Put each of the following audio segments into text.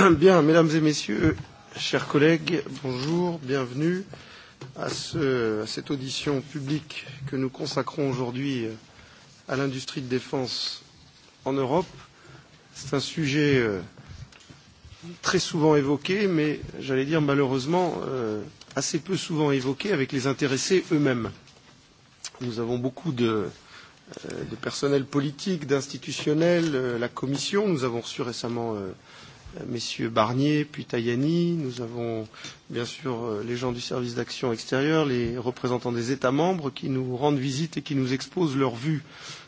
Bien, mesdames et messieurs, chers collègues, bonjour, bienvenue à, ce, à cette audition publique que nous consacrons aujourd'hui à l'industrie de défense en Europe. C'est un sujet euh, très souvent évoqué, mais j'allais dire malheureusement euh, assez peu souvent évoqué avec les intéressés eux-mêmes. Nous avons beaucoup de, euh, de personnel politique, d'institutionnels, la Commission, nous avons reçu récemment messieurs Barnier, puis Tajani. Nous avons bien sûr euh, les gens du service d'action extérieure, les représentants des États membres qui nous rendent visite et qui nous exposent leur vue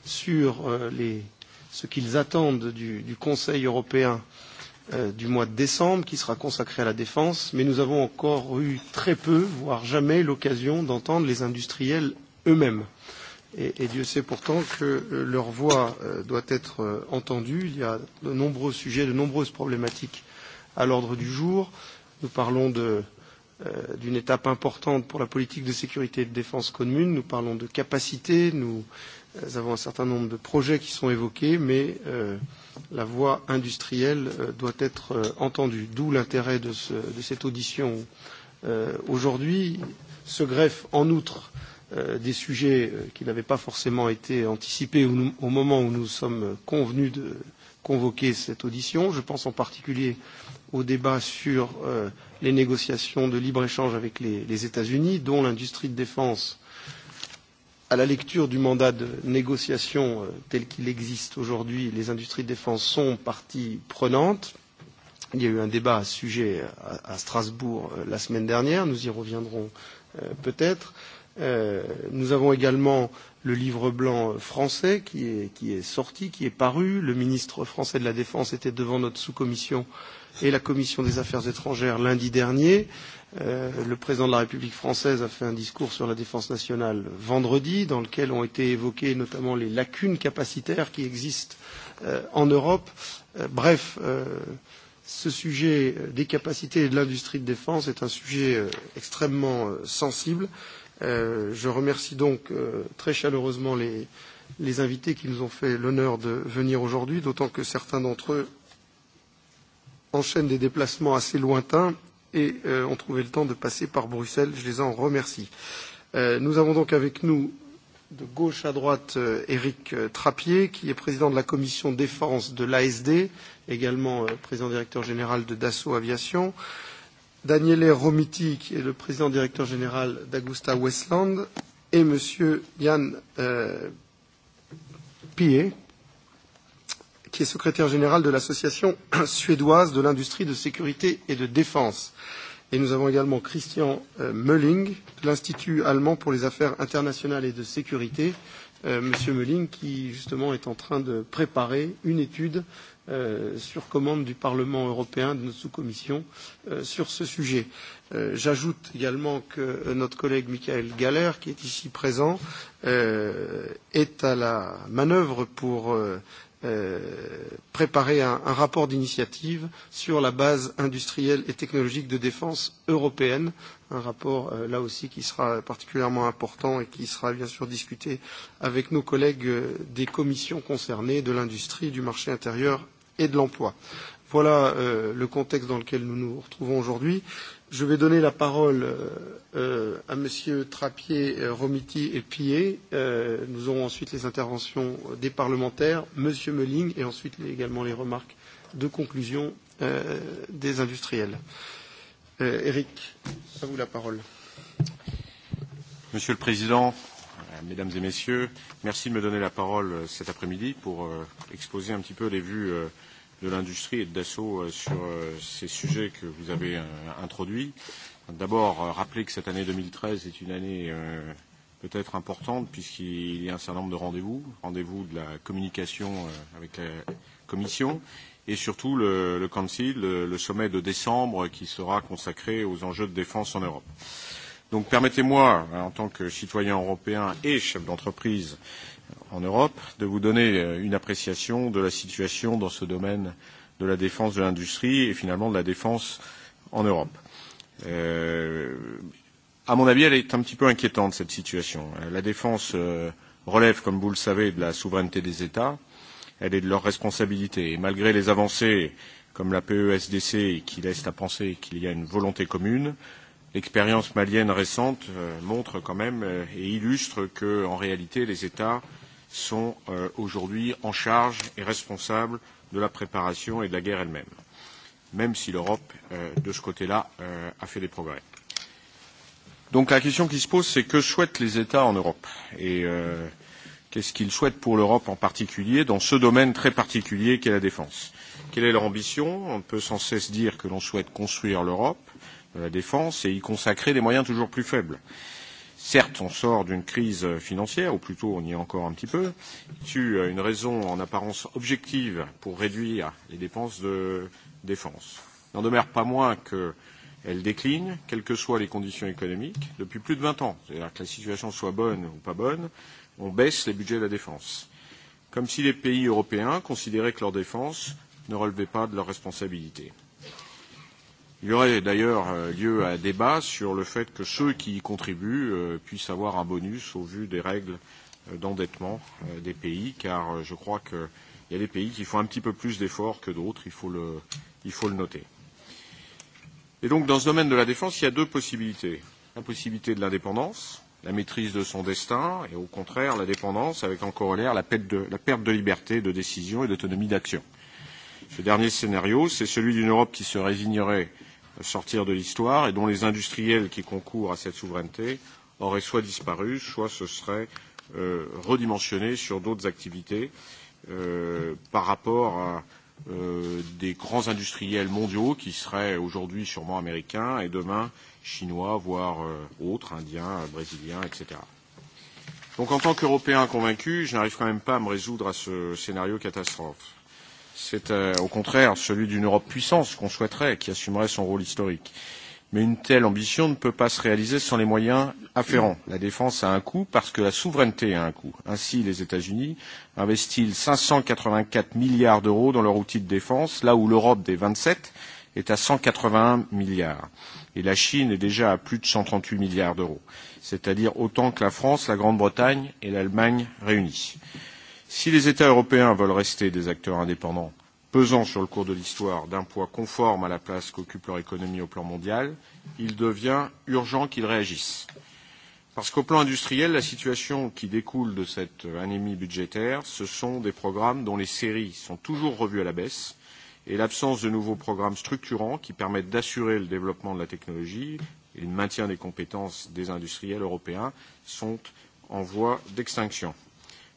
sur euh, les, ce qu'ils attendent du, du Conseil européen euh, du mois de décembre qui sera consacré à la défense, mais nous avons encore eu très peu, voire jamais, l'occasion d'entendre les industriels eux-mêmes. Et, et Dieu sait pourtant que euh, leur voix euh, doit être euh, entendue. Il y a de nombreux sujets, de nombreuses problématiques à l'ordre du jour. Nous parlons de d'une étape importante pour la politique de sécurité et de défense commune. Nous parlons de capacité, nous avons un certain nombre de projets qui sont évoqués, mais euh, la voie industrielle euh, doit être euh, entendue, d'où l'intérêt de, ce, de cette audition euh, aujourd'hui. Se greffe en outre Euh, des sujets euh, qui n'avaient pas forcément été anticipés au moment où nous sommes convenus de convoquer cette audition. Je pense en particulier au débat sur euh, les négociations de libre-échange avec les, États-Unis, dont l'industrie de défense, à la lecture du mandat de négociation tel qu'il existe aujourd'hui, les industries de défense sont partie prenante. Il y a eu un débat à ce sujet à, Strasbourg la semaine dernière, nous y reviendrons peut-être. Euh, Euh, nous avons également le livre blanc français qui est, qui est sorti, qui est paru. Le ministre français de la Défense était devant notre sous-commission et la commission des affaires étrangères lundi dernier. Euh, le président de la République française a fait un discours sur la défense nationale vendredi, dans lequel ont été évoquées notamment les lacunes capacitaires qui existent euh, en Europe. Euh, bref, euh, ce sujet des capacités et de l'industrie de défense est un sujet euh, extrêmement euh, sensible. Euh, Euh, je remercie donc euh, très chaleureusement les, les invités qui nous ont fait l'honneur de venir aujourd'hui, d'autant que certains d'entre eux enchaînent des déplacements assez lointains et euh, ont trouvé le temps de passer par Bruxelles. Je les en remercie. Euh, nous avons donc avec nous de gauche à droite euh, Éric euh, Trappier, qui est président de la commission défense de l'ASD, également président directeur général de Dassault Aviation. Euh, Daniele Romiti, qui est le président directeur général d'Agusta Westland, et Monsieur Yann euh, Pillet, qui est secrétaire général de l'Association suédoise de l'industrie de sécurité et de défense. Et nous avons également Christian euh, Mölling, de l'Institut allemand pour les affaires internationales et de sécurité, euh, Monsieur Mölling, qui justement est en train de préparer une étude euh, euh, sur commande du Parlement européen, de notre sous-commission, euh, sur ce sujet. Euh, J'ajoute également que notre collègue Michael Galler, qui est ici présent, euh, est à la manœuvre pour euh, euh, préparer un, un rapport d'initiative sur la base industrielle et technologique de défense européenne, un rapport euh, là aussi qui sera particulièrement important et qui sera bien sûr discuté avec nos collègues euh, des commissions concernées de l'industrie, du marché intérieur et de l'emploi. Voilà euh, le contexte dans lequel nous nous retrouvons aujourd'hui. Je vais donner la parole euh, euh à Monsieur Trappier, euh, Romiti et Pillet. Euh, nous aurons ensuite les interventions des parlementaires, Monsieur Meling et ensuite également les remarques de conclusion euh, des industriels. Euh, Eric, à vous la parole. Monsieur le Président, euh, Mesdames et Messieurs, merci de me donner la parole cet après-midi pour euh, exposer un petit peu les vues euh, de l'industrie et de Dassault euh, sur euh, ces sujets que vous avez euh, introduits. D'abord, rappeler que cette année 2013 est une année peut-être importante puisqu'il y a un certain nombre de rendez-vous, rendez-vous de la communication avec la Commission et surtout le, le Council, le, le sommet de décembre qui sera consacré aux enjeux de défense en Europe. Donc permettez-moi, en tant que citoyen européen et chef d'entreprise, euh, en Europe, de vous donner euh, une appréciation de la situation dans ce domaine de la défense de l'industrie et finalement de la défense en Europe. Euh, à mon avis, elle est un petit peu inquiétante, cette situation. Euh, la défense euh, relève, comme vous le savez, de la souveraineté des États, elle est de leur responsabilité. Et malgré les avancées comme la PESDC qui laissent à penser qu'il y a une volonté commune, l'expérience malienne récente montre quand même et illustre qu'en réalité, les États sont euh, aujourd'hui en charge et responsables de la préparation et de la guerre elle-même, même si l'Europe, euh, de ce côté-là, euh, a fait des progrès. Donc la question qui se pose, c'est que souhaitent les États en Europe et euh, qu'est-ce qu'ils souhaitent pour l'Europe en particulier, dans ce domaine très particulier qu'est la défense Quelle est leur ambition On peut sans cesse dire que l'on souhaite construire l'Europe de euh, la défense et y consacrer des moyens toujours plus faibles. Euh, Certes, on sort d'une crise financière, ou plutôt on y est encore un petit peu, tu as une raison en apparence objective pour réduire les dépenses de défense. N'en demeure pas moins qu'elles déclinent, quelles que soient les conditions économiques, depuis plus de 20 ans. C'est-à-dire que la situation soit bonne ou pas bonne, on baisse les budgets de la défense. Comme si les pays européens considéraient que leur défense ne relevait pas de leurs responsabilités. Il y aurait d'ailleurs euh, lieu à un débat sur le fait que ceux qui y contribuent euh, puissent avoir un bonus au vu des règles euh, d'endettement des pays, car je crois qu'il y a des pays qui font un petit peu plus d'efforts que d'autres, il, faut le, il faut le noter. Et donc, dans ce domaine de la défense, il y a deux possibilités. La possibilité de l'indépendance, la maîtrise de son destin, et au contraire, la dépendance, avec en corollaire la perte de, la perte de liberté de décision et d'autonomie d'action. Ce dernier scénario, c'est celui d'une Europe qui se résignerait sortir de l'histoire et dont les industriels qui concourent à cette souveraineté auraient soit disparu, soit se seraient euh, redimensionnés sur d'autres activités euh, par rapport à euh, des grands industriels mondiaux qui seraient aujourd'hui sûrement américains et demain chinois, voire euh, autres, indiens, brésiliens, etc. Donc en tant qu'Européen convaincu, je n'arrive quand même pas à me résoudre à ce scénario catastrophe. C'est euh, au contraire celui d'une Europe puissance qu'on souhaiterait, qui assumerait son rôle historique. Mais une telle ambition ne peut pas se réaliser sans les moyens afférents. La défense a un coût parce que la souveraineté a un coût. Ainsi, les États-Unis investissent 584 milliards d'euros dans leur outil de défense, là où l'Europe des 27 est à 181 milliards. Et la Chine est déjà à plus de 138 milliards d'euros, c'est-à-dire autant que la France, la Grande-Bretagne et l'Allemagne réunies. Si les États européens veulent rester des acteurs indépendants, pesant sur le cours de l'histoire d'un poids conforme à la place qu'occupe leur économie au plan mondial, il devient urgent qu'ils réagissent. Parce qu'au plan industriel, la situation qui découle de cette anémie budgétaire, ce sont des programmes dont les séries sont toujours revues à la baisse et l'absence de nouveaux programmes structurants qui permettent d'assurer le développement de la technologie et le maintien des compétences des industriels européens sont en voie d'extinction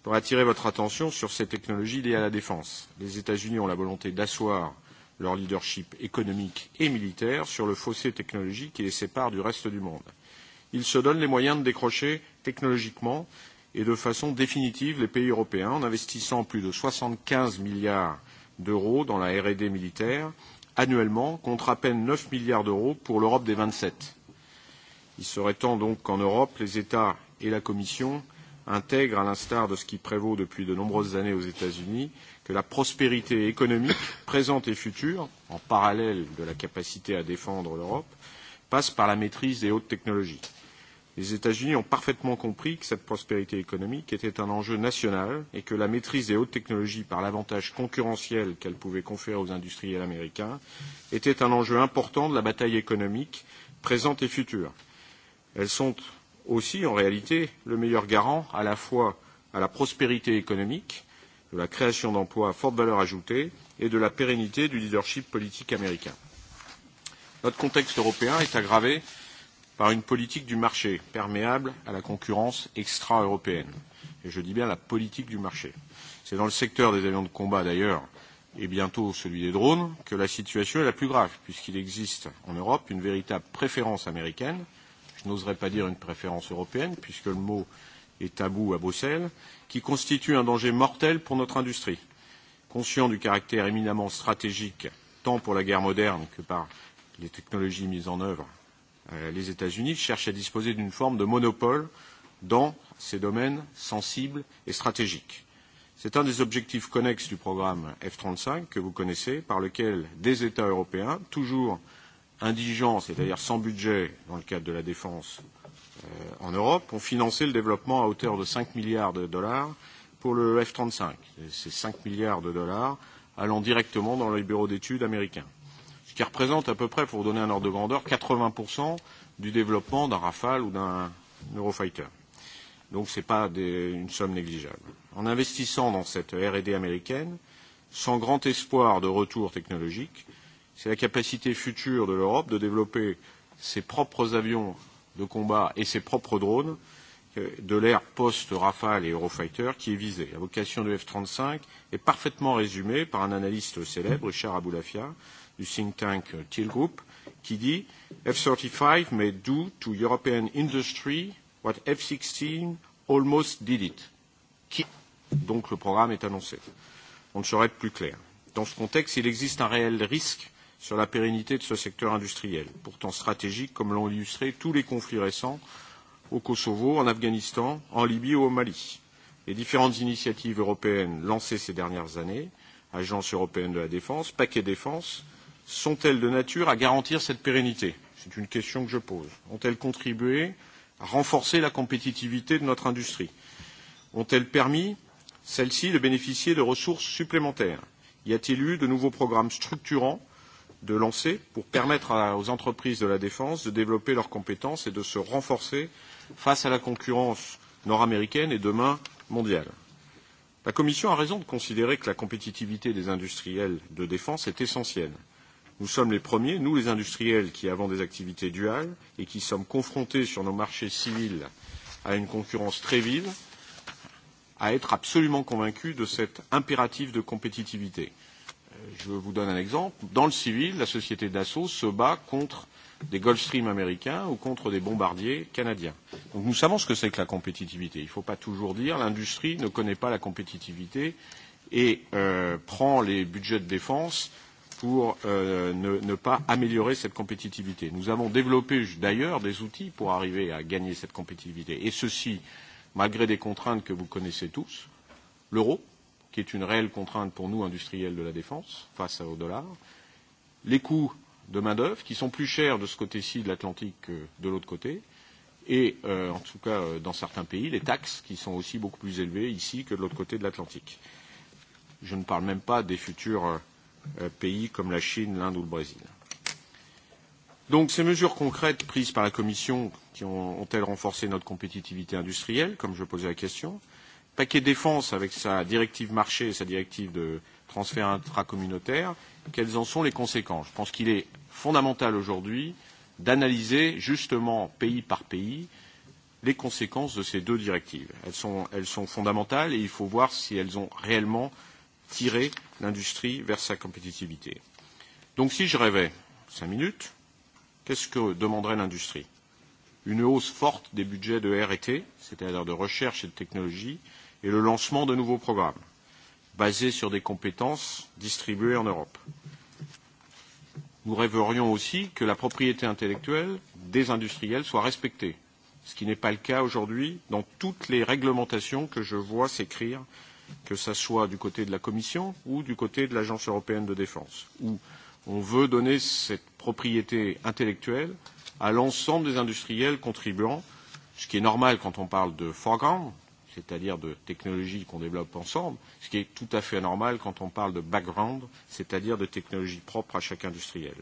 pour attirer votre attention sur ces technologies liées à la défense. Les États-Unis ont la volonté d'asseoir leur leadership économique et militaire sur le fossé technologique qui les sépare du reste du monde. Ils se donnent les moyens de décrocher technologiquement et de façon définitive les pays européens en investissant plus de 75 milliards d'euros dans la R&D militaire annuellement contre à peine 9 milliards d'euros pour l'Europe des 27. Il serait temps donc qu'en Europe, les États et la Commission intègre, à l'instar de ce qui prévaut depuis de nombreuses années aux États-Unis, que la prospérité économique, présente et future, en parallèle de la capacité à défendre l'Europe, passe par la maîtrise des hautes technologies. Les États-Unis ont parfaitement compris que cette prospérité économique était un enjeu national et que la maîtrise des hautes technologies par l'avantage concurrentiel qu'elle pouvait conférer aux industriels américains était un enjeu important de la bataille économique présente et future. Elles sont aussi en réalité le meilleur garant à la fois à la prospérité économique, de la création d'emplois à forte valeur ajoutée et de la pérennité du leadership politique américain. Notre contexte européen est aggravé par une politique du marché perméable à la concurrence extra-européenne. Et je dis bien la politique du marché. C'est dans le secteur des avions de combat d'ailleurs, et bientôt celui des drones, que la situation est la plus grave, puisqu'il existe en Europe une véritable préférence américaine n'oserais pas dire une préférence européenne, puisque le mot est tabou à Bruxelles, qui constitue un danger mortel pour notre industrie. Conscient du caractère éminemment stratégique, tant pour la guerre moderne que par les technologies mises en œuvre, euh, les États-Unis cherchent à disposer d'une forme de monopole dans ces domaines sensibles et stratégiques. C'est un des objectifs connexes du programme F-35 que vous connaissez, par lequel des États européens, toujours indigents, c'est-à-dire sans budget dans le cadre de la défense euh, en Europe, ont financé le développement à hauteur de 5 milliards de dollars pour le F-35. Ces 5 milliards de dollars allant directement dans les bureaux d'études américains. Ce qui représente à peu près, pour donner un ordre de grandeur, 80% du développement d'un Rafale ou d'un Eurofighter. Donc ce n'est pas des, une somme négligeable. En investissant dans cette R&D américaine, sans grand espoir de retour technologique, c'est la capacité future de l'Europe de développer ses propres avions de combat et ses propres drones euh, de l'ère post-Rafale et Eurofighter qui est visée. La vocation de F-35 est parfaitement résumée par un analyste célèbre, Richard Aboulafia, du think tank Thiel Group, qui dit F-35 may do to European industry what F-16 almost did it. Qui Donc le programme est annoncé. On ne saurait être plus clair. Dans ce contexte, il existe un réel risque sur la pérennité de ce secteur industriel, pourtant stratégique comme l'ont illustré tous les conflits récents au Kosovo, en Afghanistan, en Libye ou au Mali. Les différentes initiatives européennes lancées ces dernières années, Agence européenne de la défense, paquet défense, sont-elles de nature à garantir cette pérennité C'est une question que je pose. Ont-elles contribué à renforcer la compétitivité de notre industrie Ont-elles permis, celle-ci, de bénéficier de ressources supplémentaires Y a-t-il eu de nouveaux programmes structurants de lancer pour permettre à, aux entreprises de la défense de développer leurs compétences et de se renforcer face à la concurrence nord-américaine et demain mondiale. La Commission a raison de considérer que la compétitivité des industriels de défense est essentielle. Nous sommes les premiers, nous les industriels qui avons des activités duales et qui sommes confrontés sur nos marchés civils à une concurrence très vive, à être absolument convaincus de cet impératif de compétitivité je vous donne un exemple. Dans le civil, la société Dassault se bat contre des Gulfstream américains ou contre des bombardiers canadiens. Donc nous savons ce que c'est que la compétitivité. Il ne faut pas toujours dire l'industrie ne connaît pas la compétitivité et euh, prend les budgets de défense pour euh, ne, ne pas améliorer cette compétitivité. Nous avons développé d'ailleurs des outils pour arriver à gagner cette compétitivité. Et ceci, malgré des contraintes que vous connaissez tous, l'euro, qui est une réelle contrainte pour nous, industriels de la défense, face au dollar, les coûts de main-d'œuvre, qui sont plus chers de ce côté-ci de l'Atlantique que de l'autre côté, et euh, en tout cas euh, dans certains pays, les taxes qui sont aussi beaucoup plus élevées ici que de l'autre côté de l'Atlantique. Je ne parle même pas des futurs euh, euh pays comme la Chine, l'Inde ou le Brésil. Donc ces mesures concrètes prises par la Commission qui ont-elles ont renforcé notre compétitivité industrielle, comme je posais la question euh, paquet défense avec sa directive marché et sa directive de transfert intracommunautaire, quelles en sont les conséquences Je pense qu'il est fondamental aujourd'hui d'analyser justement pays par pays les conséquences de ces deux directives. Elles sont, elles sont fondamentales et il faut voir si elles ont réellement tiré l'industrie vers sa compétitivité. Donc si je rêvais cinq minutes, qu'est-ce que demanderait l'industrie Une hausse forte des budgets de RT, c'est-à-dire de recherche et de technologie, et le lancement de nouveaux programmes basés sur des compétences distribuées en Europe. Nous rêverions aussi que la propriété intellectuelle des industriels soit respectée, ce qui n'est pas le cas aujourd'hui dans toutes les réglementations que je vois s'écrire, que ce soit du côté de la Commission ou du côté de l'Agence européenne de défense, où on veut donner cette propriété intellectuelle à l'ensemble des industriels contribuants, ce qui est normal quand on parle de foreground, c'est-à-dire de technologies qu'on développe ensemble, ce qui est tout à fait normal quand on parle de background, c'est-à-dire de technologies propres à chaque industriel.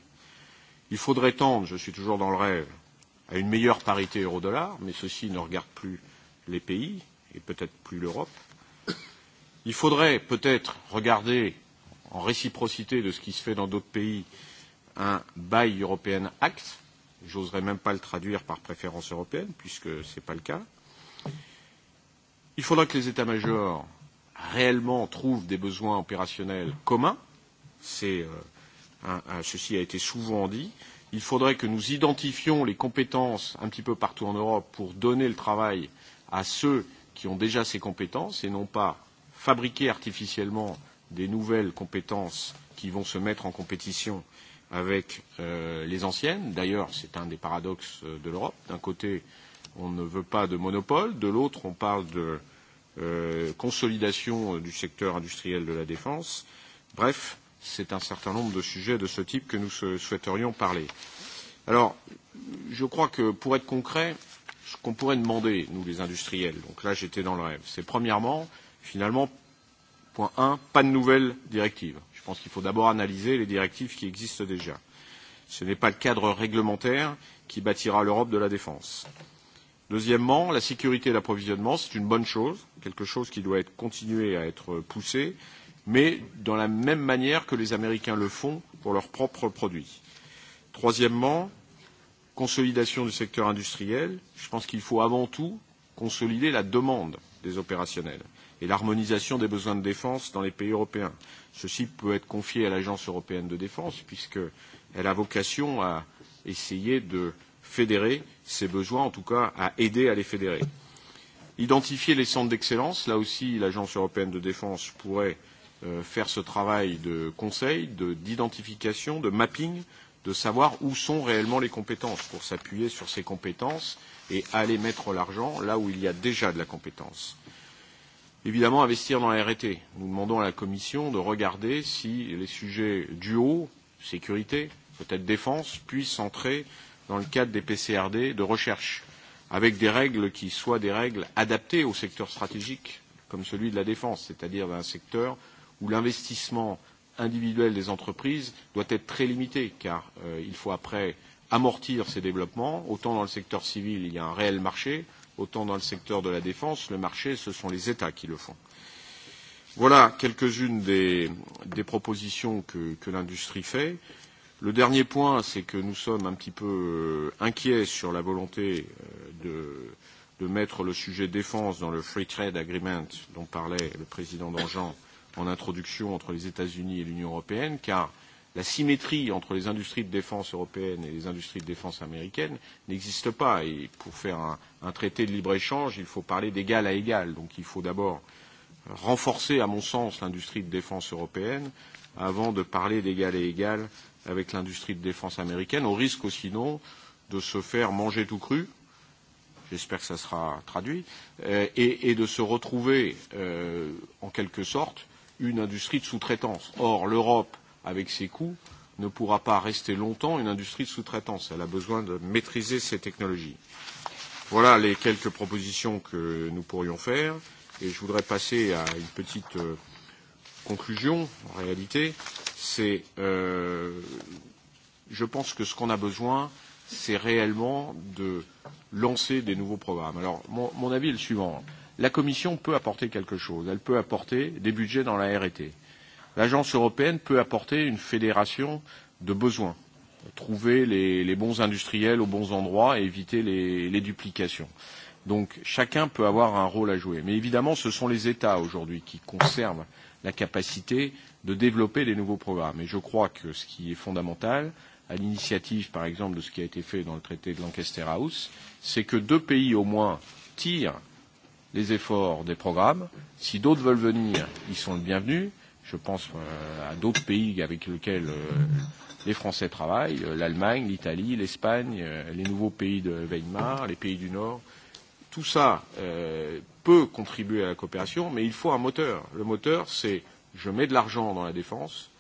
Il faudrait tendre, je suis toujours dans le rêve, à une meilleure parité euro-dollar, mais ceci ne regarde plus les pays et peut-être plus l'Europe. Il faudrait peut-être regarder, en réciprocité de ce qui se fait dans d'autres pays, un Buy European Act. J'oserais même pas le traduire par préférence européenne, puisque ce n'est pas le cas. Il faudra que les états-majors réellement trouvent des besoins opérationnels communs. C'est, euh, un, un, ceci a été souvent dit. Il faudrait que nous identifions les compétences un petit peu partout en Europe pour donner le travail à ceux qui ont déjà ces compétences et non pas fabriquer artificiellement des nouvelles compétences qui vont se mettre en compétition avec euh, les anciennes. D'ailleurs, c'est un des paradoxes euh, de l'Europe. D'un côté, euh, on ne veut pas de monopole, de l'autre, on parle de euh, consolidation euh, du secteur industriel de la défense. Bref, c'est un certain nombre de sujets de ce type que nous souhaiterions parler. Alors, je crois que pour être concret, ce qu'on pourrait demander, nous les industriels, donc là j'étais dans le rêve, c'est premièrement, finalement, point 1, pas de nouvelles directives. Je pense qu'il faut d'abord analyser les directives qui existent déjà. Ce n'est pas le cadre réglementaire qui bâtira l'Europe de la défense. Deuxièmement, la sécurité d'approvisionnement, c'est une bonne chose, quelque chose qui doit être, continuer à être poussé, mais dans la même manière que les Américains le font pour leurs propres produits. Troisièmement, consolidation du secteur industriel. Je pense qu'il faut avant tout consolider la demande des opérationnels et l'harmonisation des besoins de défense dans les pays européens. Ceci peut être confié à l'Agence européenne de défense, puisqu'elle a vocation à essayer de fédérer ces besoins, en tout cas à aider à les fédérer. Identifier les centres d'excellence, là aussi l'Agence européenne de défense pourrait euh, faire ce travail de conseil, d'identification, de, de mapping, de savoir où sont réellement les compétences pour s'appuyer sur ces compétences et aller mettre l'argent là où il y a déjà de la compétence. Évidemment, investir dans la RT. Nous demandons à la Commission de regarder si les sujets du haut, sécurité, peut-être défense, puissent entrer dans le cadre des PCRD de recherche, avec des règles qui soient des règles adaptées au secteur stratégique, comme celui de la défense, c'est-à-dire un secteur où l'investissement individuel des entreprises doit être très limité, car euh, il faut après amortir ces développements. Autant dans le secteur civil, il y a un réel marché, autant dans le secteur de la défense, le marché, ce sont les États qui le font. Voilà quelques-unes des, des propositions que, que l'industrie fait. Euh, Le dernier point, c'est que nous sommes un petit peu euh, inquiets sur la volonté euh, de, de mettre le sujet défense dans le Free Trade Agreement dont parlait le président Dangean en introduction entre les États-Unis et l'Union européenne, car la symétrie entre les industries de défense européennes et les industries de défense américaines n'existe pas. Et pour faire un, un traité de libre-échange, il faut parler d'égal à égal. Donc il faut d'abord renforcer, à mon sens, l'industrie de défense européenne avant de parler d'égal à égal avec l'industrie de défense américaine. au risque sinon de se faire manger tout cru, j'espère que ça sera traduit, euh, et, et de se retrouver euh, en quelque sorte une industrie de sous-traitance. Or, l'Europe, avec ses coûts, ne pourra pas rester longtemps une industrie de sous-traitance. Elle a besoin de maîtriser ses technologies. Voilà les quelques propositions que nous pourrions faire. Et je voudrais passer à une petite euh, conclusion, en réalité, c'est euh, je pense que ce qu'on a besoin, c'est réellement de lancer des nouveaux programmes. Alors, mon, mon avis est le suivant. La Commission peut apporter quelque chose. Elle peut apporter des budgets dans la RT. L'Agence européenne peut apporter une fédération de besoins, trouver les, les bons industriels aux bons endroits et éviter les, les duplications. Donc chacun peut avoir un rôle à jouer. Mais évidemment, ce sont les États aujourd'hui qui conservent euh, la capacité de développer des nouveaux programmes. Et je crois que ce qui est fondamental, à l'initiative par exemple de ce qui a été fait dans le traité de Lancaster House, c'est que deux pays au moins tirent les efforts des programmes. Si d'autres veulent venir, ils sont le bienvenu. Je pense euh, à d'autres pays avec lesquels euh, les Français travaillent, euh, l'Allemagne, l'Italie, l'Espagne, euh, les nouveaux pays de Weimar, les pays du Nord, Tout ça euh, peut contribuer à la coopération, mais il faut un moteur. Le moteur, c'est je mets de l'argent dans la défense,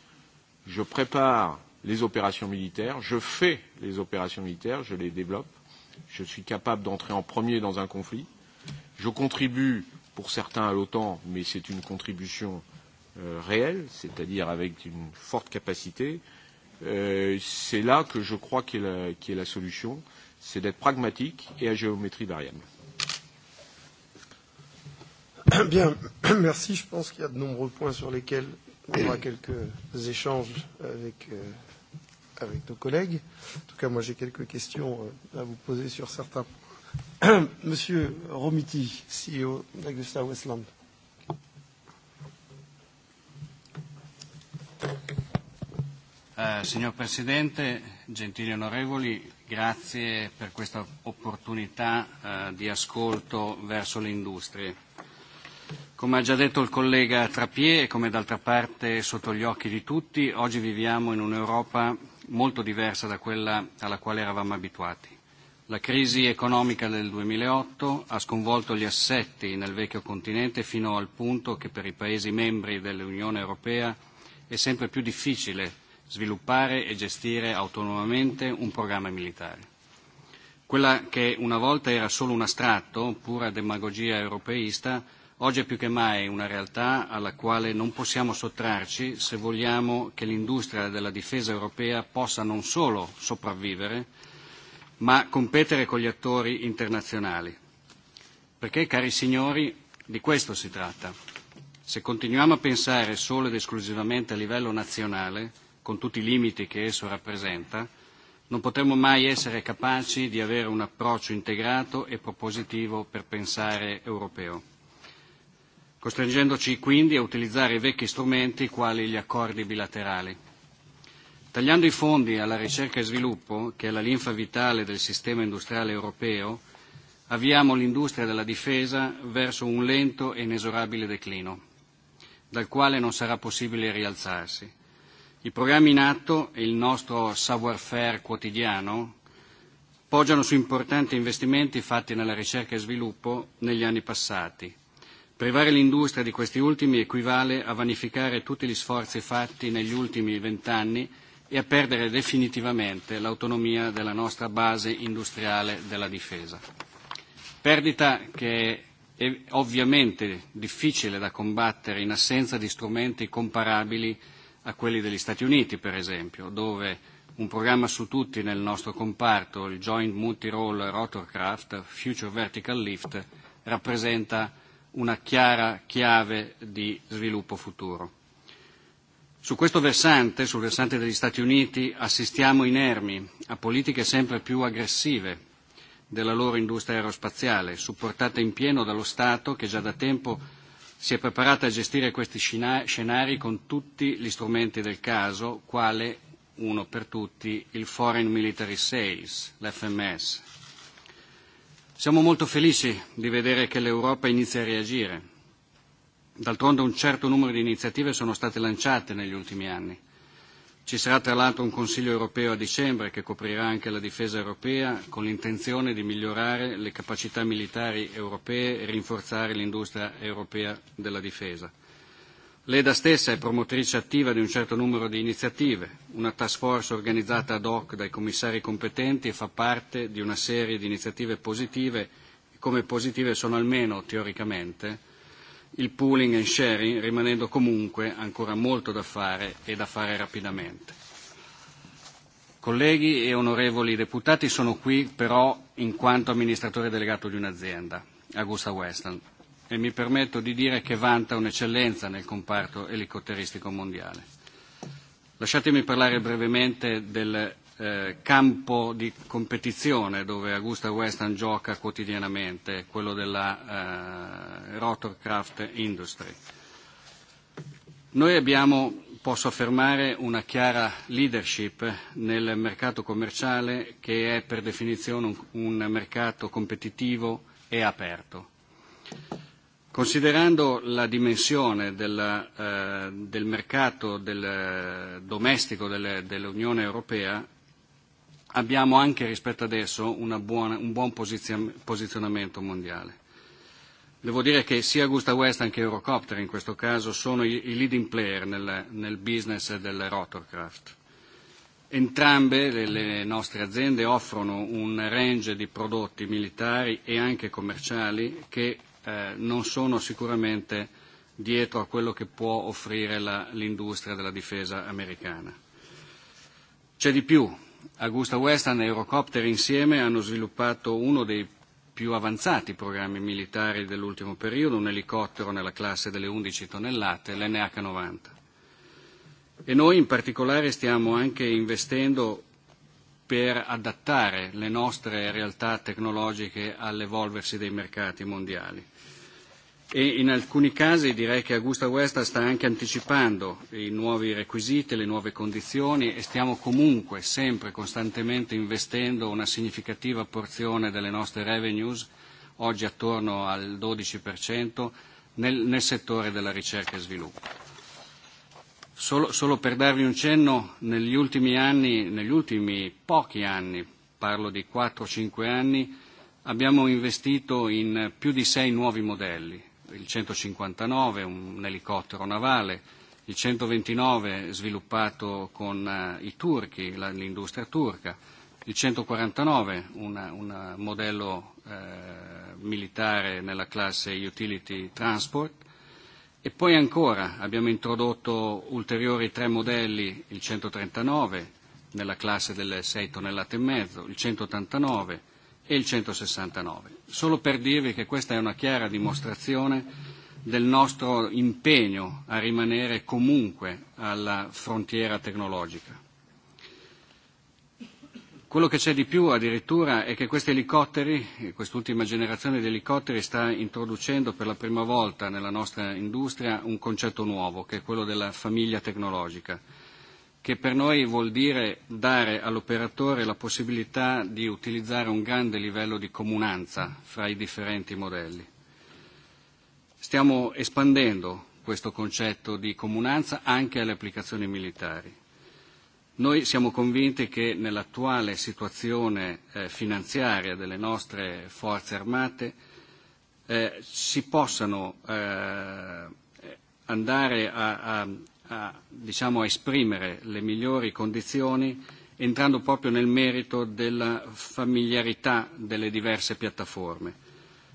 je prépare les opérations militaires, je fais les opérations militaires, je les développe, je suis capable d'entrer en premier dans un conflit, je contribue pour certains à l'OTAN, mais c'est une contribution euh, réelle, c'est-à-dire avec une forte capacité. Euh, c'est là que je crois qu'est la, qu est la solution, c'est d'être pragmatique et à géométrie variable. Bien, merci. Je pense qu'il y a de nombreux points sur lesquels on aura quelques échanges avec, euh, avec nos collègues. En tout cas, moi, j'ai quelques questions euh, à vous poser sur certains points. Monsieur Romiti, CEO d'Agusta Westland. Uh, signor Presidente, gentili onorevoli, grazie per questa opportunità uh, di ascolto verso le industrie. Come ha già detto il collega Trappier e come d'altra parte sotto gli occhi di tutti, oggi viviamo in un'Europa molto diversa da quella alla quale eravamo abituati. La crisi economica del 2008 ha sconvolto gli assetti nel vecchio continente fino al punto che per i Paesi membri dell'Unione Europea è sempre più difficile sviluppare e gestire autonomamente un programma militare. Quella che una volta era solo un astratto, pura demagogia europeista, Oggi più che mai una realtà alla quale non possiamo sottrarci se vogliamo che l'industria della difesa europea possa non solo sopravvivere, ma competere con gli attori internazionali. Perché, cari signori, di questo si tratta. Se continuiamo a pensare solo ed esclusivamente a livello nazionale, con tutti i limiti che esso rappresenta, non potremo mai essere capaci di avere un approccio integrato e propositivo per pensare europeo costringendoci quindi a utilizzare i vecchi strumenti quali gli accordi bilaterali. Tagliando i fondi alla ricerca e sviluppo, che è la linfa vitale del sistema industriale europeo, avviamo l'industria della difesa verso un lento e inesorabile declino, dal quale non sarà possibile rialzarsi. I programmi in atto e il nostro savoir-faire quotidiano poggiano su importanti investimenti fatti nella ricerca e sviluppo negli anni passati – Privare l'industria di questi ultimi equivale a vanificare tutti gli sforzi fatti negli ultimi vent'anni e a perdere definitivamente l'autonomia della nostra base industriale della difesa. Perdita che è ovviamente difficile da combattere in assenza di strumenti comparabili a quelli degli Stati Uniti, per esempio, dove un programma su tutti nel nostro comparto, il Joint Multi-Role Rotorcraft Future Vertical Lift, rappresenta una chiara chiave di sviluppo futuro. Su questo versante, sul versante degli Stati Uniti, assistiamo inermi a politiche sempre più aggressive della loro industria aerospaziale, supportata in pieno dallo Stato che già da tempo si è preparata a gestire questi scenari con tutti gli strumenti del caso, quale uno per tutti il Foreign Military Sales, l'FMS, Siamo molto felici di vedere che l'Europa inizia a reagire. D'altronde un certo numero di iniziative sono state lanciate negli ultimi anni. Ci sarà tra l'altro un Consiglio europeo a dicembre che coprirà anche la difesa europea con l'intenzione di migliorare le capacità militari europee e rinforzare l'industria europea della difesa. L'EDA stessa è promotrice attiva di un certo numero di iniziative, una task force organizzata ad hoc dai commissari competenti e fa parte di una serie di iniziative positive, come positive sono almeno teoricamente il pooling and sharing, rimanendo comunque ancora molto da fare e da fare rapidamente. Colleghi e onorevoli deputati, sono qui però in quanto amministratore delegato di un'azienda, Augusta Westland e mi permetto di dire che vanta un'eccellenza nel comparto elicotteristico mondiale. Lasciatemi parlare brevemente del eh, campo di competizione dove Augusta Western gioca quotidianamente, quello della eh, rotorcraft industry. Noi abbiamo, posso affermare, una chiara leadership nel mercato commerciale che è per definizione un, un mercato competitivo e aperto. Considerando la dimensione della, eh, del mercato del, eh, domestico del, dell'Unione Europea, abbiamo anche rispetto adesso una buona, un buon posizionamento mondiale. Devo dire che sia Gusta West che Eurocopter in questo caso sono i, i leading player nel, nel business del rotorcraft. Entrambe le, le nostre aziende offrono un range di prodotti militari e anche commerciali che Eh, non sono sicuramente dietro a quello che può offrire l'industria della difesa americana. C'è di più. Augusta Western e Eurocopter insieme hanno sviluppato uno dei più avanzati programmi militari dell'ultimo periodo, un elicottero nella classe delle 11 tonnellate, l'NH-90. E noi in particolare stiamo anche investendo per adattare le nostre realtà tecnologiche all'evolversi dei mercati mondiali e in alcuni casi direi che Augusta Westa sta anche anticipando i nuovi requisiti, le nuove condizioni e stiamo comunque sempre costantemente investendo una significativa porzione delle nostre revenues, oggi attorno al 12%, nel, nel settore della ricerca e sviluppo. Solo, solo per darvi un cenno, negli ultimi anni, negli ultimi pochi anni, parlo di 4-5 anni, abbiamo investito in più di 6 nuovi modelli il 159, un elicottero navale, il 129 sviluppato con eh, i turchi, l'industria turca, il 149 un modello eh, militare nella classe utility transport e poi ancora abbiamo introdotto ulteriori tre modelli, il 139 nella classe delle 6 tonnellate e mezzo, il 189 e il 169 solo per dirvi che questa è una chiara dimostrazione del nostro impegno a rimanere comunque alla frontiera tecnologica. Quello che c'è di più addirittura è che questi elicotteri, quest'ultima generazione di elicotteri sta introducendo per la prima volta nella nostra industria un concetto nuovo, che è quello della famiglia tecnologica che per noi vuol dire dare all'operatore la possibilità di utilizzare un grande livello di comunanza fra i differenti modelli. Stiamo espandendo questo concetto di comunanza anche alle applicazioni militari. Noi siamo convinti che nell'attuale situazione eh, finanziaria delle nostre forze armate eh, si possano eh, andare a, a a diciamo, esprimere le migliori condizioni entrando proprio nel merito della familiarità delle diverse piattaforme,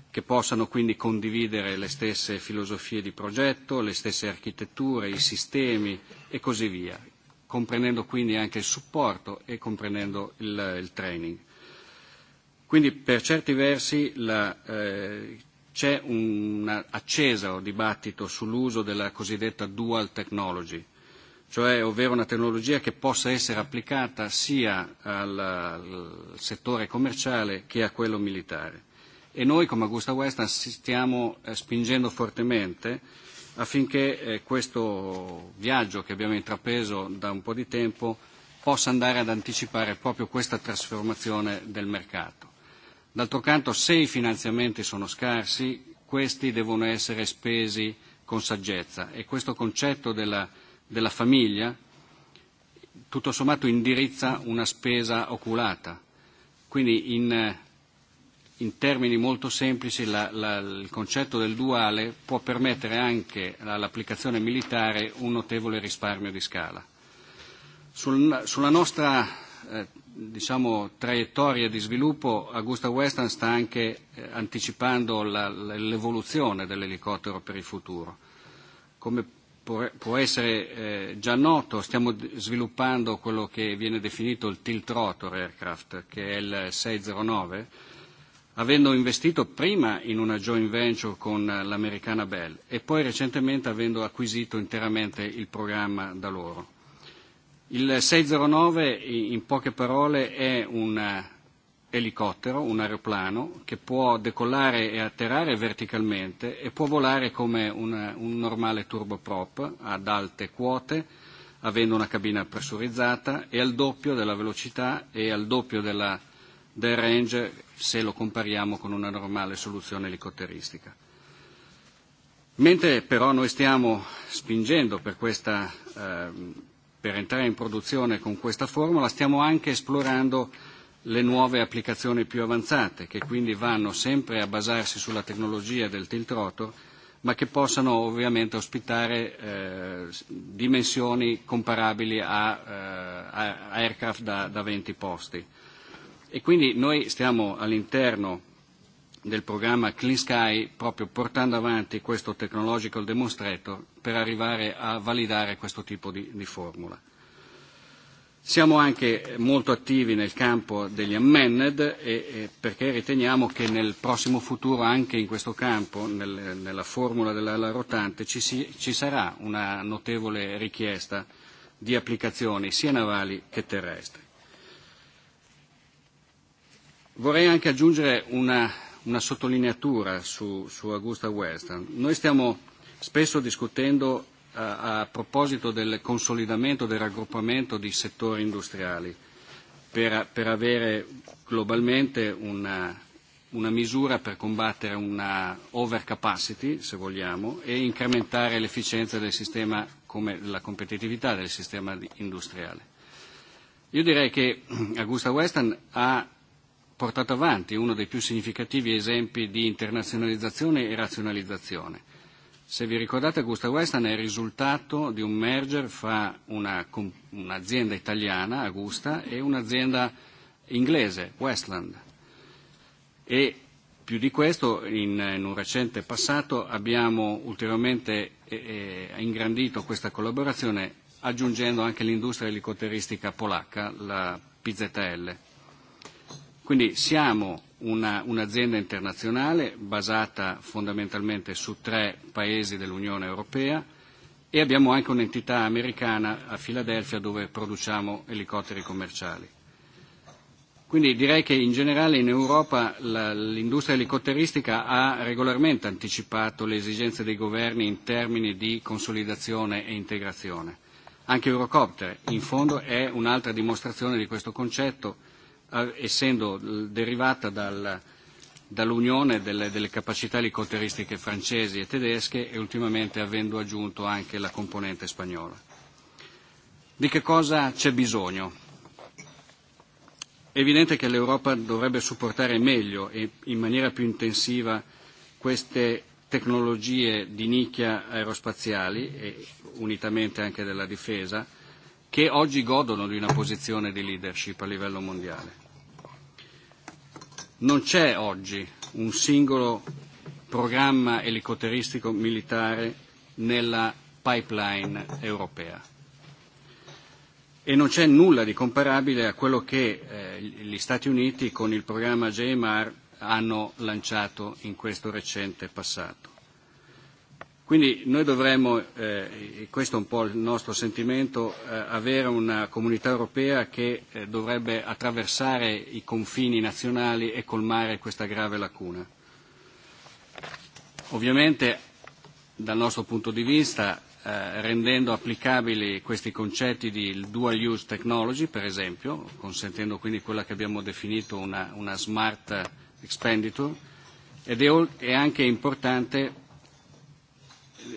che possano quindi condividere le stesse filosofie di progetto, le stesse architetture, i sistemi e così via, comprendendo quindi anche il supporto e comprendendo il, il training. Quindi per certi versi la, eh, C'è un acceso dibattito sull'uso della cosiddetta dual technology, cioè ovvero una tecnologia che possa essere applicata sia al, al settore commerciale che a quello militare. E noi come Augusta Western stiamo eh, spingendo fortemente affinché eh, questo viaggio che abbiamo intrapreso da un po' di tempo possa andare ad anticipare proprio questa trasformazione del mercato. D'altro canto, se i finanziamenti sono scarsi, questi devono essere spesi con saggezza e questo concetto della, della famiglia tutto sommato indirizza una spesa oculata. Quindi in, in termini molto semplici la, la, il concetto del duale può permettere anche all'applicazione militare un notevole risparmio di scala. Sul, sulla nostra eh, diciamo, traiettorie di sviluppo, Augusta Western sta anche eh, anticipando l'evoluzione dell'elicottero per il futuro. Come può essere eh, già noto, stiamo sviluppando quello che viene definito il tilt rotor aircraft, che è il 609, avendo investito prima in una joint venture con eh, l'americana Bell e poi recentemente avendo acquisito interamente il programma da loro. Il 609 in poche parole è un eh, elicottero, un aeroplano che può decollare e atterrare verticalmente e può volare come un, un normale turboprop ad alte quote, avendo una cabina pressurizzata e al doppio della velocità e al doppio della, del range se lo compariamo con una normale soluzione elicotteristica. Mentre però noi stiamo spingendo per questa eh, per entrare in produzione con questa formula, stiamo anche esplorando le nuove applicazioni più avanzate, che quindi vanno sempre a basarsi sulla tecnologia del tilt rotor, ma che possano ovviamente ospitare eh, dimensioni comparabili a, eh, a aircraft da, da 20 posti. E quindi noi stiamo all'interno del programma Clean Sky proprio portando avanti questo technological demonstrator per arrivare a validare questo tipo di, di formula. Siamo anche molto attivi nel campo degli amended e, e perché riteniamo che nel prossimo futuro anche in questo campo, nel, nella formula della rotante, ci, si, ci sarà una notevole richiesta di applicazioni sia navali che terrestri. Vorrei anche aggiungere una una sottolineatura su, su Augusta Western. Noi stiamo spesso discutendo a, eh, a proposito del consolidamento, del raggruppamento di settori industriali per, per avere globalmente una, una misura per combattere una overcapacity, se vogliamo, e incrementare l'efficienza del sistema come la competitività del sistema industriale. Io direi che Augusta Western ha portato avanti uno dei più significativi esempi di internazionalizzazione e razionalizzazione. Se vi ricordate, Gusta Western è il risultato di un merger fra una, un'azienda italiana, Augusta, e un'azienda inglese, Westland. E più di questo, in, in un recente passato abbiamo ulteriormente eh, eh ingrandito questa collaborazione aggiungendo anche l'industria elicotteristica polacca, la PZL. Quindi siamo una, un'azienda internazionale basata fondamentalmente su tre paesi dell'Unione Europea e abbiamo anche un'entità americana a Filadelfia dove produciamo elicotteri commerciali. Quindi direi che in generale in Europa la, l'industria elicotteristica ha regolarmente anticipato le esigenze dei governi in termini di consolidazione e integrazione. Anche Eurocopter in fondo è un'altra dimostrazione di questo concetto essendo derivata dal, dall'unione delle, delle capacità elicotteristiche francesi e tedesche e ultimamente avendo aggiunto anche la componente spagnola. Di che cosa c'è bisogno? È evidente che l'Europa dovrebbe supportare meglio e in maniera più intensiva queste tecnologie di nicchia aerospaziali, e unitamente anche della difesa, che oggi godono di una posizione di leadership a livello mondiale. Non c'è oggi un singolo programma elicotteristico militare nella pipeline europea e non c'è nulla di comparabile a quello che eh, gli Stati Uniti con il programma JMR hanno lanciato in questo recente passato. Quindi noi dovremmo, eh, e questo è un po' il nostro sentimento, eh, avere una comunità europea che eh, dovrebbe attraversare i confini nazionali e colmare questa grave lacuna. Ovviamente dal nostro punto di vista eh, rendendo applicabili questi concetti di dual use technology, per esempio, consentendo quindi quella che abbiamo definito una, una smart expenditure, ed è, è anche importante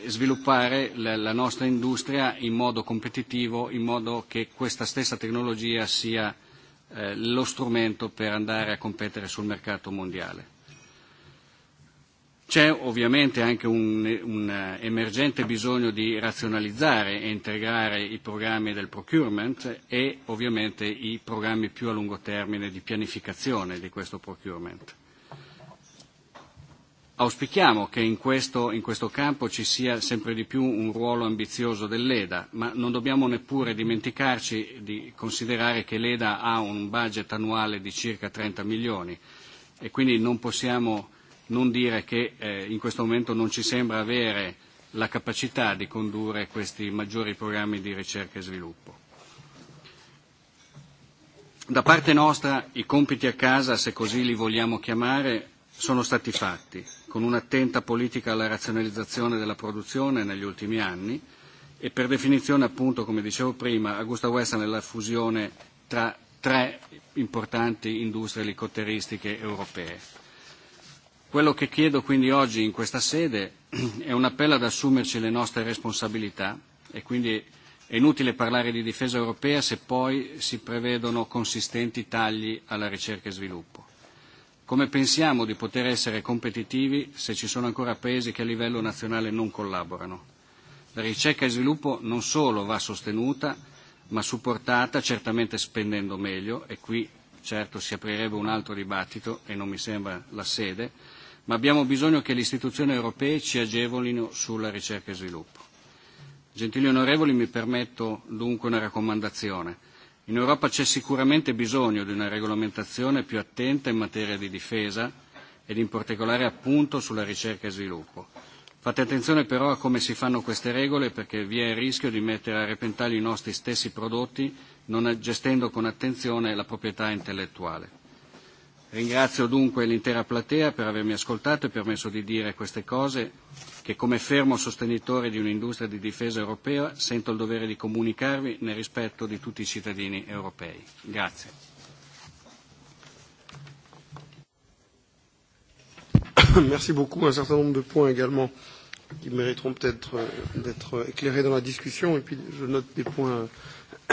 sviluppare la, la nostra industria in modo competitivo, in modo che questa stessa tecnologia sia eh, lo strumento per andare a competere sul mercato mondiale. C'è ovviamente anche un, un emergente bisogno di razionalizzare e integrare i programmi del procurement e ovviamente i programmi più a lungo termine di pianificazione di questo procurement. Auspichiamo che in questo, in questo campo ci sia sempre di più un ruolo ambizioso dell'EDA, ma non dobbiamo neppure dimenticarci di considerare che l'EDA ha un budget annuale di circa 30 milioni e quindi non possiamo non dire che eh, in questo momento non ci sembra avere la capacità di condurre questi maggiori programmi di ricerca e sviluppo. Da parte nostra i compiti a casa, se così li vogliamo chiamare, sono stati fatti con un'attenta politica alla razionalizzazione della produzione negli ultimi anni e per definizione appunto come dicevo prima Augusta Western è la fusione tra tre importanti industrie elicotteristiche europee. Quello che chiedo quindi oggi in questa sede è un appello ad assumerci le nostre responsabilità e quindi è inutile parlare di difesa europea se poi si prevedono consistenti tagli alla ricerca e sviluppo. Come pensiamo di poter essere competitivi se ci sono ancora paesi che a livello nazionale non collaborano? La ricerca e sviluppo non solo va sostenuta, ma supportata, certamente spendendo meglio, e qui certo si aprirebbe un altro dibattito e non mi sembra la sede, ma abbiamo bisogno che le istituzioni europee ci agevolino sulla ricerca e sviluppo. Gentili onorevoli, mi permetto dunque una raccomandazione In Europa c'è sicuramente bisogno di una regolamentazione più attenta in materia di difesa ed in particolare appunto sulla ricerca e sviluppo. Fate attenzione però a come si fanno queste regole perché vi è il rischio di mettere a repentaglio i nostri stessi prodotti non gestendo con attenzione la proprietà intellettuale. Ringrazio dunque l'intera platea per avermi ascoltato e permesso di dire queste cose che come fermo sostenitore di un'industria di difesa europea sento il dovere di comunicarvi nel rispetto di tutti i cittadini europei. Grazie. Merci beaucoup. Un certain nombre de points également qui mériteront peut-être euh, d'être éclairés dans la discussion. Et puis, je note des points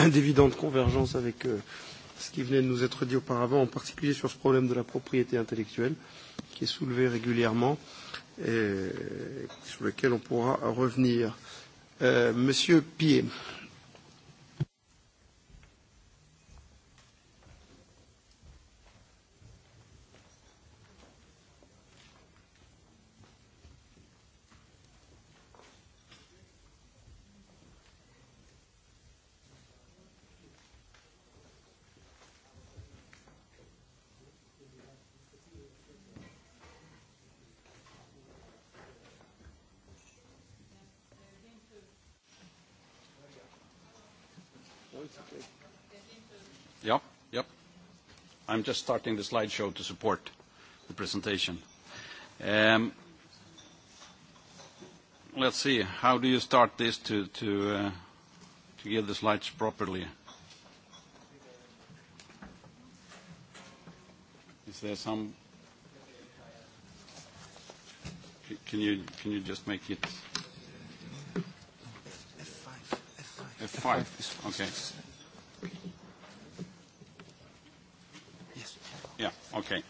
euh, d'évidente convergence avec euh, ce qui venait de nous être dit auparavant, en particulier sur ce problème de la propriété intellectuelle qui est soulevé régulièrement. Euh, sur lequel on pourra revenir. Euh, Monsieur Pillet. I'm just starting the slideshow to support the presentation. Um, let's see. How do you start this to, to, uh, to give the slides properly? Is there some? Can you, can you just make it? f F5. F5. F5. Okay. Okay.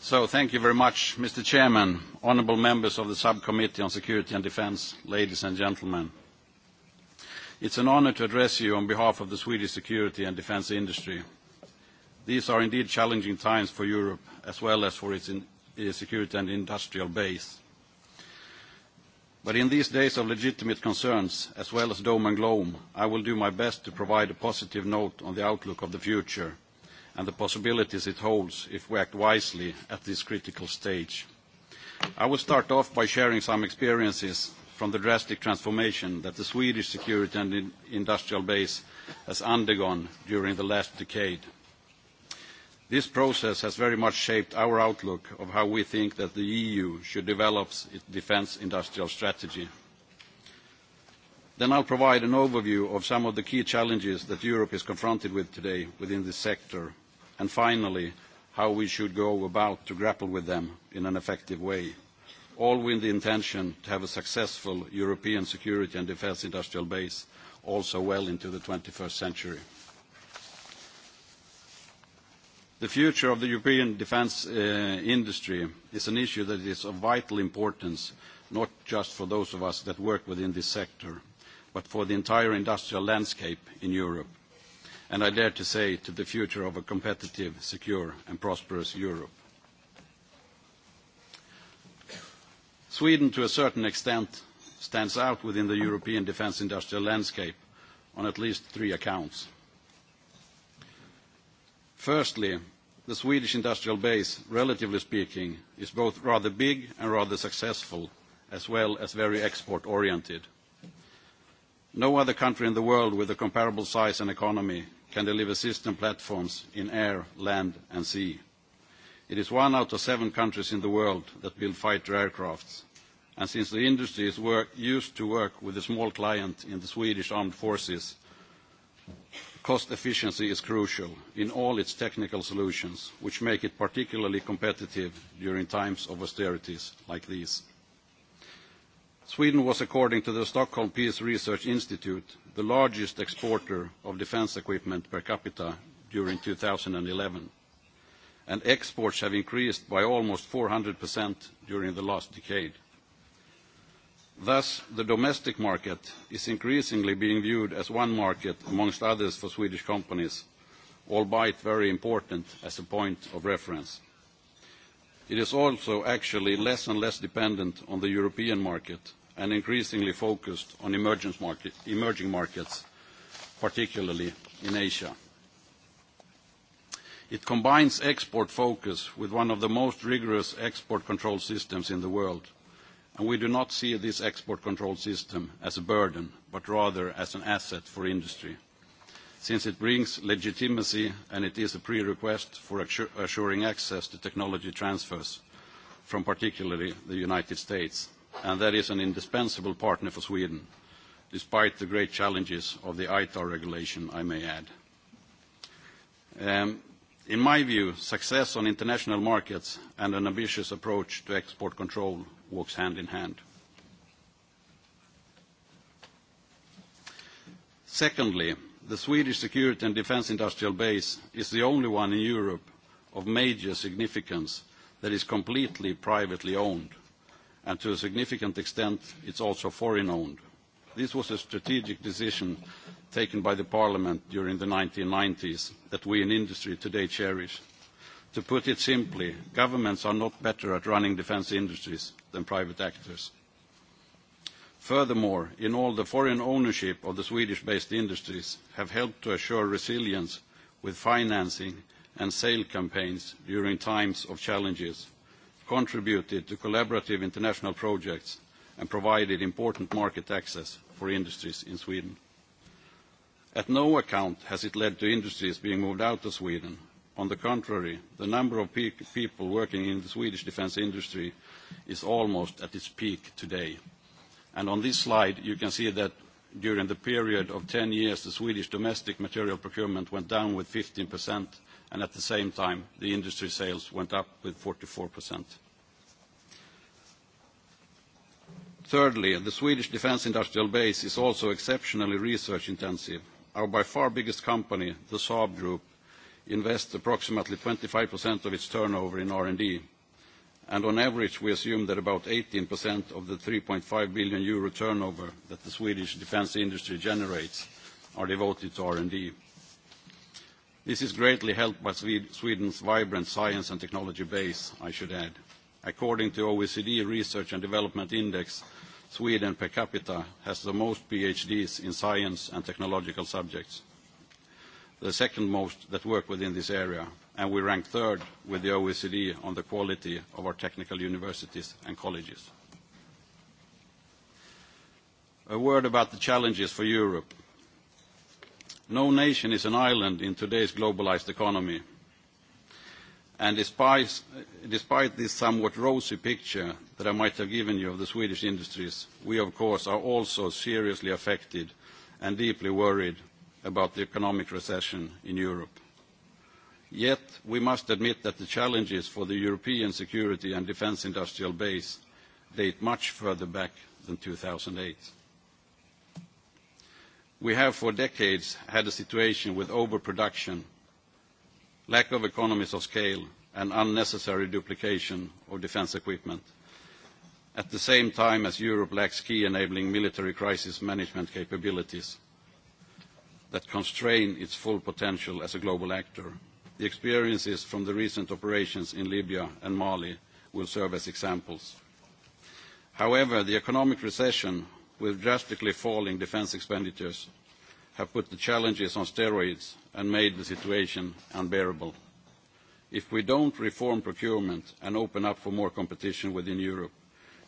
So thank you very much, Mr. Chairman, honorable members of the Subcommittee on Security and Defence, ladies and gentlemen. It's an honor to address you on behalf of the Swedish security and defence industry. These are indeed challenging times for Europe as well as for its eh, security and industrial base. But in these days of legitimate concerns, as well as doom and gloom, I will do my best to provide a positive note on the outlook of the future and the possibilities it holds if we act wisely at this critical stage. I will start off by sharing some experiences from the drastic transformation that the Swedish security and industrial base has undergone during the last decade. This process has very much shaped our outlook of how we think that the EU should develop its defence industrial strategy. Then I'll provide an overview of some of the key challenges that Europe is confronted with today within this sector, and finally, how we should go about to grapple with them in an effective way, all with the intention to have a successful European security and defence industrial base also well into the twenty first century. The future of the European defence uh, industry is an issue that is of vital importance, not just for those of us that work within this sector, but for the entire industrial landscape in Europe, and I dare to say to the future of a competitive, secure, and prosperous Europe. Sweden, to a certain extent, stands out within the European defence industrial landscape on at least three accounts. Firstly, the Swedish industrial base, relatively speaking, is both rather big and rather successful, as well as very export-oriented. No other country in the world with a comparable size and economy can deliver system platforms in air, land, and sea. It is one out of seven countries in the world that build fighter aircrafts. and Since the industry is work, used to work with a small client in the Swedish Armed Forces, cost efficiency is crucial in all its technical solutions, which make it particularly competitive during times of austerities like these. Sweden was, according to the Stockholm Peace Research Institute, the largest exporter of defence equipment per capita during 2011, and exports have increased by almost 400% during the last decade. Thus, the domestic market is increasingly being viewed as one market amongst others for Swedish companies, albeit very important as a point of reference. It is also actually less and less dependent on the European market and increasingly focused on emerging markets, particularly in Asia. It combines export focus with one of the most rigorous export control systems in the world – and we do not see this export control system as a burden, but rather as an asset for industry, since it brings legitimacy and it is a prerequisite for assuring access to technology transfers from particularly the United States, and that is an indispensable partner for Sweden, despite the great challenges of the ITAR regulation, I may add. Um, in my view, success on international markets and an ambitious approach to export control walks hand in hand. Secondly, the Swedish security and defence industrial base is the only one in Europe of major significance that is completely privately owned, and to a significant extent, it's also foreign-owned. This was a strategic decision taken by the parliament during the 1990s that we in industry today cherish. To put it simply, governments are not better at running defence industries than private actors. Furthermore, in all the foreign ownership of the Swedish-based industries have helped to assure resilience with financing and sale campaigns during times of challenges, contributed to collaborative international projects, and provided important market access for industries in Sweden. At no account has it led to industries being moved out of Sweden, on the contrary, the number of people working in the Swedish defence industry is almost at its peak today. And on this slide, you can see that during the period of 10 years, the Swedish domestic material procurement went down with 15%, and at the same time, the industry sales went up with 44%. Thirdly, the Swedish defence industrial base is also exceptionally research intensive. Our by far biggest company, the Saab Group, invests approximately 25% of its turnover in R&D. and On average, we assume that about 18% of the 3.5 billion euro turnover that the Swedish defense industry generates are devoted to R&D. This is greatly helped by Sweden's vibrant science and technology base, I should add. According to OECD Research and Development Index, Sweden per capita has the most PhDs in science and technological subjects the second most that work within this area, and we rank third with the OECD on the quality of our technical universities and colleges. A word about the challenges for Europe. No nation is an island in today's globalized economy. And despite, despite this somewhat rosy picture that I might have given you of the Swedish industries, we of course are also seriously affected and deeply worried about the economic recession in Europe. Yet, we must admit that the challenges for the European security and defence industrial base date much further back than 2008. We have for decades had a situation with overproduction, lack of economies of scale, and unnecessary duplication of defence equipment, at the same time as Europe lacks key enabling military crisis management capabilities – that constrain its full potential as a global actor. The experiences from the recent operations in Libya and Mali will serve as examples. However, the economic recession with drastically falling defence expenditures have put the challenges on steroids and made the situation unbearable. If we don't reform procurement and open up for more competition within Europe,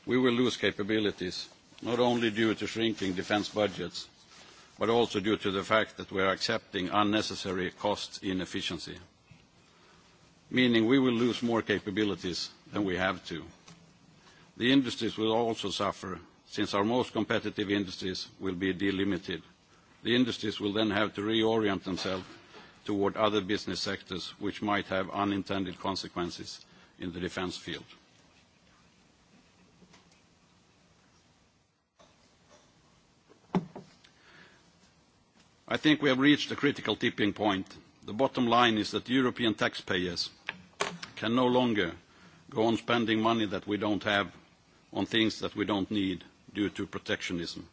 we will lose capabilities, not only due to shrinking defence budgets, but also due to the fact that we are accepting unnecessary cost inefficiency, meaning we will lose more capabilities than we have to. The industries will also suffer, since our most competitive industries will be delimited. The industries will then have to reorient themselves toward other business sectors, which might have unintended consequences in the defense field. I think we have reached a critical tipping point. The bottom line is that European taxpayers can no longer go on spending money that we don't have on things that we don't need due to protectionism.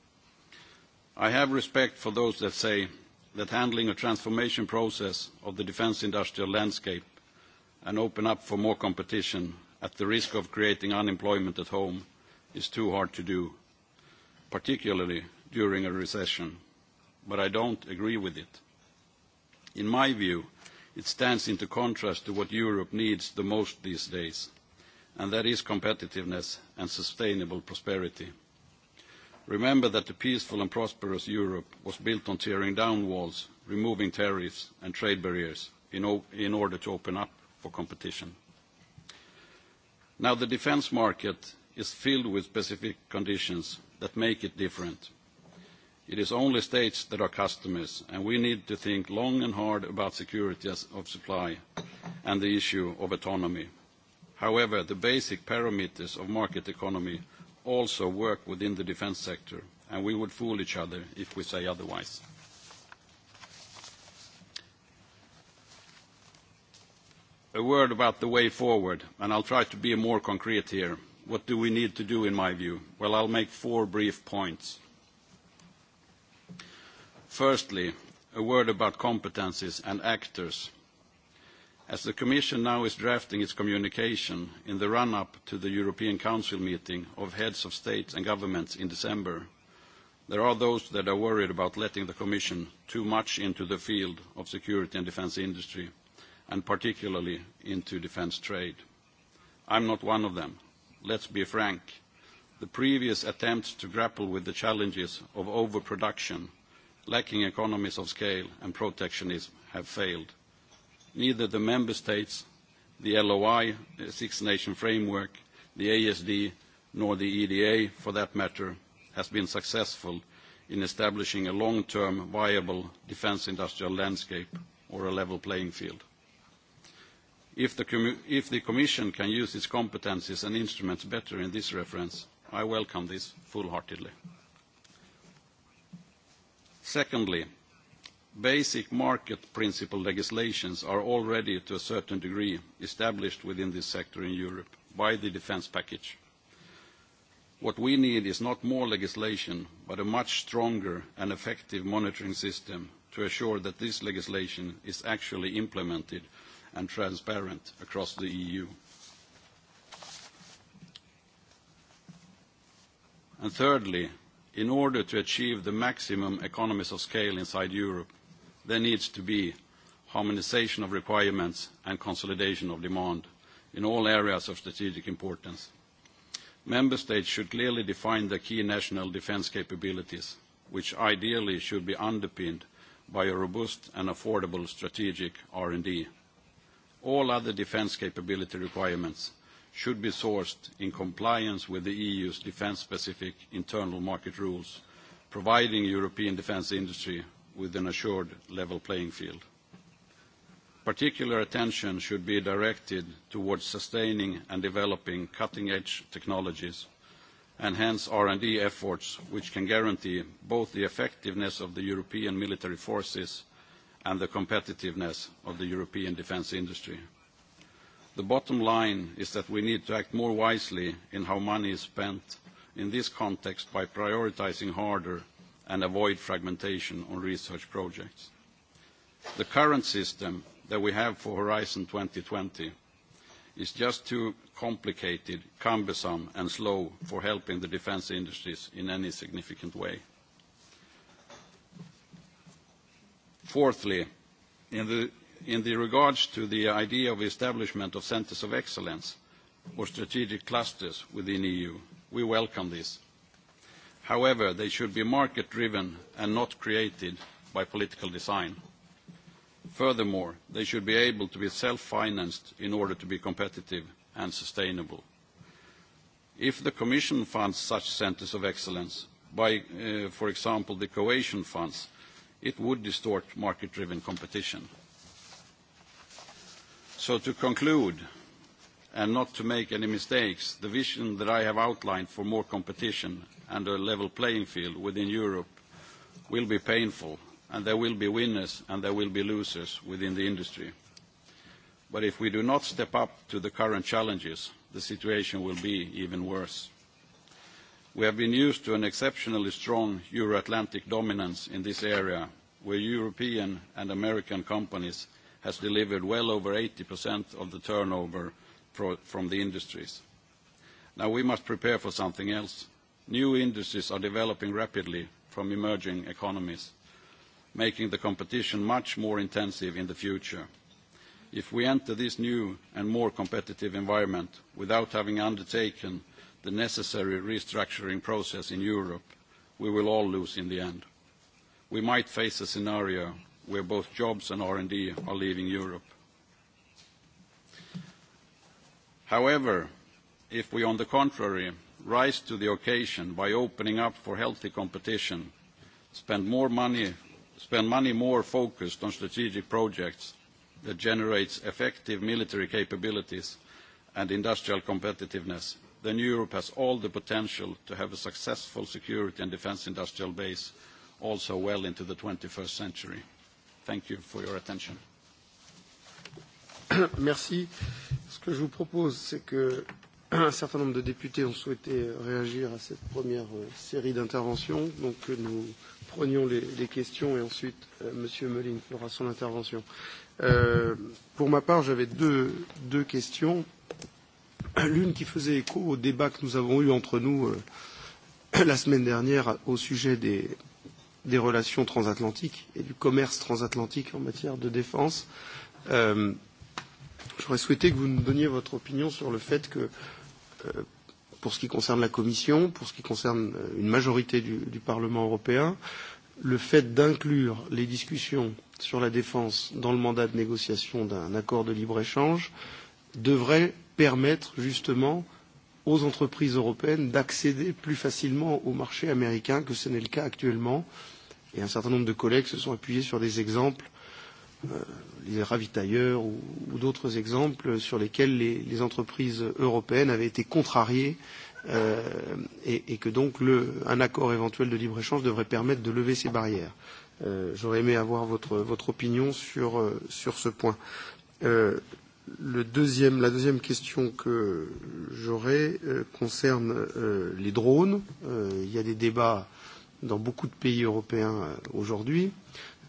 I have respect for those that say that handling a transformation process of the defence industrial landscape and open up for more competition at the risk of creating unemployment at home is too hard to do, particularly during a recession but I don't agree with it. In my view, it stands into contrast to what Europe needs the most these days, and that is competitiveness and sustainable prosperity. Remember that a peaceful and prosperous Europe was built on tearing down walls, removing tariffs and trade barriers in, in order to open up for competition. Now, the defence market is filled with specific conditions that make it different. It is only states that are customers, and we need to think long and hard about security of supply and the issue of autonomy. However, the basic parameters of market economy also work within the defence sector, and we would fool each other if we say otherwise. A word about the way forward, and I'll try to be more concrete here. What do we need to do, in my view? Well, I'll make four brief points. Firstly, a word about competencies and actors. As the Commission now is drafting its communication in the run-up to the European Council meeting of heads of State and governments in December, there are those that are worried about letting the Commission too much into the field of security and defence industry, and particularly into defence trade. I'm not one of them. Let's be frank. The previous attempts to grapple with the challenges of overproduction lacking economies of scale, and protectionism have failed. Neither the member states, the LOI, the Six Nation Framework, the ASD, nor the EDA, for that matter, has been successful in establishing a long-term viable defence industrial landscape or a level playing field. If the, Commission can use its competences and instruments better in this reference, I welcome this full-heartedly. Secondly, basic market principle legislations are already, to a certain degree, established within this sector in Europe by the defence package. What we need is not more legislation, but a much stronger and effective monitoring system to assure that this legislation is actually implemented and transparent across the EU. Thirdly, in order to achieve the maximum economies of scale inside Europe, there needs to be harmonization of requirements and consolidation of demand in all areas of strategic importance. Member states should clearly define their key national defense capabilities, which ideally should be underpinned by a robust and affordable strategic R&D. All other defense capability requirements should be sourced in compliance with the EU's defence-specific internal market rules, providing European defence industry with an assured level playing field. Particular attention should be directed towards sustaining and developing cutting-edge technologies, and hence R&D efforts, which can guarantee both the effectiveness of the European military forces and the competitiveness of the European defence industry. The bottom line is that we need to act more wisely in how money is spent in this context by prioritizing harder and avoid fragmentation on research projects. The current system that we have for Horizon 2020 is just too complicated, cumbersome, and slow for helping the defense industries in any significant way. Fourthly, in the in the regards to the idea of establishment of centres of excellence or strategic clusters within EU, we welcome this. However, they should be market-driven and not created by political design. Furthermore, they should be able to be self-financed in order to be competitive and sustainable. If the Commission funds such centres of excellence by, uh, for example, the cohesion funds, it would distort market-driven competition. So To conclude, and not to make any mistakes, the vision that I have outlined for more competition and a level playing field within Europe will be painful, and there will be winners and there will be losers within the industry. But If we do not step up to the current challenges, the situation will be even worse. We have been used to an exceptionally strong Euro-Atlantic dominance in this area, where European and American companies has delivered well over 80% of the turnover from the industries. Now we must prepare for something else. New industries are developing rapidly from emerging economies, making the competition much more intensive in the future. If we enter this new and more competitive environment without having undertaken the necessary restructuring process in Europe, we will all lose in the end. We might face a scenario where both jobs and R&D are leaving Europe. However, if we, on the contrary, rise to the occasion by opening up for healthy competition, spend money, more focused on strategic projects that generates effective military capabilities and industrial competitiveness, then Europe has all the potential to have a successful security and defence industrial base also well into the 21st century. Thank you for your attention. Merci. Ce que je vous propose, c'est que un certain nombre de députés ont souhaité réagir à cette première euh, série d'interventions. Donc euh, nous prenions les, les questions et ensuite euh, M. Melin fera son intervention. Euh, pour ma part, j'avais deux, deux questions. L'une qui faisait écho au débat que nous avons eu entre nous euh, la semaine dernière au sujet des, des relations transatlantiques et du commerce transatlantique en matière de défense. Euh, J'aurais souhaité que vous nous donniez votre opinion sur le fait que, euh, pour ce qui concerne la Commission, pour ce qui concerne euh, une majorité du, du Parlement européen, le fait d'inclure les discussions sur la défense dans le mandat de négociation d'un accord de libre-échange devrait permettre justement euh, aux entreprises européennes d'accéder plus facilement au marché américain que ce n'est le cas actuellement. Et un certain nombre de collègues se sont appuyés sur des exemples, euh, les ravitailleurs ou, ou d'autres exemples sur lesquels les, les entreprises européennes avaient été contrariées euh, et, et que donc le, un accord éventuel de libre-échange devrait permettre de lever ces barrières. Euh, J'aurais aimé avoir votre, votre opinion sur, euh, sur ce point. Euh, le deuxième, la deuxième question que j'aurais euh, concerne euh, les drones. Euh, il y a des débats dans beaucoup de pays européens euh, aujourd'hui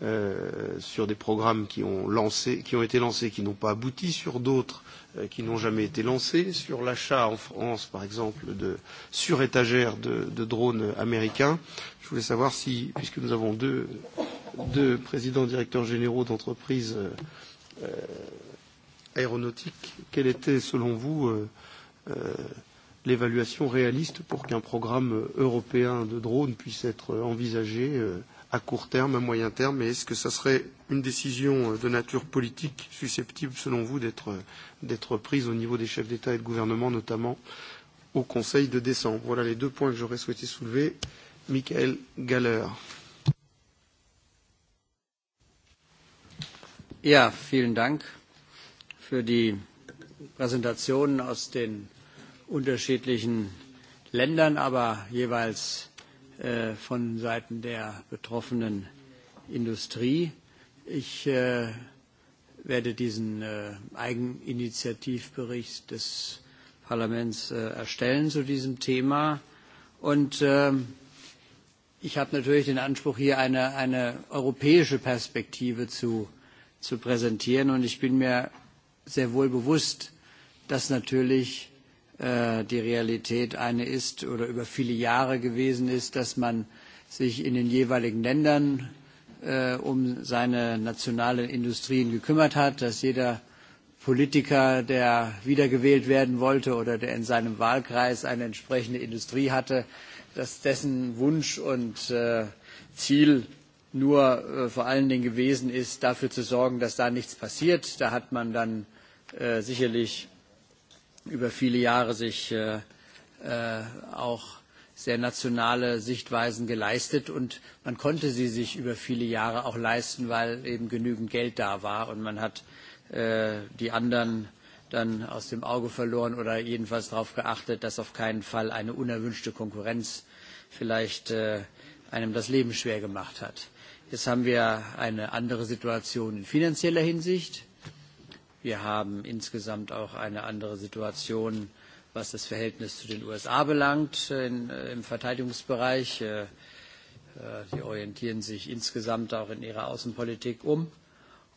euh, sur des programmes qui ont, lancé, qui ont été lancés, qui n'ont pas abouti, sur d'autres euh, qui n'ont jamais été lancés, sur l'achat en France, par exemple, de surétagères de, de drones américains. Je voulais savoir si, puisque nous avons deux, deux présidents directeurs généraux d'entreprises euh, euh aéronautique, quelle était, selon vous, euh, euh, l'évaluation réaliste pour qu'un programme européen de drones puisse être envisagé euh, à court terme, à moyen terme, et est-ce que ça serait une décision euh, de nature politique susceptible, selon vous, euh, d'être prise au niveau des chefs d'État et de gouvernement, notamment au Conseil de décembre Voilà les deux points que j'aurais souhaité soulever. Michael Galler. Ja, vielen Dank für die Präsentationen aus den unterschiedlichen Ländern, aber jeweils äh, von Seiten der betroffenen Industrie. Ich äh, werde diesen äh, Eigeninitiativbericht des Parlaments äh, erstellen zu diesem Thema. Und ähm, ich habe natürlich den Anspruch, hier eine, eine europäische Perspektive zu, zu präsentieren. Und ich bin mir sehr wohl bewusst, dass natürlich äh, die Realität eine ist oder über viele Jahre gewesen ist, dass man sich in den jeweiligen Ländern äh, um seine nationalen Industrien gekümmert hat, dass jeder Politiker, der wiedergewählt werden wollte oder der in seinem Wahlkreis eine entsprechende Industrie hatte, dass dessen Wunsch und äh, Ziel nur äh, vor allen Dingen gewesen ist, dafür zu sorgen, dass da nichts passiert. Da hat man dann äh, sicherlich über viele Jahre sich äh, äh auch sehr nationale Sichtweisen geleistet und man konnte sie sich über viele Jahre auch leisten, weil eben genügend Geld da war und man hat äh, die anderen dann aus dem Auge verloren oder jedenfalls darauf geachtet, dass auf keinen Fall eine unerwünschte Konkurrenz vielleicht äh, einem das Leben schwer gemacht hat. Jetzt haben wir eine andere Situation in finanzieller Hinsicht. Wir haben insgesamt auch eine andere Situation, was das Verhältnis zu den USA belangt äh, in, äh, im Verteidigungsbereich. Äh, die orientieren sich insgesamt auch in ihrer Außenpolitik um.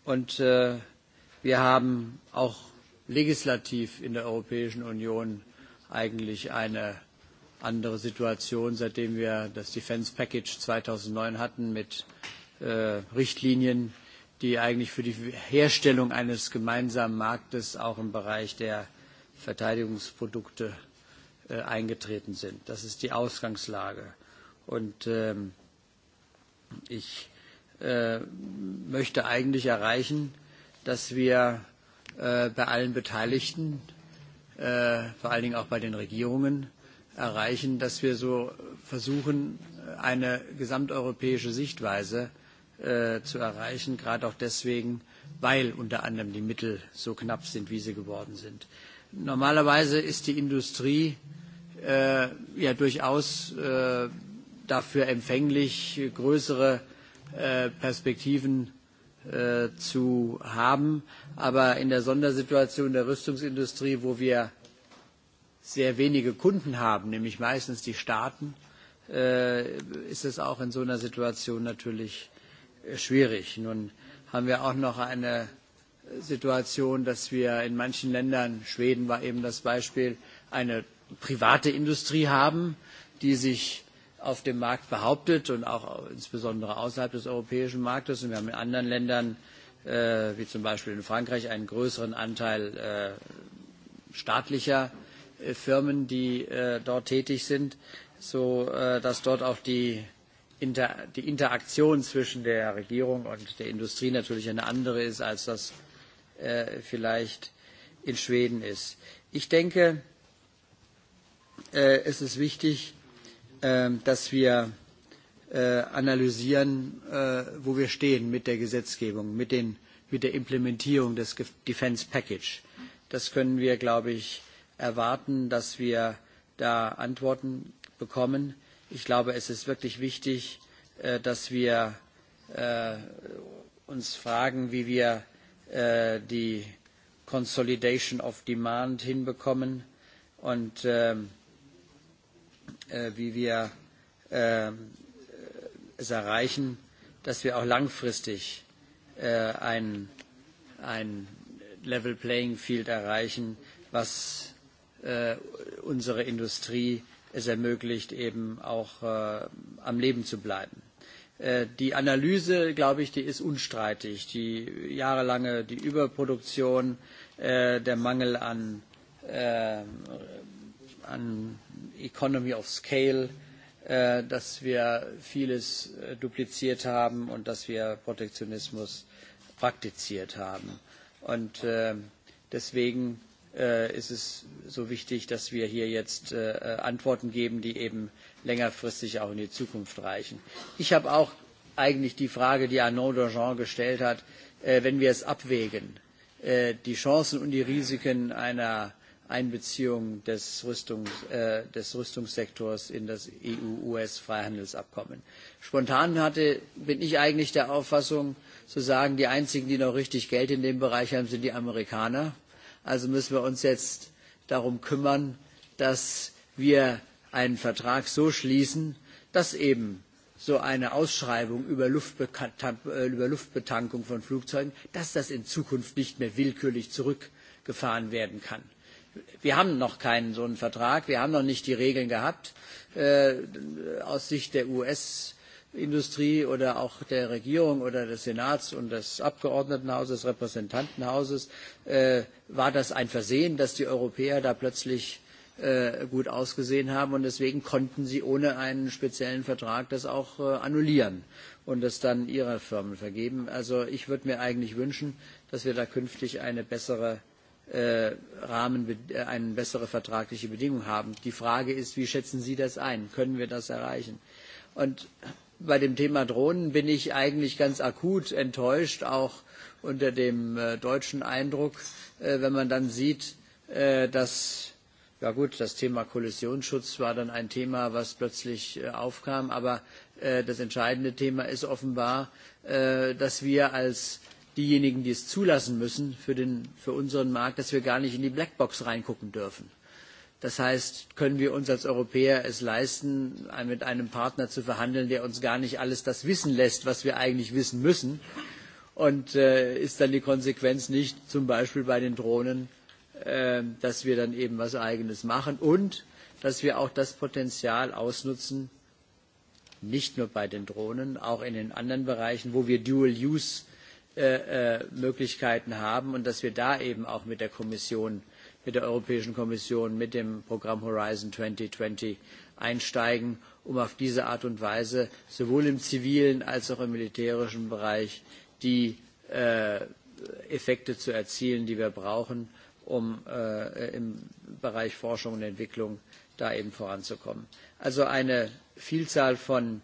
Und wir haben auch legislativ in der Europäischen Union eigentlich eine andere Situation, seitdem wir das Defense Package 2009 hatten mit Äh, Richtlinien, die eigentlich für die Herstellung eines gemeinsamen Marktes auch im Bereich der Verteidigungsprodukte äh, eingetreten sind. Das ist die Ausgangslage. Und ähm, ich äh, möchte eigentlich erreichen, dass wir äh, bei allen Beteiligten, äh, vor allen Dingen auch bei den Regierungen, erreichen, dass wir so versuchen, eine gesamteuropäische Sichtweise Äh, zu erreichen, gerade auch deswegen, weil unter anderem die Mittel so knapp sind, wie sie geworden sind. Normalerweise ist die Industrie äh, ja durchaus äh, dafür empfänglich, größere äh, Perspektiven äh, zu haben. Aber in der Sondersituation der Rüstungsindustrie, wo wir sehr wenige Kunden haben, nämlich meistens die Staaten, äh, ist es auch in so einer Situation natürlich schwierig. Nun haben wir auch noch eine Situation, dass wir in manchen Ländern, Schweden war eben das Beispiel, eine private Industrie haben, die sich auf dem Markt behauptet und auch insbesondere außerhalb des europäischen Marktes. Und wir haben in anderen Ländern, äh, wie zum Beispiel in Frankreich, einen größeren Anteil äh, staatlicher äh, Firmen, die äh, dort tätig sind, sodass äh, dort auch die Inter die Interaktion zwischen der Regierung und der Industrie natürlich eine andere ist, als das äh, vielleicht in Schweden ist. Ich denke, äh, es ist wichtig, äh, dass wir äh, analysieren, äh, wo wir stehen mit der Gesetzgebung, mit, den, mit der Implementierung des Defence Package. Das können wir, glaube ich, erwarten, dass wir da Antworten bekommen ich glaube, es ist wirklich wichtig, äh, dass wir äh, uns fragen, wie wir äh, die Consolidation of Demand hinbekommen und ähm, wie wir ähm, es erreichen, dass wir auch langfristig ein, ein Level Playing Field erreichen, was unsere Industrie es ermöglicht, eben auch äh, am Leben zu bleiben. Äh, die Analyse, glaube ich, die ist unstreitig. Die jahrelange die Überproduktion, äh, der Mangel an, äh, an Economy of Scale, äh, dass wir vieles dupliziert haben und dass wir Protektionismus praktiziert haben. Und deswegen Äh, ist es so wichtig, dass wir hier jetzt äh, äh, Antworten geben, die eben längerfristig auch in die Zukunft reichen. Ich habe auch eigentlich die Frage, die Arnaud Danjean gestellt hat, wenn wir es abwägen, die Chancen und die Risiken einer Einbeziehung des, Rüstungs, des Rüstungssektors in das EU-US-Freihandelsabkommen. Spontan hatte, bin ich eigentlich der Auffassung, zu sagen, die einzigen, die noch richtig Geld in dem Bereich haben, sind die Amerikaner. Also müssen wir uns jetzt darum kümmern, dass wir einen Vertrag so schließen, dass eben so eine Ausschreibung äh, über, Luftbetankung von Flugzeugen, dass das in Zukunft nicht mehr willkürlich zurückgefahren werden kann. Wir haben noch keinen so einen Vertrag, wir haben noch nicht die Regeln gehabt. Äh, aus Sicht der US Industrie oder auch der Regierung oder des Senats und des Abgeordnetenhauses, des Repräsentantenhauses, äh, war das ein Versehen, dass die Europäer da plötzlich äh, gut ausgesehen haben und deswegen konnten sie ohne einen speziellen Vertrag das auch äh, annullieren und es dann ihrer Firmen vergeben. Also ich würde mir eigentlich wünschen, dass wir da künftig eine bessere äh, Rahmen, eine bessere vertragliche Bedingung haben. Die Frage ist, wie schätzen Sie das ein? Können wir das erreichen? Und bei dem Thema Drohnen bin ich eigentlich ganz akut enttäuscht, auch unter dem äh, deutschen Eindruck, äh, wenn man dann sieht, äh, dass ja gut, das Thema Kollisionsschutz war dann ein Thema, was plötzlich äh, aufkam, aber äh, das entscheidende Thema ist offenbar, äh, dass wir als diejenigen, die es zulassen müssen für, den, für unseren Markt, dass wir gar nicht in die Blackbox reingucken dürfen Das heißt, können wir uns als Europäer es leisten, mit einem Partner zu verhandeln, der uns gar nicht alles das wissen lässt, was wir eigentlich wissen müssen? Und äh, ist dann die Konsequenz nicht zum Beispiel bei den Drohnen, äh, dass wir dann eben was Eigenes machen und dass wir auch das Potenzial ausnutzen, nicht nur bei den Drohnen, auch in den anderen Bereichen, wo wir Dual-Use-Möglichkeiten äh, äh haben und dass wir da eben auch mit der Kommission mit der Europäischen Kommission, mit dem Programm Horizon 2020 einsteigen, um auf diese Art und Weise sowohl im zivilen als auch im militärischen Bereich die äh, Effekte zu erzielen, die wir brauchen, um äh, im Bereich Forschung und Entwicklung da eben voranzukommen. Also eine Vielzahl von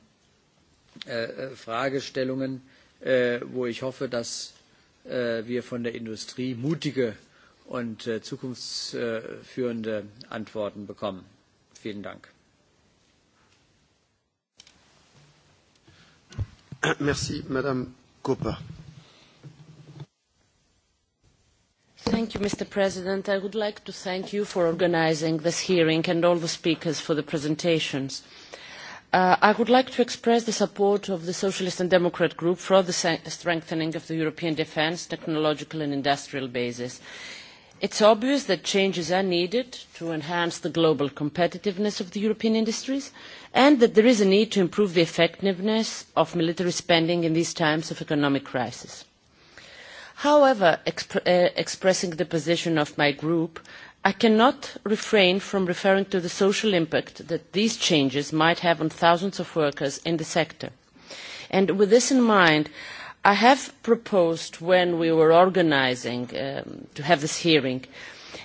äh, Fragestellungen, äh, wo ich hoffe, dass äh, wir von der Industrie mutige und äh, zukunftsführende Antworten bekommen. Vielen Dank. Merci, Madame Coppa. Thank you, Mr. President. I would like to thank you for organizing this hearing and all the speakers for the presentations. Uh, I would like to express the support of the Socialist and Democrat Group for the strengthening of the European defence, technological and industrial basis It's obvious that changes are needed to enhance the global competitiveness of the European industries and that there is a need to improve the effectiveness of military spending in these times of economic crisis. However, exp uh, expressing the position of my group, I cannot refrain from referring to the social impact that these changes might have on thousands of workers in the sector. And with this in mind, i have proposed when we were organising um, to have this hearing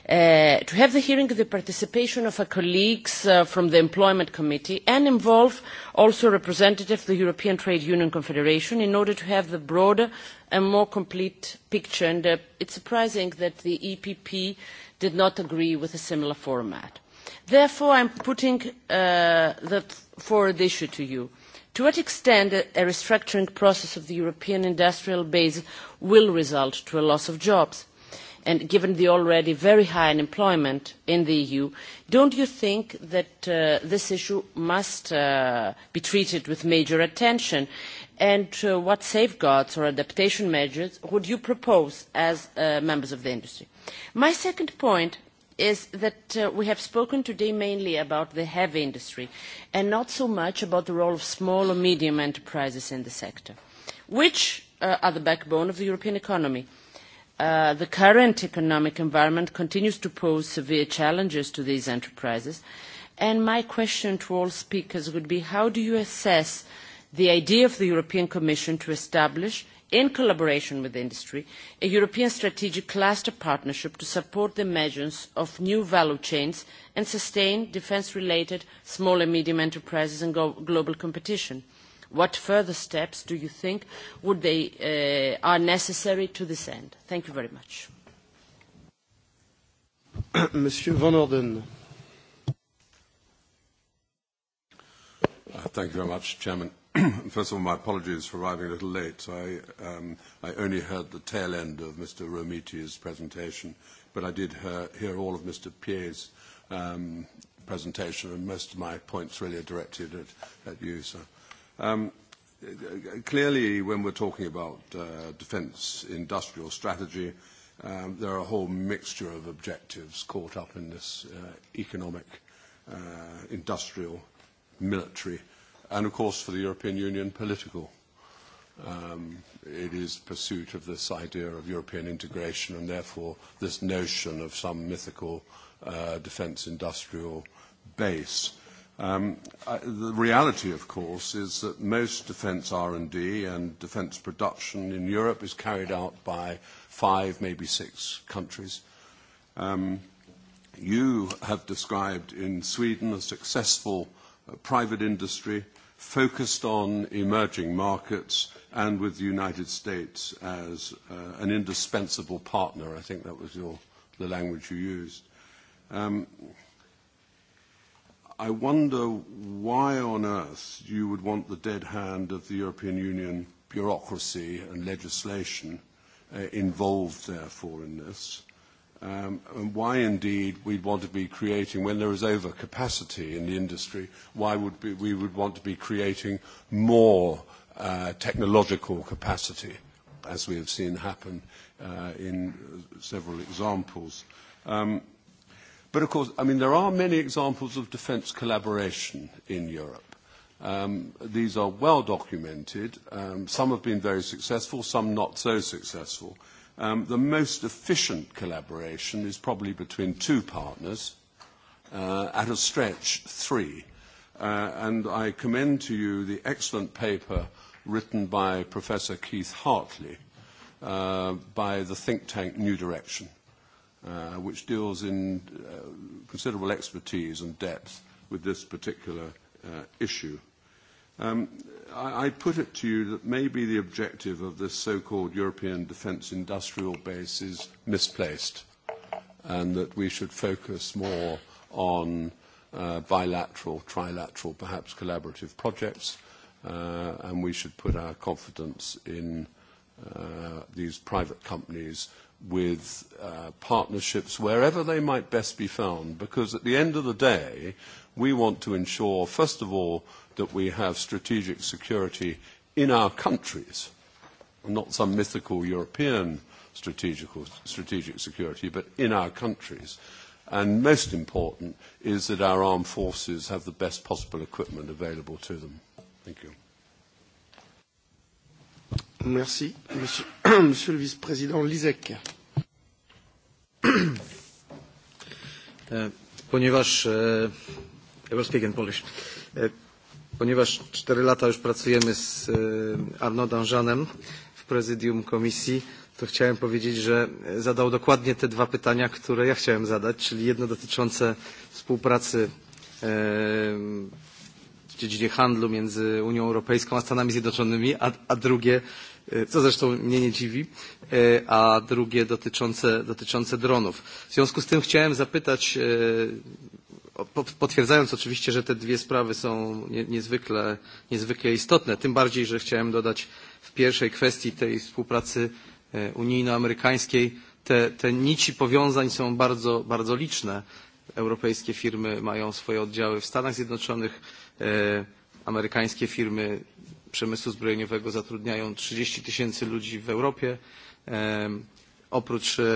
uh, to have the hearing with the participation of our colleagues uh, from the Employment Committee and involve also representatives of the European Trade Union Confederation in order to have the broader and more complete picture. And uh, it's surprising that the EPP did not agree with a similar format. Therefore, I'm putting uh, the forward issue to you. Uh, to what extent a restructuring process of the European industrial base will result to a loss of jobs? And given the already very high unemployment in the EU, don't you think that uh, this issue must uh, be treated with major attention? And uh, what safeguards or adaptation measures would you propose as uh, members of the industry? My second point is that uh, we have spoken today mainly about the heavy industry and not so much about the role of small or medium enterprises in the sector, which uh, are the backbone of the European economy. Uh, the current economic environment continues to pose severe challenges to these enterprises, and my question to all speakers would be, how do you assess the idea of the European Commission to establish in collaboration with industry, a European strategic cluster partnership to support the emergence of new value chains and sustain defence-related small and medium enterprises and global competition. What further steps do you think would they, uh, are necessary to this end? Thank you very much. Monsieur Van Orden. Uh, thank you very much, Chairman. first of all, my apologies for arriving a little late. I, um, I only heard the tail end of Mr. Romiti's presentation, but I did hear, hear all of Mr. Pierre's um, presentation, and most of my points really are directed at, at you, sir. Um, clearly, when we're talking about uh, defense industrial strategy, um, there are a whole mixture of objectives caught up in this uh, economic, uh, industrial, military and of course for the European Union political. Um, it is pursuit of this idea of European integration and therefore this notion of some mythical uh, defence industrial base. Um, I, the reality, of course, is that most defence R&D and defence production in Europe is carried out by five, maybe six countries. Um, you have described in Sweden a successful uh, private industry focused on emerging markets and with the United States as uh, an indispensable partner. I think that was your, the language you used. Um, I wonder why on earth you would want the dead hand of the European Union bureaucracy and legislation uh, involved, therefore, in this um, and why indeed we'd want to be creating, when there is overcapacity in the industry, why would be, we would want to be creating more uh, technological capacity, as we have seen happen uh, in several examples. Um, but of course, I mean, there are many examples of defence collaboration in Europe. Um, these are well documented. Um, some have been very successful, some not so successful. Um, the most efficient collaboration is probably between two partners, uh, at a stretch, three. Uh, and I commend to you the excellent paper written by Professor Keith Hartley uh, by the think tank New Direction, uh, which deals in uh, considerable expertise and depth with this particular uh, issue. Um, i, I put it to you that maybe the objective of this so-called European defence industrial base is misplaced and that we should focus more on uh, bilateral, trilateral, perhaps collaborative projects, uh, and we should put our confidence in uh, these private companies with uh, partnerships wherever they might best be found, because at the end of the day, we want to ensure, first of all, that we have strategic security in our countries, not some mythical European strategic, strategic security, but in our countries. And most important is that our armed forces have the best possible equipment available to them. Thank you. Merci. Monsieur, Monsieur le Vice-président Lisek. Eh, ponieważ, uh, I will speak in Polish. Uh, Ponieważ cztery lata już pracujemy z e, Arnaudem Danżanem w prezydium komisji, to chciałem powiedzieć, że zadał dokładnie te dwa pytania, które ja chciałem zadać, czyli jedno dotyczące współpracy e, w dziedzinie handlu między Unią Europejską a Stanami Zjednoczonymi, a, a drugie, e, co zresztą mnie nie dziwi, a drugie dotyczące, dotyczące dronów. W związku z tym chciałem zapytać potwierdzając oczywiście, że te dwie sprawy są niezwykle, niezwykle istotne, tym bardziej, że chciałem dodać w pierwszej kwestii tej współpracy e, unijno-amerykańskiej te, te nici powiązań są bardzo, bardzo liczne. Europejskie firmy mają swoje oddziały w Stanach Zjednoczonych, e, amerykańskie firmy przemysłu zbrojeniowego zatrudniają 30 tysięcy ludzi w Europie. E, oprócz e,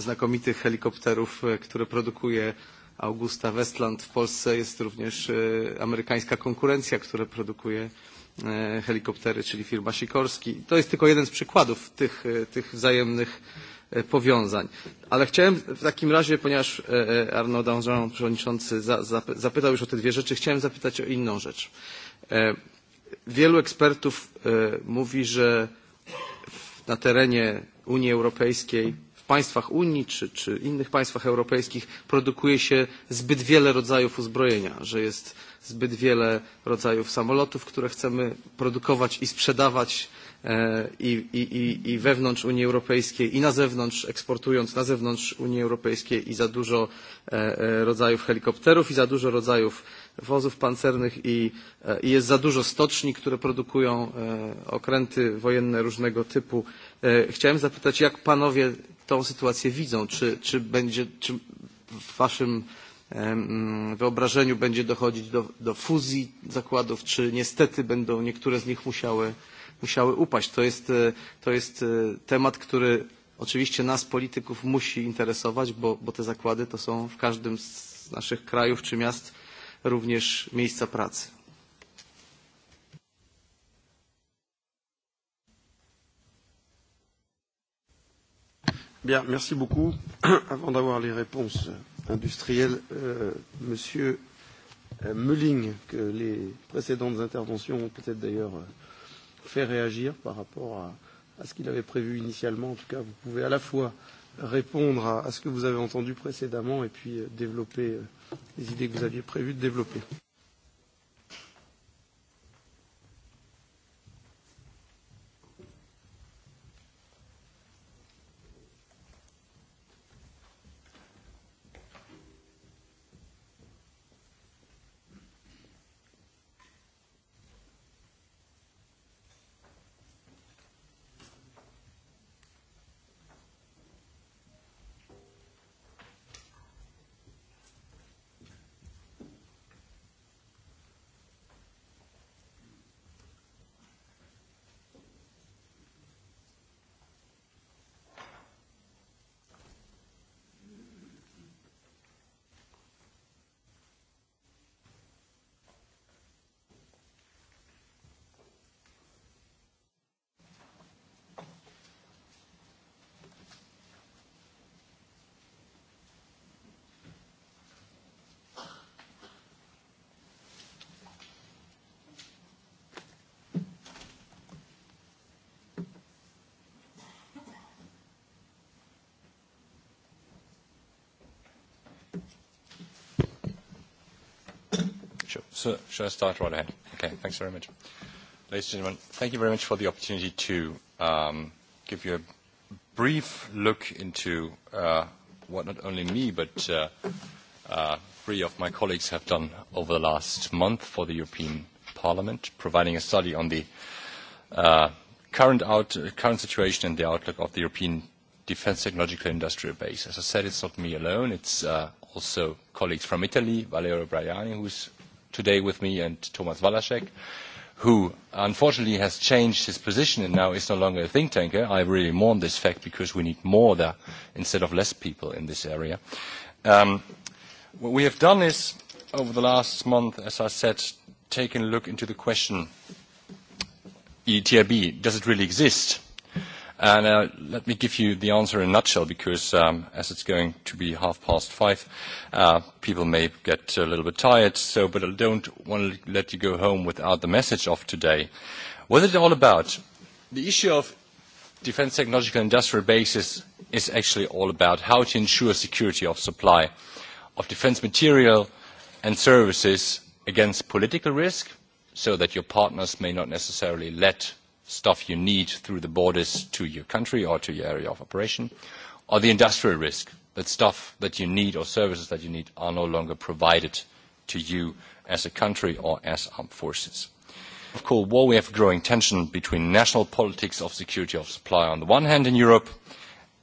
znakomitych helikopterów, e, które produkuje Augusta Westland. W Polsce jest również e, amerykańska konkurencja, która produkuje e, helikoptery, czyli firma Sikorski. To jest tylko jeden z przykładów tych, e, tych wzajemnych powiązań. Ale chciałem w takim razie, ponieważ Arnaud Danjean, przewodniczący, zapytał już o te dwie rzeczy, chciałem zapytać o inną rzecz. Wielu ekspertów mówi, że na terenie Unii Europejskiej państwach Unii czy, czy innych państwach europejskich produkuje się zbyt wiele rodzajów uzbrojenia, że jest zbyt wiele rodzajów samolotów, które chcemy produkować i sprzedawać e, i, i, i wewnątrz Unii Europejskiej i na zewnątrz, eksportując na zewnątrz Unii Europejskiej i za dużo e, e, rodzajów helikopterów i za dużo rodzajów wozów pancernych i, i jest za dużo stoczni, które produkują okręty wojenne różnego typu. Chciałem zapytać, jak panowie tą sytuację widzą? Czy, czy, będzie, czy w Waszym wyobrażeniu będzie dochodzić do, do fuzji zakładów, czy niestety będą niektóre z nich musiały, musiały upaść? To jest, e, to jest e, temat, który oczywiście nas, polityków, musi interesować, bo, bo te zakłady to są w każdym z naszych krajów czy miast również miejsca pracy. Bien, merci beaucoup. Avant d'avoir les réponses industrielles, euh, Monsieur euh, Mulling, que les précédentes interventions ont peut-être d'ailleurs euh, fait réagir par rapport à, à ce qu'il avait prévu initialement. En tout cas, vous pouvez à la fois répondre à, à ce que vous avez entendu précédemment et puis euh, développer les idées que vous aviez prévues de développer. So should I start right ahead? Okay, thanks very much. Ladies and gentlemen, thank you very much for the opportunity to um, give you a brief look into uh, what not only me, but uh, uh, three of my colleagues have done over the last month for the European Parliament, providing a study on the uh, current, out, current situation and the outlook of the European defense technological industrial base. As I said, it's not me alone. It's uh, also colleagues from Italy, Valerio Braiani, who's today with me and Thomas Walaszek, who unfortunately has changed his position and now is no longer a think tanker. I really mourn this fact because we need more there instead of less people in this area. Um, what we have done is, over the last month, as I said, taken a look into the question ETRB, does it really exist? And uh, let me give you the answer in a nutshell, because um, as it's going to be half past five, uh, people may get a little bit tired. So, but I don't want to let you go home without the message of today. What is it all about? The issue of defense technological industrial bases is actually all about how to ensure security of supply of defense material and services against political risk, so that your partners may not necessarily let stuff you need through the borders to your country or to your area of operation, or the industrial risk, that stuff that you need or services that you need are no longer provided to you as a country or as armed forces. Of course while we have growing tension between national politics of security of supply on the one hand in Europe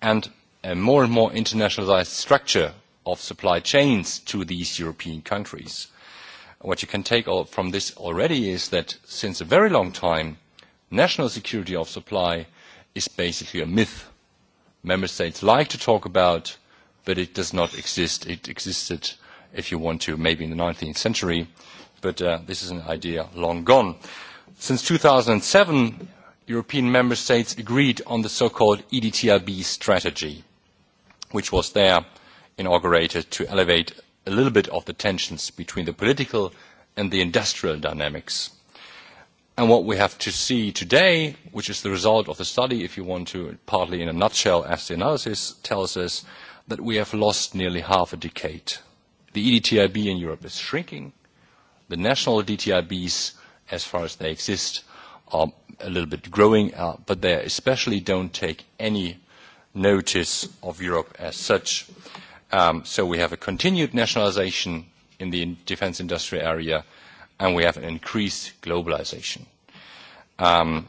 and a more and more internationalised structure of supply chains to these European countries. What you can take from this already is that since a very long time, national security of supply is basically a myth. Member states like to talk about, but it does not exist. It existed, if you want to, maybe in the 19th century, but uh, this is an idea long gone. Since 2007, European member states agreed on the so-called EDTRB strategy, which was there inaugurated to elevate a little bit of the tensions between the political and the industrial dynamics And what we have to see today, which is the result of the study, if you want to, partly in a nutshell, as the analysis tells us, that we have lost nearly half a decade. The EDTIB in Europe is shrinking. The national DTIBs, as far as they exist, are a little bit growing, uh, but they especially don't take any notice of Europe as such. Um, so we have a continued nationalization in the defense industry area, and we have an increased globalization. Um,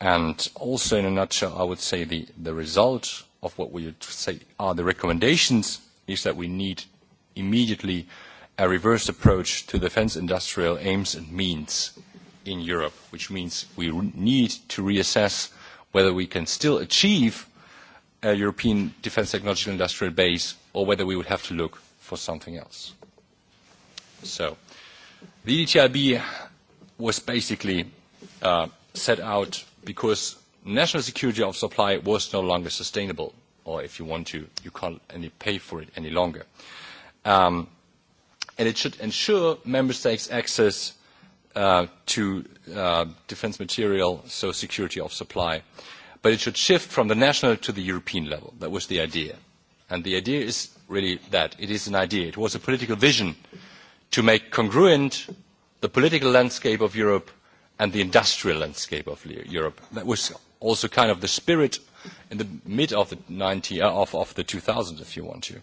and also in a nutshell, I would say the, the result of what we would say are the recommendations is that we need immediately a reversed approach to defense industrial aims and means in Europe, which means we need to reassess whether we can still achieve a European defense technological industrial base or whether we would have to look for something else. So The EDTIB was basically uh, set out because national security of supply was no longer sustainable, or if you want to, you can't any pay for it any longer. Um, and it should ensure member states access uh, to uh, defense material, so security of supply. But it should shift from the national to the European level. That was the idea. And the idea is really that. It is an idea. It was a political vision to make congruent the political landscape of Europe and the industrial landscape of Europe. That was also kind of the spirit in the mid of the 90, uh, of, of the 2000, if you want to.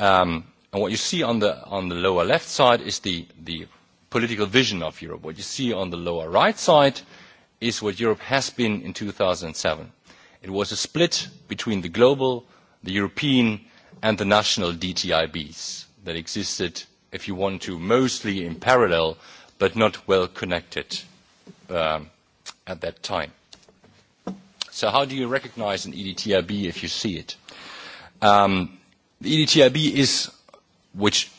Um, and what you see on the, on the lower left side is the, the political vision of Europe. What you see on the lower right side is what Europe has been in 2007. It was a split between the global, the European, and the national DTIBs that existed if you want to, mostly in parallel, but not well connected um, at that time. So how do you recognize an EDTIB if you see it? Um, the EDTIB is, which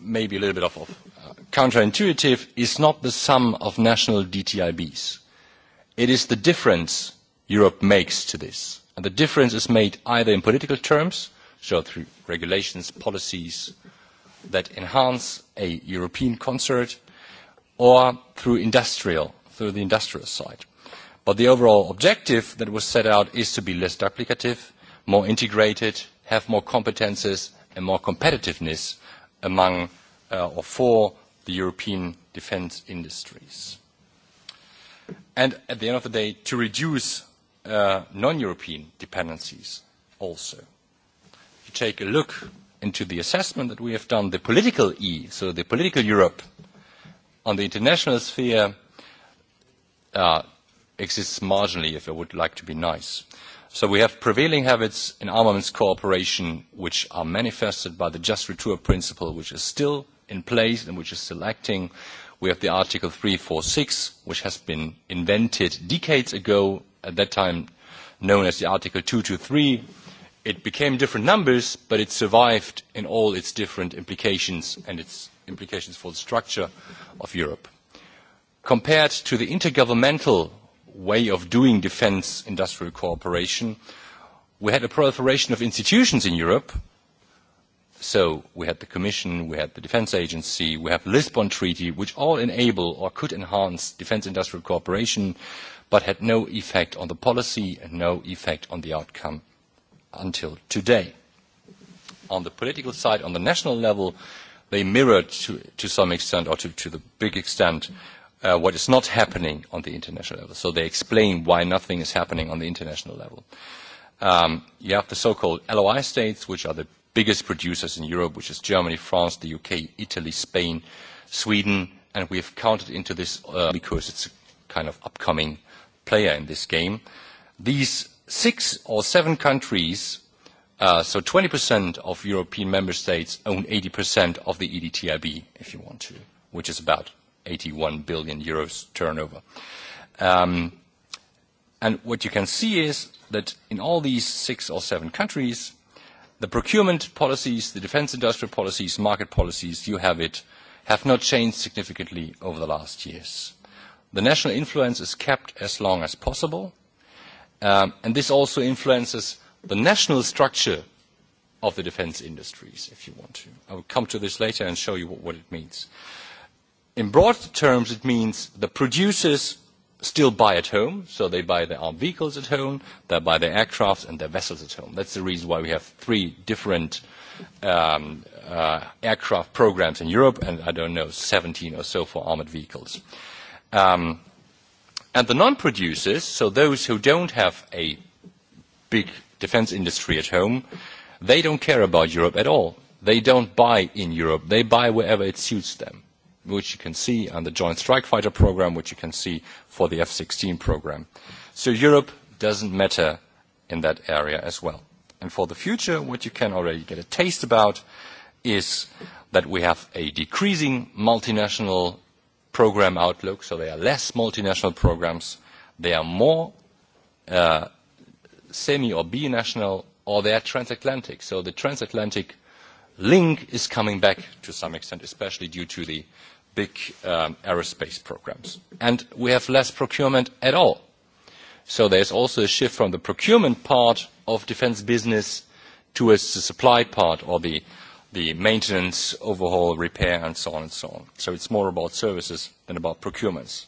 may be a little bit of, of uh, counterintuitive, is not the sum of national DTIBs. It is the difference Europe makes to this. And the difference is made either in political terms, so through regulations, policies, that enhance a European concert or through industrial, through the industrial side. But the overall objective that was set out is to be less duplicative, more integrated, have more competences and more competitiveness among uh, or for the European defense industries. And at the end of the day, to reduce uh, non-European dependencies also. If you take a look into the assessment that we have done the political E, so the political Europe on the international sphere uh, exists marginally, if I would like to be nice. So we have prevailing habits in armaments cooperation which are manifested by the just retour principle, which is still in place and which is still acting. We have the Article 346, which has been invented decades ago, at that time known as the Article 223, it became different numbers, but it survived in all its different implications and its implications for the structure of Europe. Compared to the intergovernmental way of doing defence industrial cooperation, we had a proliferation of institutions in Europe. So we had the Commission, we had the Defence Agency, we have the Lisbon Treaty, which all enable or could enhance defence industrial cooperation, but had no effect on the policy and no effect on the outcome until today. On the political side, on the national level, they mirror to, to some extent or to, to the big extent uh, what is not happening on the international level. So they explain why nothing is happening on the international level. Um, you have the so-called LOI states, which are the biggest producers in Europe, which is Germany, France, the UK, Italy, Spain, Sweden, and we have counted into this uh, because it's a kind of upcoming player in this game. These six or seven countries, uh, so 20% of European member states own 80% of the EDTIB, if you want to, which is about 81 billion euros turnover. Um, and what you can see is that in all these six or seven countries, the procurement policies, the defense industrial policies, market policies, you have it, have not changed significantly over the last years. The national influence is kept as long as possible, Um, and this also influences the national structure of the defence industries, if you want to. I will come to this later and show you what, what it means. In broad terms, it means the producers still buy at home, so they buy their armed vehicles at home, they buy their aircraft and their vessels at home. That's the reason why we have three different um, uh, aircraft programs in Europe, and I don't know, 17 or so for armored vehicles. Um, And the non-producers, so those who don't have a big defense industry at home, they don't care about Europe at all. They don't buy in Europe. They buy wherever it suits them, which you can see on the Joint Strike Fighter program, which you can see for the F-16 program. So Europe doesn't matter in that area as well. And for the future, what you can already get a taste about is that we have a decreasing multinational program outlook, so they are less multinational programs, they are more uh, semi or binational, or they are transatlantic. So the transatlantic link is coming back to some extent, especially due to the big um, aerospace programs. And we have less procurement at all. So there's also a shift from the procurement part of defense business towards the supply part or the the maintenance, overhaul, repair, and so on and so on. So it's more about services than about procurements.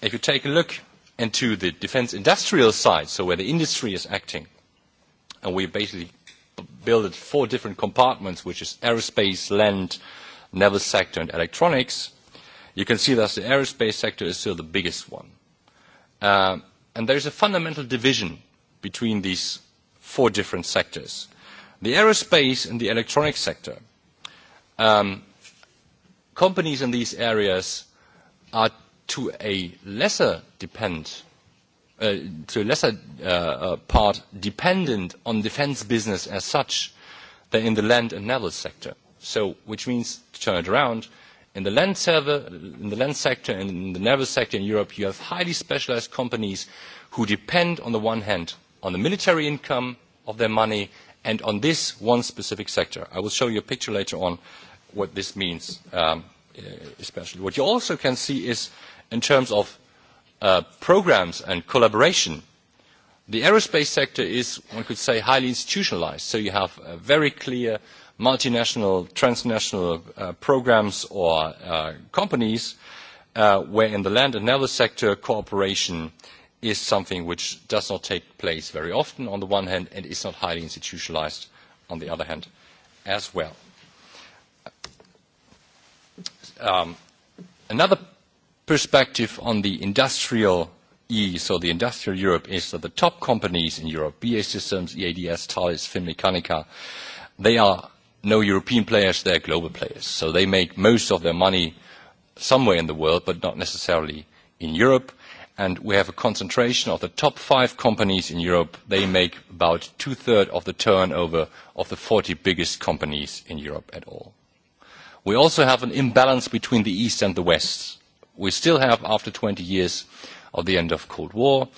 If you take a look into the defense industrial side, so where the industry is acting, and we basically built four different compartments, which is aerospace, land, naval sector, and electronics, you can see that the aerospace sector is still the biggest one. Uh, and there's a fundamental division between these four different sectors The aerospace and the electronic sector, um, companies in these areas are to a lesser depend, uh, to a lesser uh, uh, part dependent on defence business as such than in the land and naval sector. So, which means, to turn it around, in the land, server, in the land sector and in the naval sector in Europe, you have highly specialised companies who depend, on the one hand, on the military income of their money and on this one specific sector. I will show you a picture later on what this means, um, uh, especially. What you also can see is in terms of uh, programs and collaboration, the aerospace sector is, one could say, highly institutionalized. So you have a uh, very clear multinational, transnational uh, programs or uh, companies uh, where in the land and naval sector cooperation uh, is something which does not take place very often on the one hand and is not highly institutionalised on the other hand as well. Um, another perspective on the industrial E, so the industrial Europe is that the top companies in Europe, BA Systems, EADS, Thales, FinMechanica, they are no European players, they are global players. So they make most of their money somewhere in the world, but not necessarily in Europe and we have a concentration of the top five companies in Europe. They make about two-thirds of the turnover of the 40 biggest companies in Europe at all. We also have an imbalance between the East and the West. We still have, after 20 years of the end of Cold War,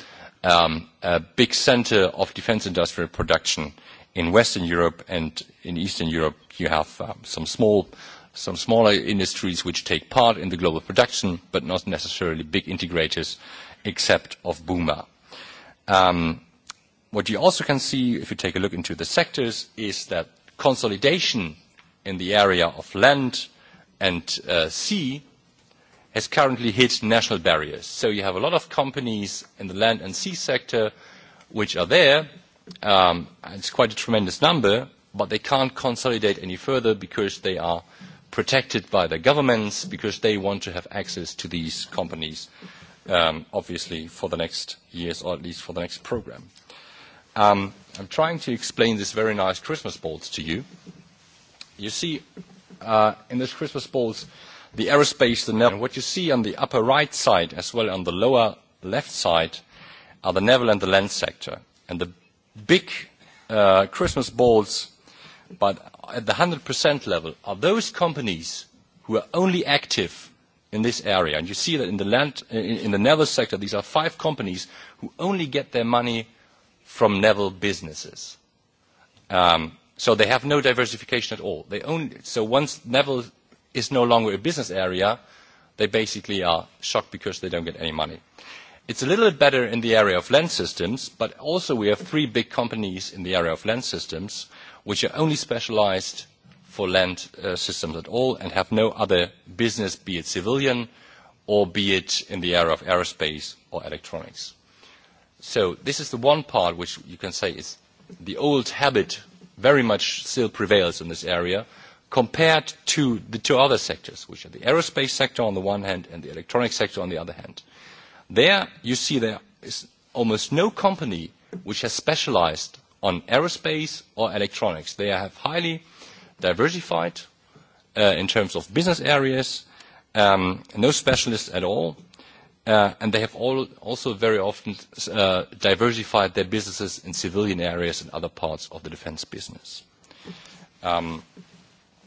um, a big center of defense industrial production in Western Europe and in Eastern Europe, you have um, some small some smaller industries which take part in the global production, but not necessarily big integrators except of Buma. Um, what you also can see, if you take a look into the sectors, is that consolidation in the area of land and uh, sea has currently hit national barriers. So you have a lot of companies in the land and sea sector which are there. Um, it's quite a tremendous number, but they can't consolidate any further because they are protected by their governments, because they want to have access to these companies um, obviously, for the next years, or at least for the next program. Um, I'm trying to explain this very nice Christmas balls to you. You see, uh, in this Christmas balls, the aerospace, the Netherlands, what you see on the upper right side as well on the lower left side are the Netherlands, the land sector. And the big uh, Christmas balls, but at the 100% level, are those companies who are only active in this area. And you see that in the, land, in, in the Neville sector, these are five companies who only get their money from Neville businesses. Um, so they have no diversification at all. They only, so once Neville is no longer a business area, they basically are shocked because they don't get any money. It's a little bit better in the area of land systems, but also we have three big companies in the area of land systems, which are only specialized for land uh, systems at all and have no other business, be it civilian or be it in the area of aerospace or electronics. So this is the one part which you can say is the old habit very much still prevails in this area compared to the two other sectors, which are the aerospace sector on the one hand and the electronic sector on the other hand. There you see there is almost no company which has specialized on aerospace or electronics. They have highly diversified uh, in terms of business areas, um, no specialists at all, uh, and they have all, also very often uh, diversified their businesses in civilian areas and other parts of the defense business. Um,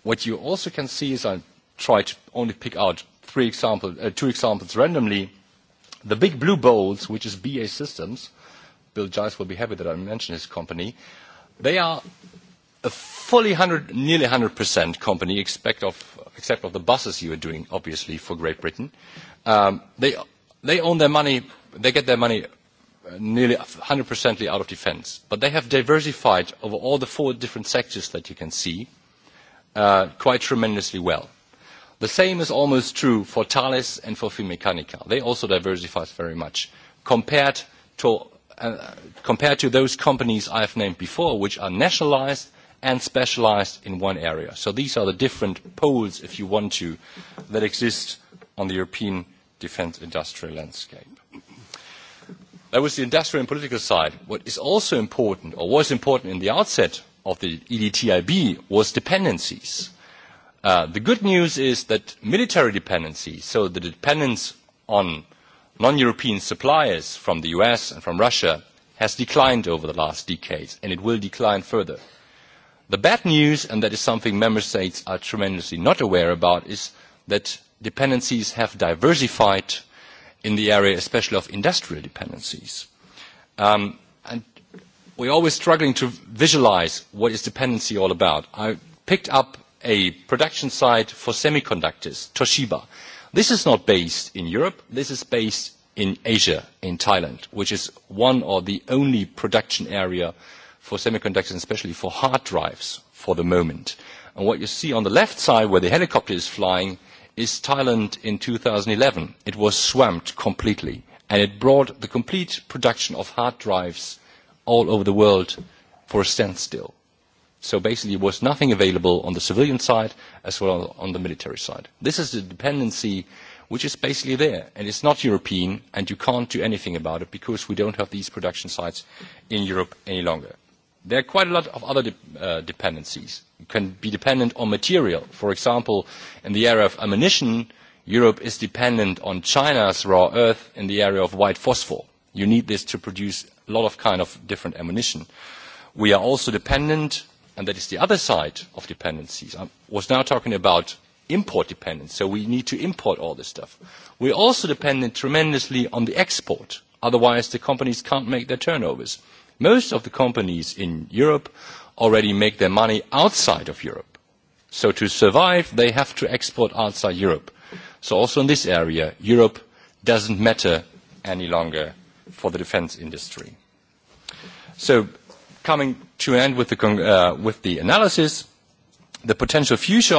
what you also can see is I try to only pick out three example, uh, two examples randomly. The big blue bowls, which is BA Systems, Bill Giles will be happy that I mentioned his company, they are a fully 100, nearly 100% company, except of, except of the buses you are doing, obviously, for Great Britain. Um, they, they own their money, they get their money uh, nearly 100% out of defense. But they have diversified over all the four different sectors that you can see uh, quite tremendously well. The same is almost true for Thales and for Finmeccanica. They also diversify very much compared to, uh, compared to those companies I've named before, which are nationalized and specialised in one area. So these are the different poles, if you want to, that exist on the European defence industrial landscape. That was the industrial and political side. What is also important, or was important in the outset of the EDTIB, was dependencies. Uh, the good news is that military dependency, so the dependence on non-European suppliers from the US and from Russia, has declined over the last decades, and it will decline further. The bad news, and that is something member states are tremendously not aware about, is that dependencies have diversified in the area, especially of industrial dependencies. Um, and we're always struggling to visualize what is dependency all about. I picked up a production site for semiconductors, Toshiba. This is not based in Europe. This is based in Asia, in Thailand, which is one or the only production area for semiconductors, and especially for hard drives for the moment. And what you see on the left side where the helicopter is flying is Thailand in 2011. It was swamped completely, and it brought the complete production of hard drives all over the world for a standstill. So basically, there was nothing available on the civilian side as well as on the military side. This is a dependency which is basically there, and it's not European, and you can't do anything about it because we don't have these production sites in Europe any longer there are quite a lot of other de uh, dependencies. You can be dependent on material. For example, in the area of ammunition, Europe is dependent on China's raw earth in the area of white phosphor. You need this to produce a lot of kind of different ammunition. We are also dependent, and that is the other side of dependencies. I was now talking about import dependence, so we need to import all this stuff. We're also dependent tremendously on the export. Otherwise, the companies can't make their turnovers. Most of the companies in Europe already make their money outside of Europe. So to survive, they have to export outside Europe. So also in this area, Europe doesn't matter any longer for the defense industry. So coming to an end with the, uh, with the analysis, the potential future,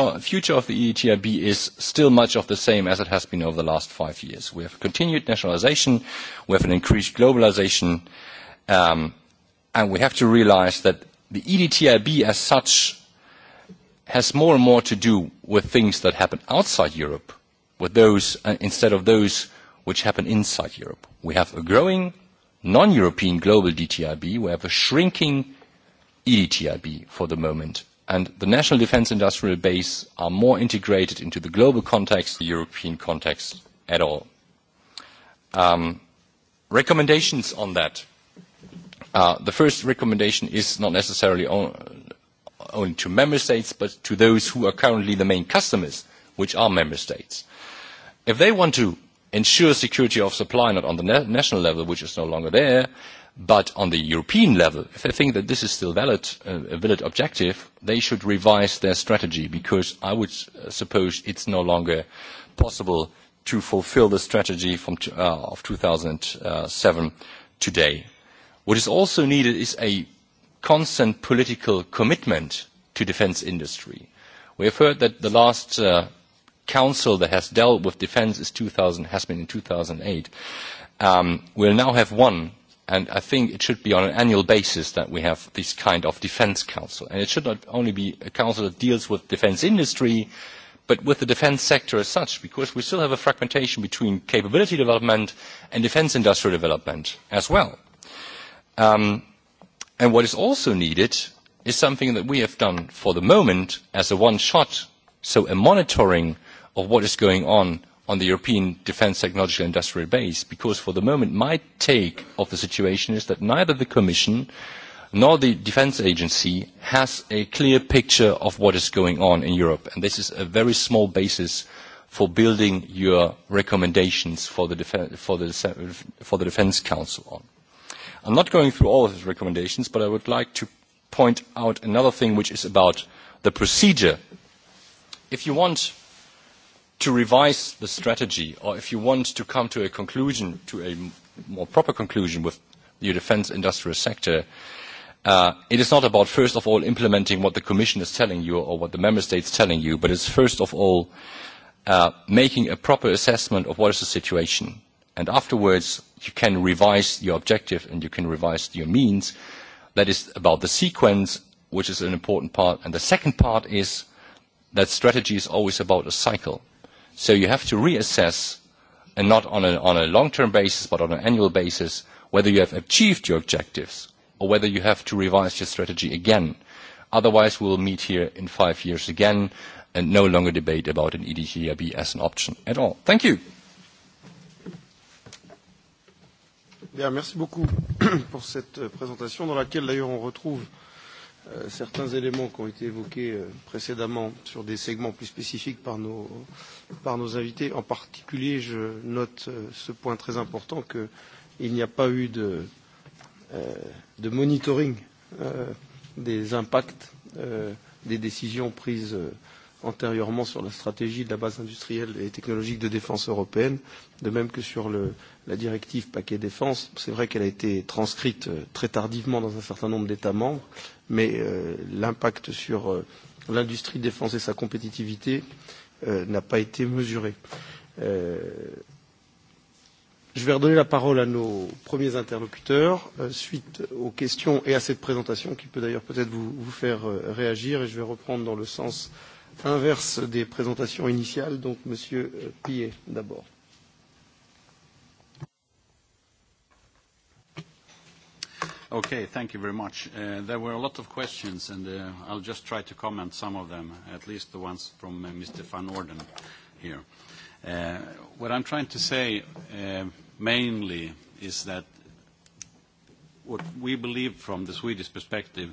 of the EETIB is still much of the same as it has been over the last five years. We have continued nationalization, we have an increased globalization, um, and we have to realize that the EDTIB as such has more and more to do with things that happen outside Europe with those, uh, instead of those which happen inside Europe. We have a growing non-European global DTIB. We have a shrinking EDTIB for the moment. And the national defense industrial base are more integrated into the global context, the European context at all. Um, recommendations on that. Uh, the first recommendation is not necessarily only to member states, but to those who are currently the main customers, which are member states. If they want to ensure security of supply, not on the national level, which is no longer there, but on the European level, if they think that this is still valid, uh, a valid objective, they should revise their strategy, because I would uh, suppose it's no longer possible to fulfill the strategy from uh, of 2007 uh, today What is also needed is a constant political commitment to defence industry. We have heard that the last uh, council that has dealt with defence is 2000, has been in 2008. Um, we'll now have one, and I think it should be on an annual basis that we have this kind of defence council. And it should not only be a council that deals with defence industry, but with the defence sector as such, because we still have a fragmentation between capability development and defence industrial development as well Um, and what is also needed is something that we have done for the moment as a one shot, so a monitoring of what is going on on the European defence technological industrial base, because for the moment my take of the situation is that neither the Commission nor the Defence Agency has a clear picture of what is going on in Europe. And this is a very small basis for building your recommendations for the, Def for the Defence Council on. I am not going through all of his recommendations, but I would like to point out another thing which is about the procedure. If you want to revise the strategy or if you want to come to a conclusion, to a more proper conclusion with your defence industrial sector, uh, it is not about first of all implementing what the Commission is telling you or what the Member States are telling you, but it is first of all uh, making a proper assessment of what is the situation. And afterwards, you can revise your objective and you can revise your means. That is about the sequence, which is an important part. And the second part is that strategy is always about a cycle. So you have to reassess, and not on a, on a long-term basis, but on an annual basis, whether you have achieved your objectives or whether you have to revise your strategy again. Otherwise, we will meet here in five years again and no longer debate about an EDGRB as an option at all. Thank you. Bien, merci beaucoup pour cette euh, présentation dans laquelle d'ailleurs on retrouve euh, certains éléments qui ont été évoqués euh, précédemment sur des segments plus spécifiques par nos, par nos invités. En particulier, je note euh, ce point très important qu'il n'y a pas eu de, euh, de monitoring euh, des impacts euh, des décisions prises euh, antérieurement sur la stratégie de la base industrielle et technologique de défense européenne, de même que sur le, la directive paquet défense. C'est vrai qu'elle a été transcrite euh, très tardivement dans un certain nombre d'États membres, mais euh, l'impact sur euh, l'industrie de défense et sa compétitivité euh, n'a pas été mesuré. Euh, je vais redonner la parole à nos premiers interlocuteurs euh, suite aux questions et à cette présentation qui peut d'ailleurs peut-être vous, vous faire euh, réagir et je vais reprendre dans le sens euh, inverse des présentations initiales. Donc, Monsieur euh, Pillet, d'abord. Okay, thank you very much. Uh, there were a lot of questions, and uh, I'll just try to comment some of them, at least the ones from uh, Mr. van Orden here. Uh, what I'm trying to say uh, mainly is that what we believe from the Swedish perspective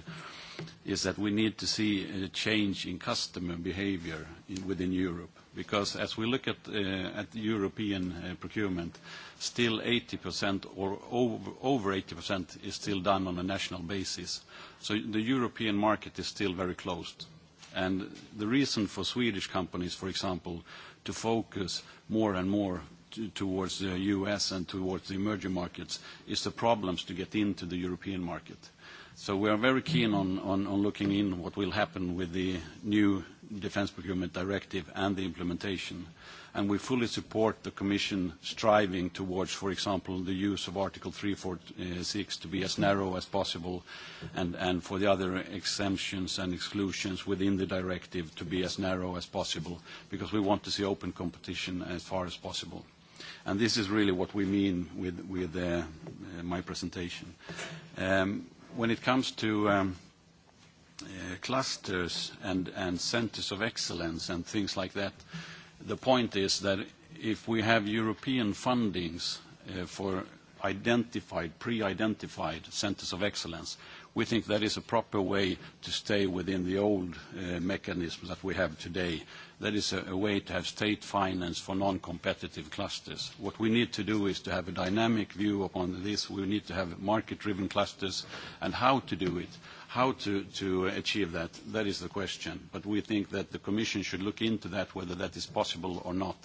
is that we need to see a change in customer behavior in, within Europe. Because as we look at, uh, at the European uh, procurement, still 80% or over, over 80% is still done on a national basis. So the European market is still very closed. And the reason for Swedish companies, for example, to focus more and more towards the U.S. and towards the emerging markets is the problems to get into the European market. So we are very keen on, looking in what will happen with the new Defence Procurement Directive and the implementation. And we fully support the Commission striving towards, for example, the use of Article 346 to be as narrow as possible, and for the other exemptions and exclusions within the directive to be as narrow as possible, because we want to see open competition as far as possible this is really what we mean with, with uh, uh, my presentation. Um, when it comes to um, uh, clusters and, centers of excellence and things like that, the point is that if we have European fundings for identified, pre-identified centers of excellence, We think that is a proper way to stay within the old uh, mechanism that we have today. That is a, a way to have state finance for non-competitive clusters. What we need to do is to have a dynamic view upon this. We need to have market-driven clusters and how to do it How to, to achieve that, that is the question. But we think that the Commission should look into that, whether that is possible or not.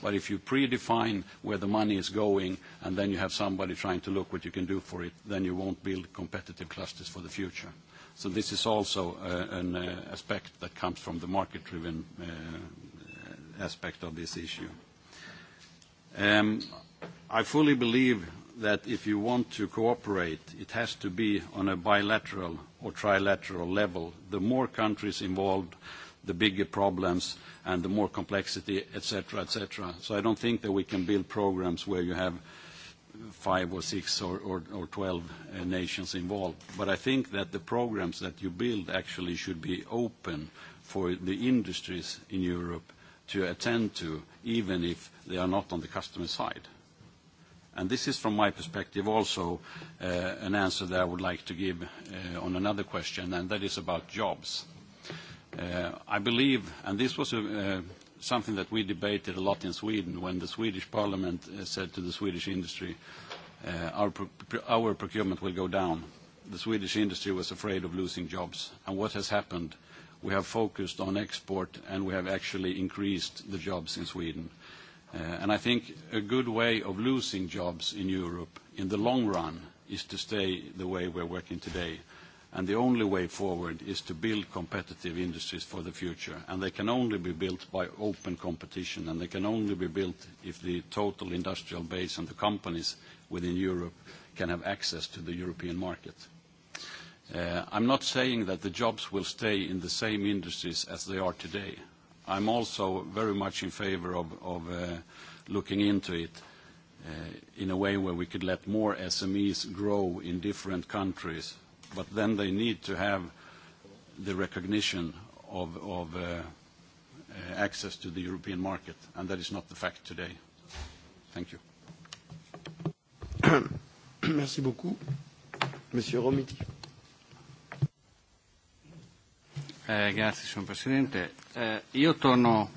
But if you predefine where the money is going, and then you have somebody trying to look what you can do for it, then you won't build competitive clusters for the future. So this is also uh, an uh, aspect that comes from the market-driven uh, aspect of this issue. Um, I fully believe that if you want to cooperate, it has to be on a bilateral or trilateral level. The more countries involved, the bigger problems and the more complexity, et cetera, et cetera. So I don't think that we can build programs where you have five or six or, or, or 12 uh, nations involved. But I think that the programs that you build actually should be open for the industries in Europe to attend to, even if they are not on the customer side. And This is, from my perspective, also uh, an answer that I would like to give uh, on another question, and that is about jobs. Uh, I believe, and this was something that we debated a lot in Sweden when the Swedish parliament said to the Swedish industry, our, "Our procurement will go down." The Swedish industry was afraid of losing jobs. and What has happened? We have focused on export, and we have actually increased the jobs in Sweden. Uh, and I think a good way of losing jobs in Europe in the long run is to stay the way we're working today. And the only way forward is to build competitive industries for the future. And they can only be built by open competition, and they can only be built if the total industrial base and the companies within Europe can have access to the European market. Uh, I'm not saying that the jobs will stay in the same industries as they are today. I'm also very much in favor of, uh, looking into it uh, in a way where we could let more SMEs grow in different countries, but then they need to have the recognition of, uh, access to the European market, and that is not the fact today. Thank you. Merci beaucoup. Monsieur Romiti. Eh, grazie, signor Presidente. Eh, io torno,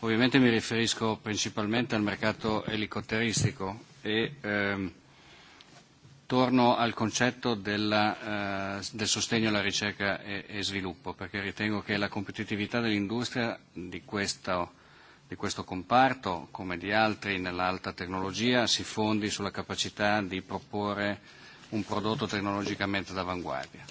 ovviamente mi riferisco principalmente al mercato elicotteristico e ehm, torno al concetto della, eh, del sostegno alla ricerca e, e sviluppo, perché ritengo che la competitività dell'industria di questo di questo comparto, come di altri nell'alta tecnologia, si fondi sulla capacità di proporre un prodotto tecnologicamente d'avanguardia.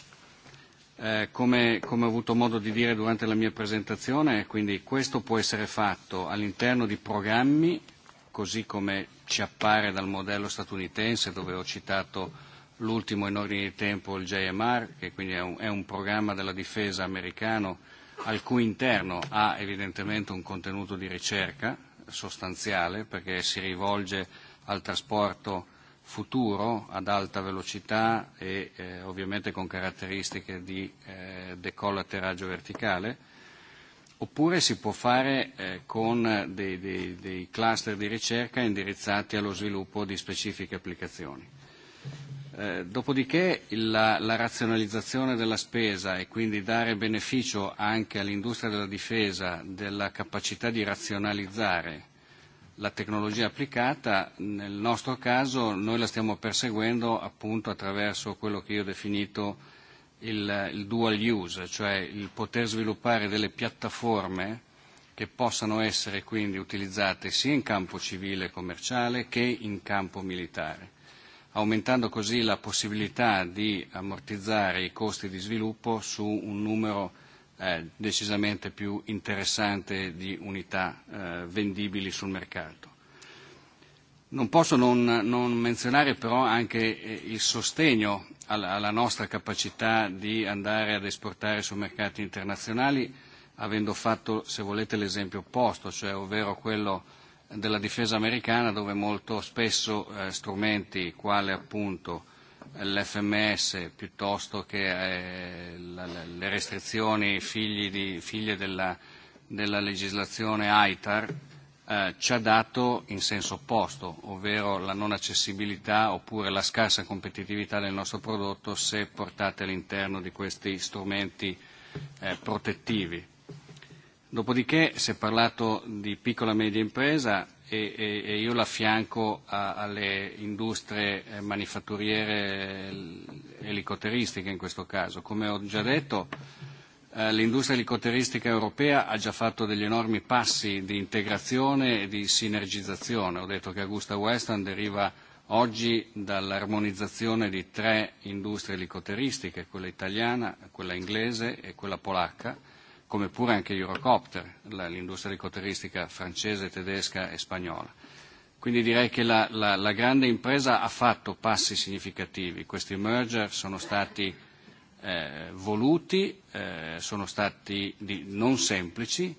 Eh, come, come ho avuto modo di dire durante la mia presentazione, quindi questo può essere fatto all'interno di programmi, così come ci appare dal modello statunitense, dove ho citato l'ultimo in ordine di tempo il JMR, che quindi è un, è un programma della difesa americano al cui interno ha evidentemente un contenuto di ricerca sostanziale, perché si rivolge al trasporto futuro ad alta velocità e eh, ovviamente con caratteristiche di eh, decollo atterraggio verticale, oppure si può fare eh, con dei, dei, dei cluster di ricerca indirizzati allo sviluppo di specifiche applicazioni. Eh, dopodiché la, la razionalizzazione della spesa e quindi dare beneficio anche all'industria della difesa della capacità di razionalizzare la tecnologia applicata, nel nostro caso noi la stiamo perseguendo appunto attraverso quello che io ho definito il, il dual use, cioè il poter sviluppare delle piattaforme che possano essere quindi utilizzate sia in campo civile e commerciale che in campo militare, aumentando così la possibilità di ammortizzare i costi di sviluppo su un numero decisamente più interessante di unità eh, vendibili sul mercato. Non posso non, non menzionare però anche eh, il sostegno alla, alla nostra capacità di andare ad esportare su mercati internazionali, avendo fatto, se volete, l'esempio opposto, cioè ovvero quello della difesa americana, dove molto spesso eh, strumenti quale appunto l'FMS piuttosto che eh, la, le restrizioni figli di, figlie della, della legislazione ITAR eh, ci ha dato in senso opposto, ovvero la non accessibilità oppure la scarsa competitività del nostro prodotto se portate all'interno di questi strumenti eh, protettivi. Dopodiché si è parlato di piccola e media impresa, e, e, e io l'affianco a, alle industrie eh, manifatturiere eh, elicotteristiche in questo caso. Come ho già detto, eh, l'industria elicotteristica europea ha già fatto degli enormi passi di integrazione e di sinergizzazione. Ho detto che Augusta Western deriva oggi dall'armonizzazione di tre industrie elicotteristiche, quella italiana, quella inglese e quella polacca, come pure anche Eurocopter, l'industria ricotteristica francese, tedesca e spagnola. Quindi direi che la, la, la grande impresa ha fatto passi significativi. Questi merger sono stati eh, voluti, eh, sono stati di, non semplici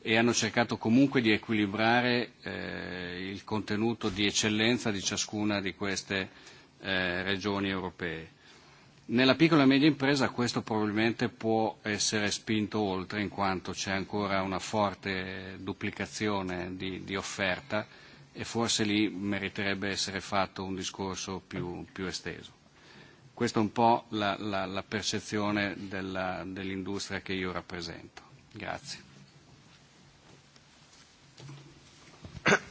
e hanno cercato comunque di equilibrare eh, il contenuto di eccellenza di ciascuna di queste eh, regioni europee. Nella piccola e media impresa questo probabilmente può essere spinto oltre in quanto c'è ancora una forte duplicazione di, di offerta e forse lì meriterebbe essere fatto un discorso più, più esteso. Questa è un po' la, la, la percezione della, dell'industria che io rappresento. Grazie.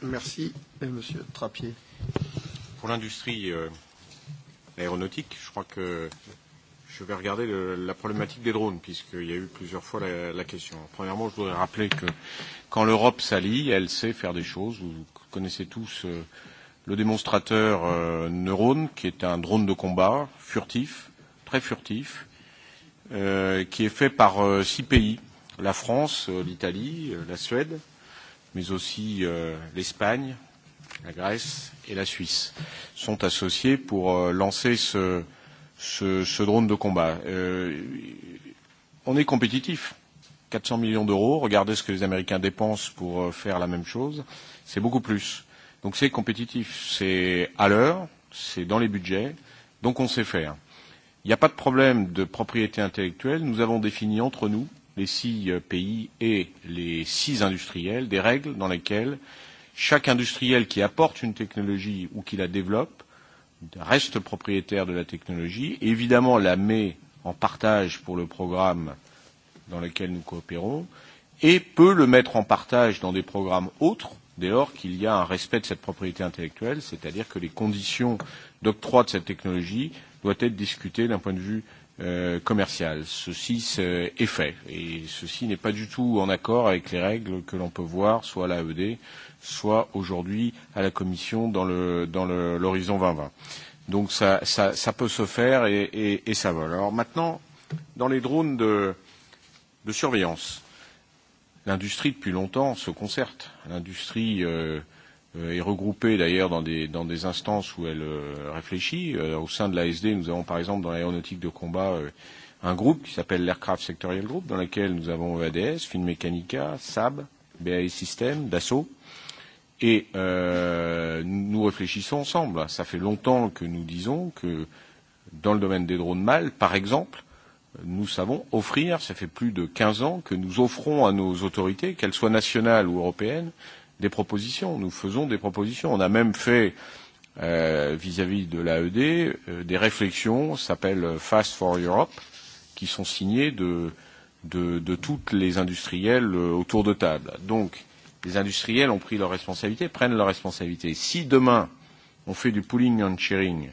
Merci, eh, Monsieur Trappier. Pour l'industrie, euh, l'aéronautique. Je crois que je vais regarder le, la problématique des drones, puisqu'il y a eu plusieurs fois la, la question. Premièrement, je voudrais rappeler que quand l'Europe s'allie, elle sait faire des choses. Vous connaissez tous euh, le démonstrateur euh, Neurone, qui est un drone de combat furtif, très furtif, euh, qui est fait par euh, six pays la France, euh, l'Italie, euh, la Suède, mais aussi euh, l'Espagne, la Grèce et la Suisse sont associés pour euh, lancer ce, ce, ce drone de combat. Euh, on est compétitif. 400 millions d'euros, regardez ce que les Américains dépensent pour euh, faire la même chose, c'est beaucoup plus. Donc c'est compétitif, c'est à l'heure, c'est dans les budgets, donc on sait faire. Il n'y a pas de problème de propriété intellectuelle, nous avons défini entre nous, les six euh, pays et les six industriels, des règles dans lesquelles euh, chaque industriel qui apporte une technologie ou qui la développe reste propriétaire de la technologie, et évidemment la met en partage pour le programme dans lequel nous coopérons, et peut le mettre en partage dans des programmes autres dès lors qu'il y a un respect de cette propriété intellectuelle, c'est-à-dire que les conditions d'octroi de cette technologie doivent être discutées d'un point de vue Euh, commercial. commerciale. Ceci est fait et ceci n'est pas du tout en accord avec les règles que l'on peut voir soit à l'AED, soit aujourd'hui à la Commission dans l'horizon dans le, 2020. Donc ça, ça, ça peut se faire et, et, et ça vole. Alors maintenant, dans les drones de, de surveillance, l'industrie depuis longtemps se concerte. L'industrie euh, Euh, est regroupée d'ailleurs dans des, dans des instances où elle euh, réfléchit. Euh, au sein de l'ASD, nous avons par exemple dans l'aéronautique de combat un groupe qui s'appelle l'Aircraft Sectorial Group, dans lequel nous avons EADS, Finmeccanica, SAB, BAE System, Dassault. Et euh, nous réfléchissons ensemble. Ça fait longtemps que nous disons que dans le domaine des drones mâles, par exemple, nous savons offrir, ça fait plus de 15 ans que nous offrons à nos autorités, qu'elles soient nationales ou européennes, des propositions. Nous faisons des propositions. On a même fait euh, vis-à-vis euh, -vis de l'AED euh, des réflexions, s'appellent Fast for Europe, qui sont signées de, de, de toutes les industriels euh, autour de table. Donc, les industriels ont pris leurs responsabilités, prennent leurs responsabilités. Si demain, on fait du pooling and sharing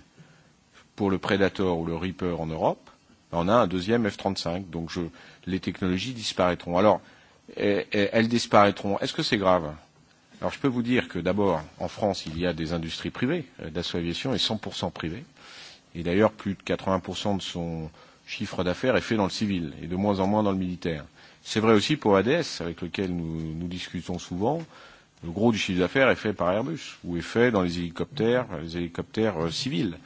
pour le Predator ou le Reaper en Europe, on a un deuxième F-35. Donc, je, les technologies disparaîtront. Alors, eh, eh, elles disparaîtront. Est-ce que c'est grave Alors je peux vous dire que d'abord, en France, il y a des industries privées. Euh, Dassault Aviation est 100% privée. Et d'ailleurs, plus de 80% de son chiffre d'affaires est fait dans le civil et de moins en moins dans le militaire. C'est vrai aussi pour ADS, avec lequel nous, nous discutons souvent. Le gros du chiffre d'affaires est fait par Airbus ou est fait dans les hélicoptères, euh, les hélicoptères euh, civils.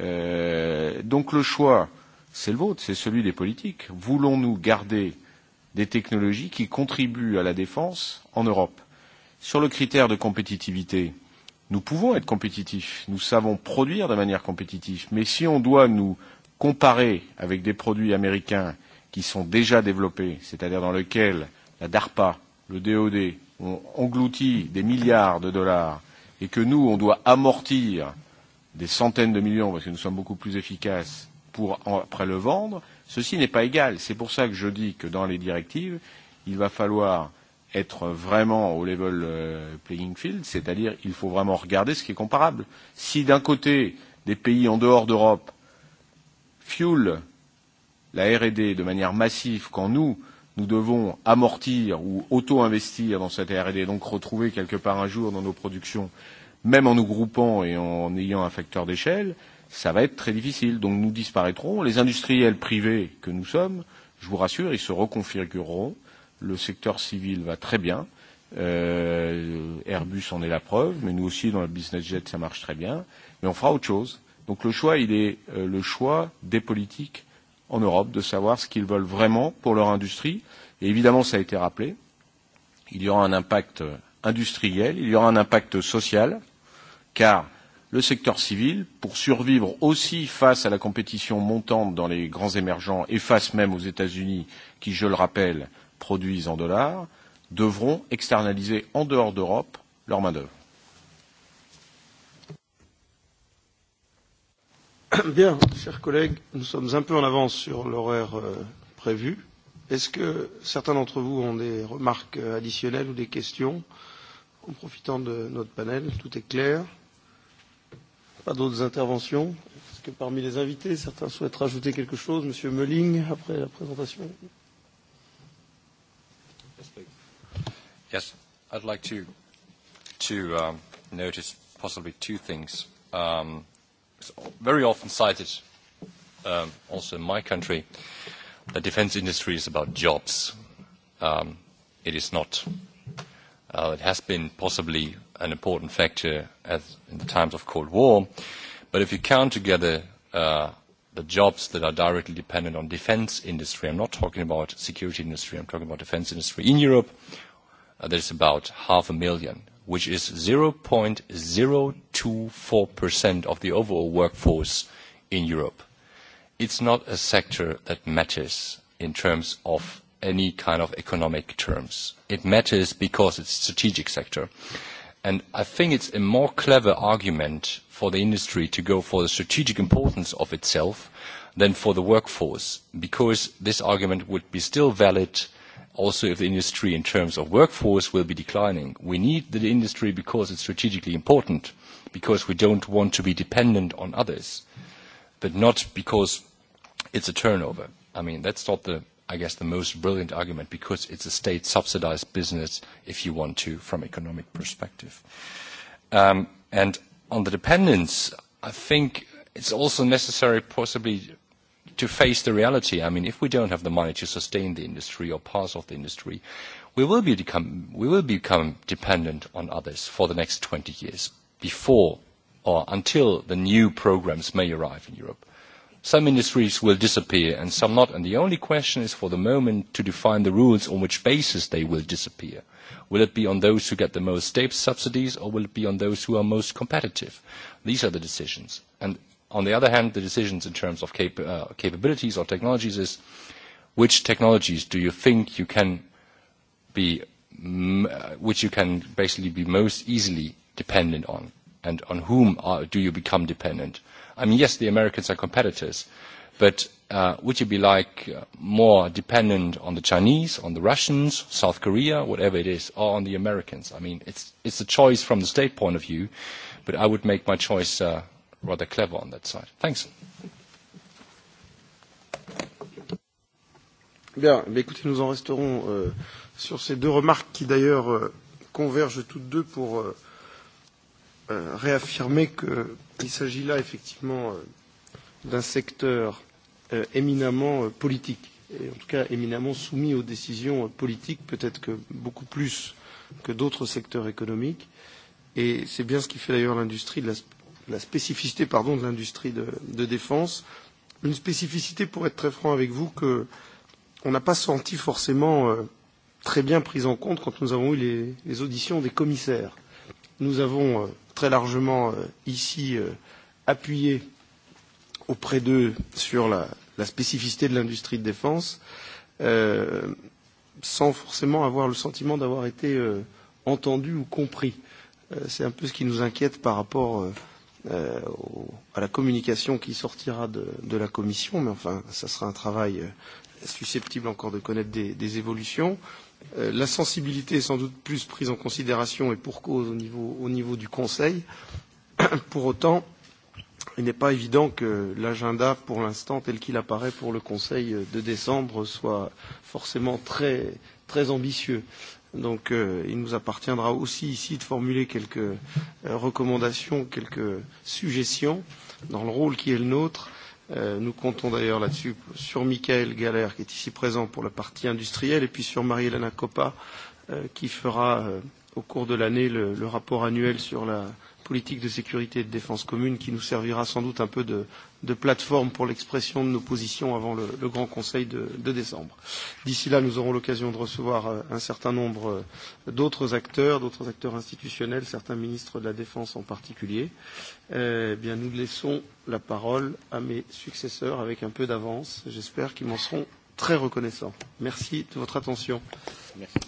Euh, donc le choix, c'est le vôtre, c'est celui des politiques. Voulons-nous garder des technologies qui contribuent à la défense en Europe Sur le critère de compétitivité, nous pouvons être compétitifs, nous savons produire de manière compétitive, mais si on doit nous comparer avec des produits américains qui sont déjà développés, c'est-à-dire dans lesquels la DARPA, le DOD ont englouti des milliards de dollars et que nous, on doit amortir des centaines de millions parce que nous sommes beaucoup plus efficaces pour après le vendre, ceci n'est pas égal. C'est pour ça que je dis que dans les directives, il va falloir être vraiment au level euh, playing field, c'est-à-dire il faut vraiment regarder ce qui est comparable. Si d'un côté, des pays en dehors d'Europe fuel la R&D de manière massive quand nous, nous devons amortir ou auto-investir dans cette R&D, donc retrouver quelque part un jour dans nos productions, même en nous groupant et en ayant un facteur d'échelle, ça va être très difficile. Donc nous disparaîtrons. Les industriels privés que nous sommes, je vous rassure, ils se reconfigureront le secteur civil va très bien. Euh, Airbus en est la preuve, mais nous aussi dans le business jet ça marche très bien. Mais on fera autre chose. Donc le choix, il est euh, le choix des politiques en Europe de savoir ce qu'ils veulent vraiment pour leur industrie. Et évidemment, ça a été rappelé. Il y aura un impact industriel, il y aura un impact social, car le secteur civil, pour survivre aussi face à la compétition montante dans les grands émergents et face même aux États-Unis, qui, je le rappelle, produisent en dollars devront externaliser en dehors d'Europe leur main-d'œuvre. Bien, chers collègues, nous sommes un peu en avance sur l'horaire euh, prévu. Est-ce que certains d'entre vous ont des remarques euh, additionnelles ou des questions en profitant de notre panel Tout est clair Pas d'autres interventions Est-ce que parmi les invités, certains souhaitent rajouter quelque chose Monsieur Meuling, après la présentation Yes, I'd like to, to um, notice possibly two things. Um, it's very often cited, um, also in my country, the defense industry is about jobs. Um, it is not. Uh, it has been possibly an important factor as in the times of Cold War, but if you count together uh, the jobs that are directly dependent on defense industry, I'm not talking about security industry, I'm talking about defense industry in Europe, Uh, there's about half a million, which is 0.024% of the overall workforce in Europe. It's not a sector that matters in terms of any kind of economic terms. It matters because it's a strategic sector. And I think it's a more clever argument for the industry to go for the strategic importance of itself than for the workforce, because this argument would be still valid also if the industry in terms of workforce will be declining. We need the industry because it's strategically important, because we don't want to be dependent on others, but not because it's a turnover. I mean, that's not the, I guess, the most brilliant argument because it's a state-subsidized business, if you want to, from economic perspective. Um, and on the dependence, I think it's also necessary possibly to face the reality. I mean, if we don't have the money to sustain the industry or parts of the industry, we will, become, we will become dependent on others for the next 20 years before or until the new programs may arrive in Europe. Some industries will disappear and some not, and the only question is for the moment to define the rules on which basis they will disappear. Will it be on those who get the most state subsidies or will it be on those who are most competitive? These are the decisions. And on the other hand, the decisions in terms of cap uh, capabilities or technologies is which technologies do you think you can be, uh, which you can basically be most easily dependent on, and on whom are, uh, do you become dependent? I mean, yes, the Americans are competitors, but uh, would you be like uh, more dependent on the Chinese, on the Russians, South Korea, whatever it is, or on the Americans? I mean, it's, it's a choice from the state point of view, but I would make my choice uh, rather clever on that side. Thanks. Bien, mais eh écoutez, nous en resterons euh, sur ces deux remarques qui d'ailleurs euh, convergent toutes deux pour euh, euh réaffirmer qu'il s'agit là effectivement euh, d'un secteur euh, éminemment euh, politique, et en tout cas éminemment soumis aux décisions euh, politiques, peut-être que beaucoup plus que d'autres secteurs économiques. Et c'est bien ce qui fait d'ailleurs l'industrie de la la spécificité pardon, de l'industrie de, de défense. Une spécificité, pour être très franc avec vous, que on n'a pas senti forcément euh, très bien prise en compte quand nous avons eu les, les auditions des commissaires. Nous avons euh, très largement euh, ici euh, appuyé auprès d'eux sur la, la spécificité de l'industrie de défense, euh, sans forcément avoir le sentiment d'avoir été euh, entendu ou compris. Euh, C'est un peu ce qui nous inquiète par rapport euh, euh, à la communication qui sortira de, de la Commission, mais enfin, ça sera un travail euh, susceptible encore de connaître des, des évolutions. Euh, la sensibilité est sans doute plus prise en considération et pour cause au niveau, au niveau du Conseil. Pour autant, il n'est pas évident que l'agenda, pour l'instant, tel qu'il apparaît pour le Conseil de décembre, soit forcément très, très ambitieux. Donc euh, il nous appartiendra aussi ici de formuler quelques euh, recommandations, quelques suggestions dans le rôle qui est le nôtre. Euh, nous comptons d'ailleurs là-dessus sur Michael Galère qui est ici présent pour la partie industrielle et puis sur Marie-Hélène Coppa euh, qui fera euh, au cours de l'année le, le rapport annuel sur la, politique de sécurité et de défense commune qui nous servira sans doute un peu de, de plateforme pour l'expression de nos positions avant le, le Grand Conseil de, de décembre. D'ici là, nous aurons l'occasion de recevoir euh, un certain nombre euh, d'autres acteurs, d'autres acteurs institutionnels, certains ministres de la Défense en particulier. Eh bien, nous laissons la parole à mes successeurs avec un peu d'avance. J'espère qu'ils m'en seront très reconnaissants. Merci de votre attention. Merci.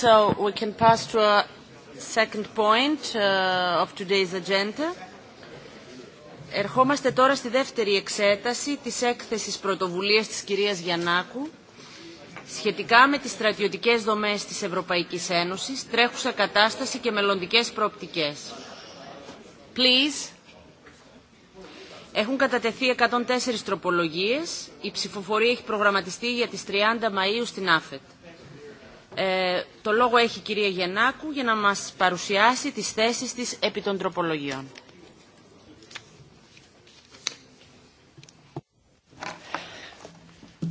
so we can pass to our second point uh, of today's agenda. Ερχόμαστε τώρα στη δεύτερη εξέταση της έκθεσης πρωτοβουλίας της κυρίας Γιαννάκου σχετικά με τις στρατιωτικές δομές της Ευρωπαϊκής Ένωσης, τρέχουσα κατάσταση και μελλοντικές προοπτικές. Please. Έχουν κατατεθεί 104 τροπολογίες. Η ψηφοφορία έχει προγραμματιστεί για τις 30 Μαΐου στην ΑΦΕΤ. Το λόγο έχει η κυρία Γεννάκου για να μας παρουσιάσει τις θέσεις της επί των τροπολογιών.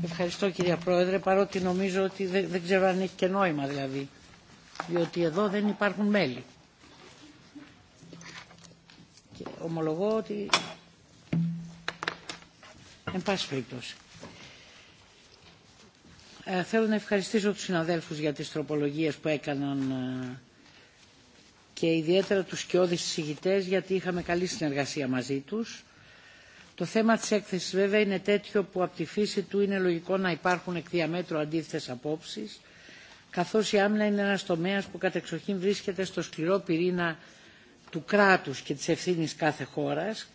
Ευχαριστώ κυρία Πρόεδρε, παρότι νομίζω ότι δεν, δεν ξέρω αν έχει και νόημα δηλαδή, διότι εδώ δεν υπάρχουν μέλη. Και ομολογώ ότι εν πάση περιπτώσει θέλω να ευχαριστήσω τους συναδέλφους για τις τροπολογίες που έκαναν και ιδιαίτερα τους σκιώδεις συζητητές γιατί είχαμε καλή συνεργασία μαζί τους. Το θέμα της έκθεσης βέβαια είναι τέτοιο που από τη φύση του είναι λογικό να υπάρχουν εκ διαμέτρου αντίθετες απόψεις καθώς η άμυνα είναι ένας τομέας που κατεξοχήν βρίσκεται στο σκληρό πυρήνα του κράτους και της ευθύνης κάθε χώρας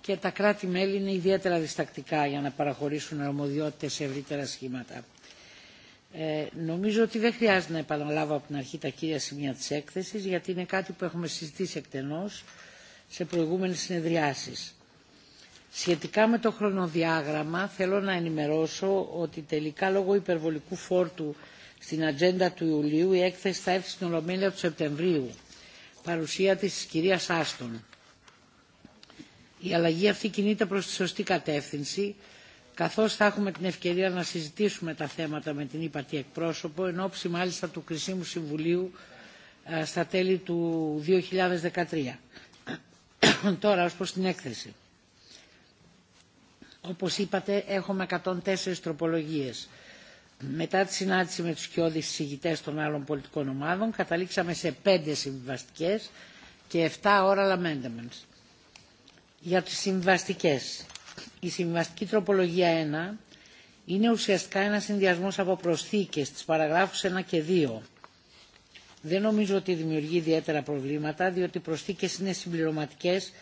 και τα κράτη-μέλη είναι ιδιαίτερα διστακτικά για να παραχωρήσουν αρμοδιότητες σε ευρύτερα σχήματα νομίζω ότι δεν χρειάζεται να επαναλάβω από την αρχή τα κύρια σημεία της έκθεσης γιατί είναι κάτι που έχουμε συζητήσει εκτενώς σε προηγούμενες συνεδριάσεις. Σχετικά με το χρονοδιάγραμμα θέλω να ενημερώσω ότι τελικά λόγω υπερβολικού φόρτου στην ατζέντα του Ιουλίου η έκθεση θα έρθει στην Ολομέλεια του Σεπτεμβρίου παρουσία της κυρίας Άστον. Η αλλαγή αυτή κινείται προς τη σωστή κατεύθυνση καθώς θα έχουμε την ευκαιρία να συζητήσουμε τα θέματα με την ύπαρτη εκπρόσωπο, εν ώψη μάλιστα του κρισίμου συμβουλίου στα τέλη του 2013. Τώρα, ως προς την έκθεση. Όπως είπατε, έχουμε 104 τροπολογίες. Μετά τη συνάντηση με τους κοιόδης συγητές των άλλων πολιτικών ομάδων, καταλήξαμε σε 5 συμβιβαστικές και 7 oral amendments. Για τις συμβιβαστικές, Η συμβιβαστική τροπολογία 1 είναι ουσιαστικά ένας συνδυασμός από προσθήκες στις παραγράφους 1 και 2. Δεν νομίζω ότι δημιουργεί ιδιαίτερα προβλήματα, διότι οι προσθήκες είναι συμπληρωματικές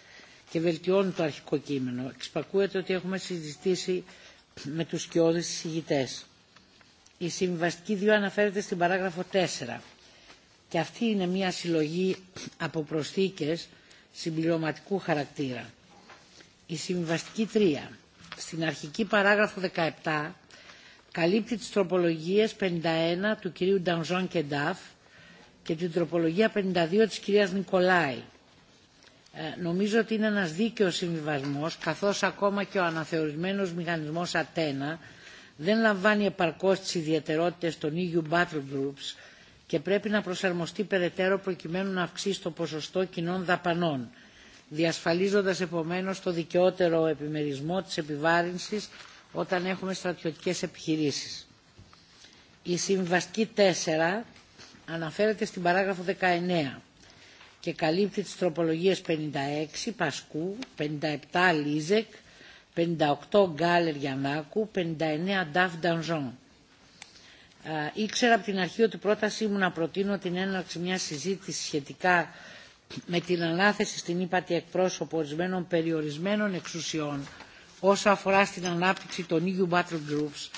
και βελτιώνουν το αρχικό κείμενο. Εξυπακούεται ότι έχουμε συζητήσει με τους σκιώδεις εισηγητές. Η συμβιβαστική 2 αναφέρεται στην παράγραφο 4 και αυτή είναι μια συλλογή από προσθήκες συμπληρωματικού χαρακτήρα. Η συμβιβαστική τρία. στην αρχική παράγραφο 17 καλύπτει τις τροπολογίες 51 του κυρίου Νταμζόν και και την τροπολογία 52 της κυρίας Νικολάη. Ε, νομίζω ότι είναι ένας δίκαιος συμβιβασμός, καθώς ακόμα και ο αναθεωρημένος μηχανισμός Ατένα δεν λαμβάνει επαρκώς τις ιδιαιτερότητες των EU Battle Groups και πρέπει να προσαρμοστεί περαιτέρω προκειμένου να αυξήσει το ποσοστό κοινών δαπανών – διασφαλίζοντας επομένως το δικαιότερο επιμερισμό της επιβάρυνσης όταν έχουμε στρατιωτικές επιχειρήσεις. Η συμβαστική 4 αναφέρεται στην παράγραφο 19 και καλύπτει τις τροπολογίες 56 Πασκού, 57 Λίζεκ, 58 Γκάλερ Γιαννάκου, 59 Νταφ Ντανζόν. Ήξερα από την αρχή ότι πρότασή μου να προτείνω την έναρξη μια συζήτηση σχετικά με την ανάθεση στην ύπατη εκπρόσωπο ορισμένων περιορισμένων εξουσιών όσο αφορά στην ανάπτυξη των EU Battle Groups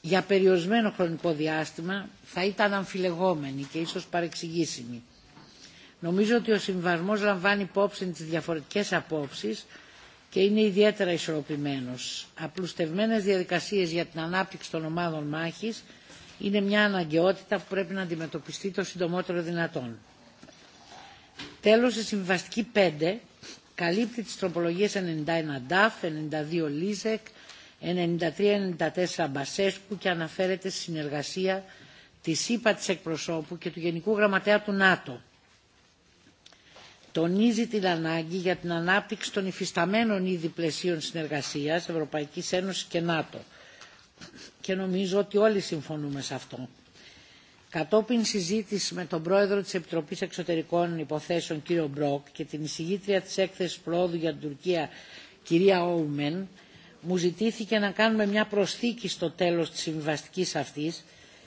για περιορισμένο χρονικό διάστημα θα ήταν αμφιλεγόμενη και ίσως παρεξηγήσιμη. Νομίζω ότι ο συμβασμός λαμβάνει υπόψη τις διαφορετικές απόψεις και είναι ιδιαίτερα ισορροπημένος. Απλουστευμένες διαδικασίες για την ανάπτυξη των ομάδων μάχης είναι μια αναγκαιότητα που πρέπει να αντιμετωπιστεί το συντομότερο δυνατόν. Τέλος, η συμβαστική 5 καλύπτει τις τροπολογίες 91 ΝΤΑΦ, 92 ΛΙΖΕΚ, 93-94 Μπασέσκου και αναφέρεται στη συνεργασία της ΥΠΑ της εκπροσώπου και του Γενικού Γραμματέα του ΝΑΤΟ. Τονίζει την ανάγκη για την ανάπτυξη των υφισταμένων ήδη πλαισίων συνεργασίας Ευρωπαϊκής Ένωσης και ΝΑΤΟ. Και νομίζω ότι όλοι συμφωνούμε σε αυτό κατόπιν συζήτηση με τον πρόεδρο της Επιτροπής Εξωτερικών Υποθέσεων κύριο Μπρόκ και την εισηγήτρια της έκθεσης πρόοδου για την Τουρκία κυρία Όουμεν μου ζητήθηκε να κάνουμε μια προσθήκη στο τέλος της συμβιβαστική αυτής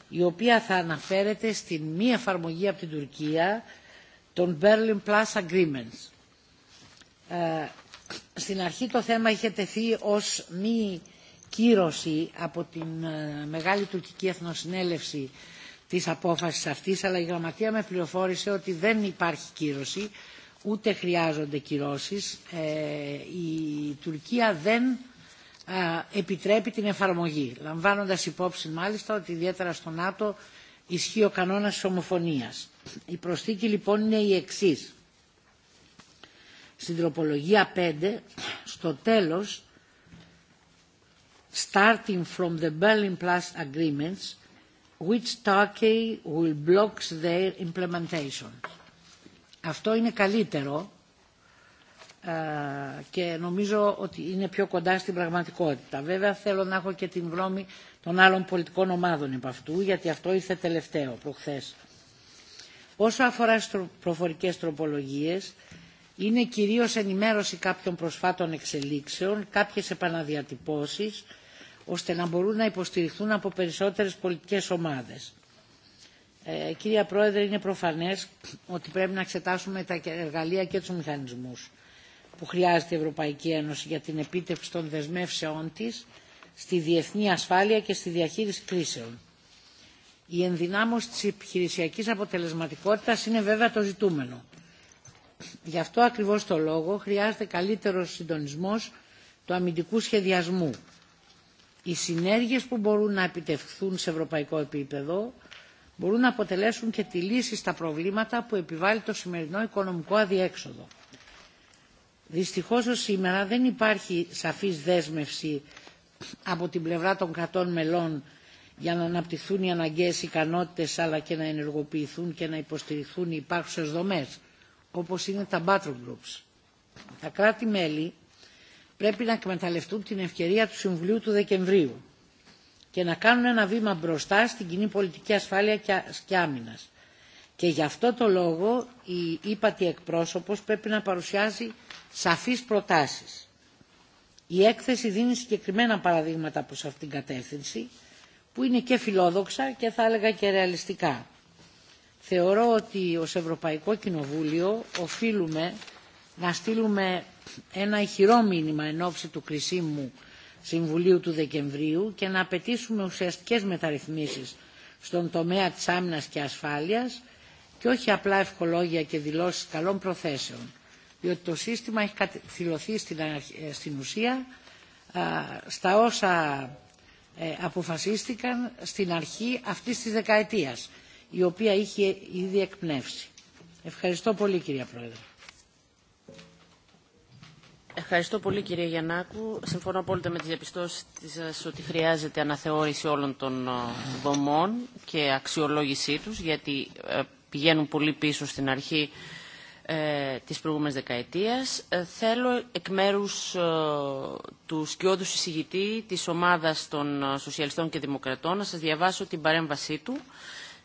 η οποία θα αναφέρεται στην μη εφαρμογή από την Τουρκία των Berlin Plus Agreements. Ε, στην αρχή το θέμα είχε τεθεί ως μη κύρωση από την ε, Μεγάλη Τουρκική Εθνοσυνέλευση της απόφασης αυτής, αλλά η Γραμματεία με πληροφόρησε ότι δεν υπάρχει κύρωση, ούτε χρειάζονται κυρώσεις. Ε, η Τουρκία δεν ε, επιτρέπει την εφαρμογή, λαμβάνοντας υπόψη μάλιστα ότι ιδιαίτερα στο ΝΑΤΟ ισχύει ο κανόνας της ομοφωνίας. Η προσθήκη λοιπόν είναι η εξής. Στην τροπολογία 5, στο τέλος, starting from the Berlin Plus agreements, which Turkey will block their implementation. Αυτό είναι καλύτερο και νομίζω ότι είναι πιο κοντά στην πραγματικότητα. Βέβαια θέλω να έχω και την γνώμη των άλλων πολιτικών ομάδων επ' αυτού, γιατί αυτό ήρθε τελευταίο προχθές. Όσο αφορά στις προφορικές τροπολογίες, είναι κυρίως ενημέρωση κάποιων προσφάτων εξελίξεων, κάποιες επαναδιατυπώσεις, ώστε να μπορούν να υποστηριχθούν από περισσότερες πολιτικές ομάδες. Ε, κυρία Πρόεδρε, είναι προφανές ότι πρέπει να εξετάσουμε τα εργαλεία και τους μηχανισμούς που χρειάζεται η Ευρωπαϊκή Ένωση για την επίτευξη των δεσμεύσεών της στη διεθνή ασφάλεια και στη διαχείριση κρίσεων. Η ενδυνάμωση της επιχειρησιακής αποτελεσματικότητας είναι βέβαια το ζητούμενο. Γι' αυτό ακριβώς το λόγο χρειάζεται καλύτερος συντονισμός του αμυντικού σχεδιασμού οι συνέργειες που μπορούν να επιτευχθούν σε ευρωπαϊκό επίπεδο μπορούν να αποτελέσουν και τη λύση στα προβλήματα που επιβάλλει το σημερινό οικονομικό αδιέξοδο. Δυστυχώς ως σήμερα δεν υπάρχει σαφής δέσμευση από την πλευρά των κρατών μελών για να αναπτυχθούν οι αναγκαίες ικανότητες αλλά και να ενεργοποιηθούν και να υποστηριχθούν οι υπάρχουσες δομές όπως είναι τα battle groups. Τα κράτη-μέλη πρέπει να εκμεταλλευτούν την ευκαιρία του Συμβουλίου του Δεκεμβρίου και να κάνουν ένα βήμα μπροστά στην κοινή πολιτική ασφάλεια και άμυνα. Και γι' αυτό το λόγο η ύπατη εκπρόσωπος πρέπει να παρουσιάζει σαφείς προτάσεις. Η έκθεση δίνει συγκεκριμένα παραδείγματα προς αυτήν την κατεύθυνση, που είναι και φιλόδοξα και θα έλεγα και ρεαλιστικά. Θεωρώ ότι ως Ευρωπαϊκό Κοινοβούλιο οφείλουμε να στείλουμε ένα ηχηρό μήνυμα εν ώψη του κρισίμου Συμβουλίου του Δεκεμβρίου και να απαιτήσουμε ουσιαστικές μεταρρυθμίσεις στον τομέα της άμυνας και ασφάλειας και όχι απλά ευχολόγια και δηλώσεις καλών προθέσεων, διότι το σύστημα έχει καθυλωθεί στην, στην ουσία α, στα όσα ε, αποφασίστηκαν στην αρχή αυτής της δεκαετίας, η οποία είχε ήδη εκπνεύσει. Ευχαριστώ πολύ κυρία Πρόεδρε. Ευχαριστώ πολύ κύριε Γιαννάκου. Συμφωνώ απόλυτα με τις διαπιστώσεις σας ότι χρειάζεται αναθεώρηση όλων των δομών και αξιολόγησή τους γιατί πηγαίνουν πολύ πίσω στην αρχή ε, της προηγούμενης δεκαετίας. Ε, θέλω εκ μέρους ε, του σκιώδους συζητητή της ομάδας των Σοσιαλιστών και Δημοκρατών να σας διαβάσω την παρέμβασή του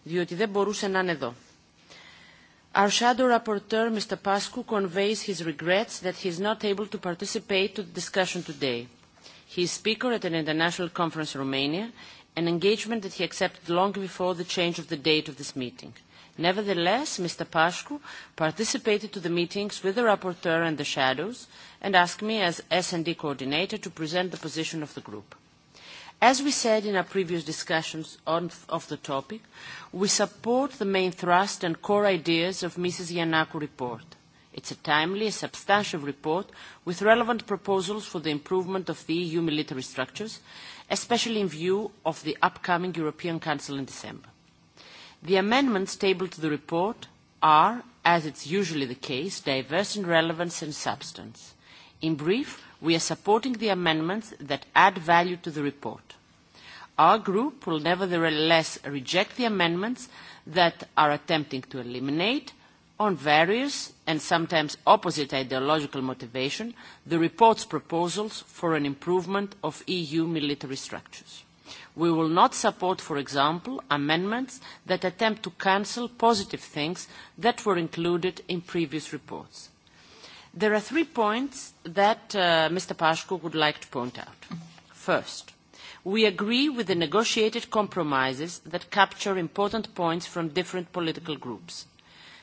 διότι δεν μπορούσε να είναι εδώ. Our shadow rapporteur, Mr. Pascu, conveys his regrets that he is not able to participate to the discussion today. He is speaker at an international conference in Romania, an engagement that he accepted long before the change of the date of this meeting. Nevertheless, Mr. Pascu participated to the meetings with the rapporteur and the shadows and asked me as S&D coordinator to present the position of the group. As we said in our previous discussions on, of the topic, we support the main thrust and core ideas of Mrs. Yanaku report. It's a timely and substantial report with relevant proposals for the improvement of the EU military structures, especially in view of the upcoming European Council in December. The amendments tabled to the report are, as is usually the case, diverse in relevance and substance. In brief, we are supporting the amendments that add value to the report. Our group will nevertheless reject the amendments that are attempting to eliminate, on various and sometimes opposite ideological motivation, the report's proposals for an improvement of EU military structures. We will not support, for example, amendments that attempt to cancel positive things that were included in previous reports. There are three points that uh, Mr. Pashku would like to point out. First, we agree with the negotiated compromises that capture important points from different political groups.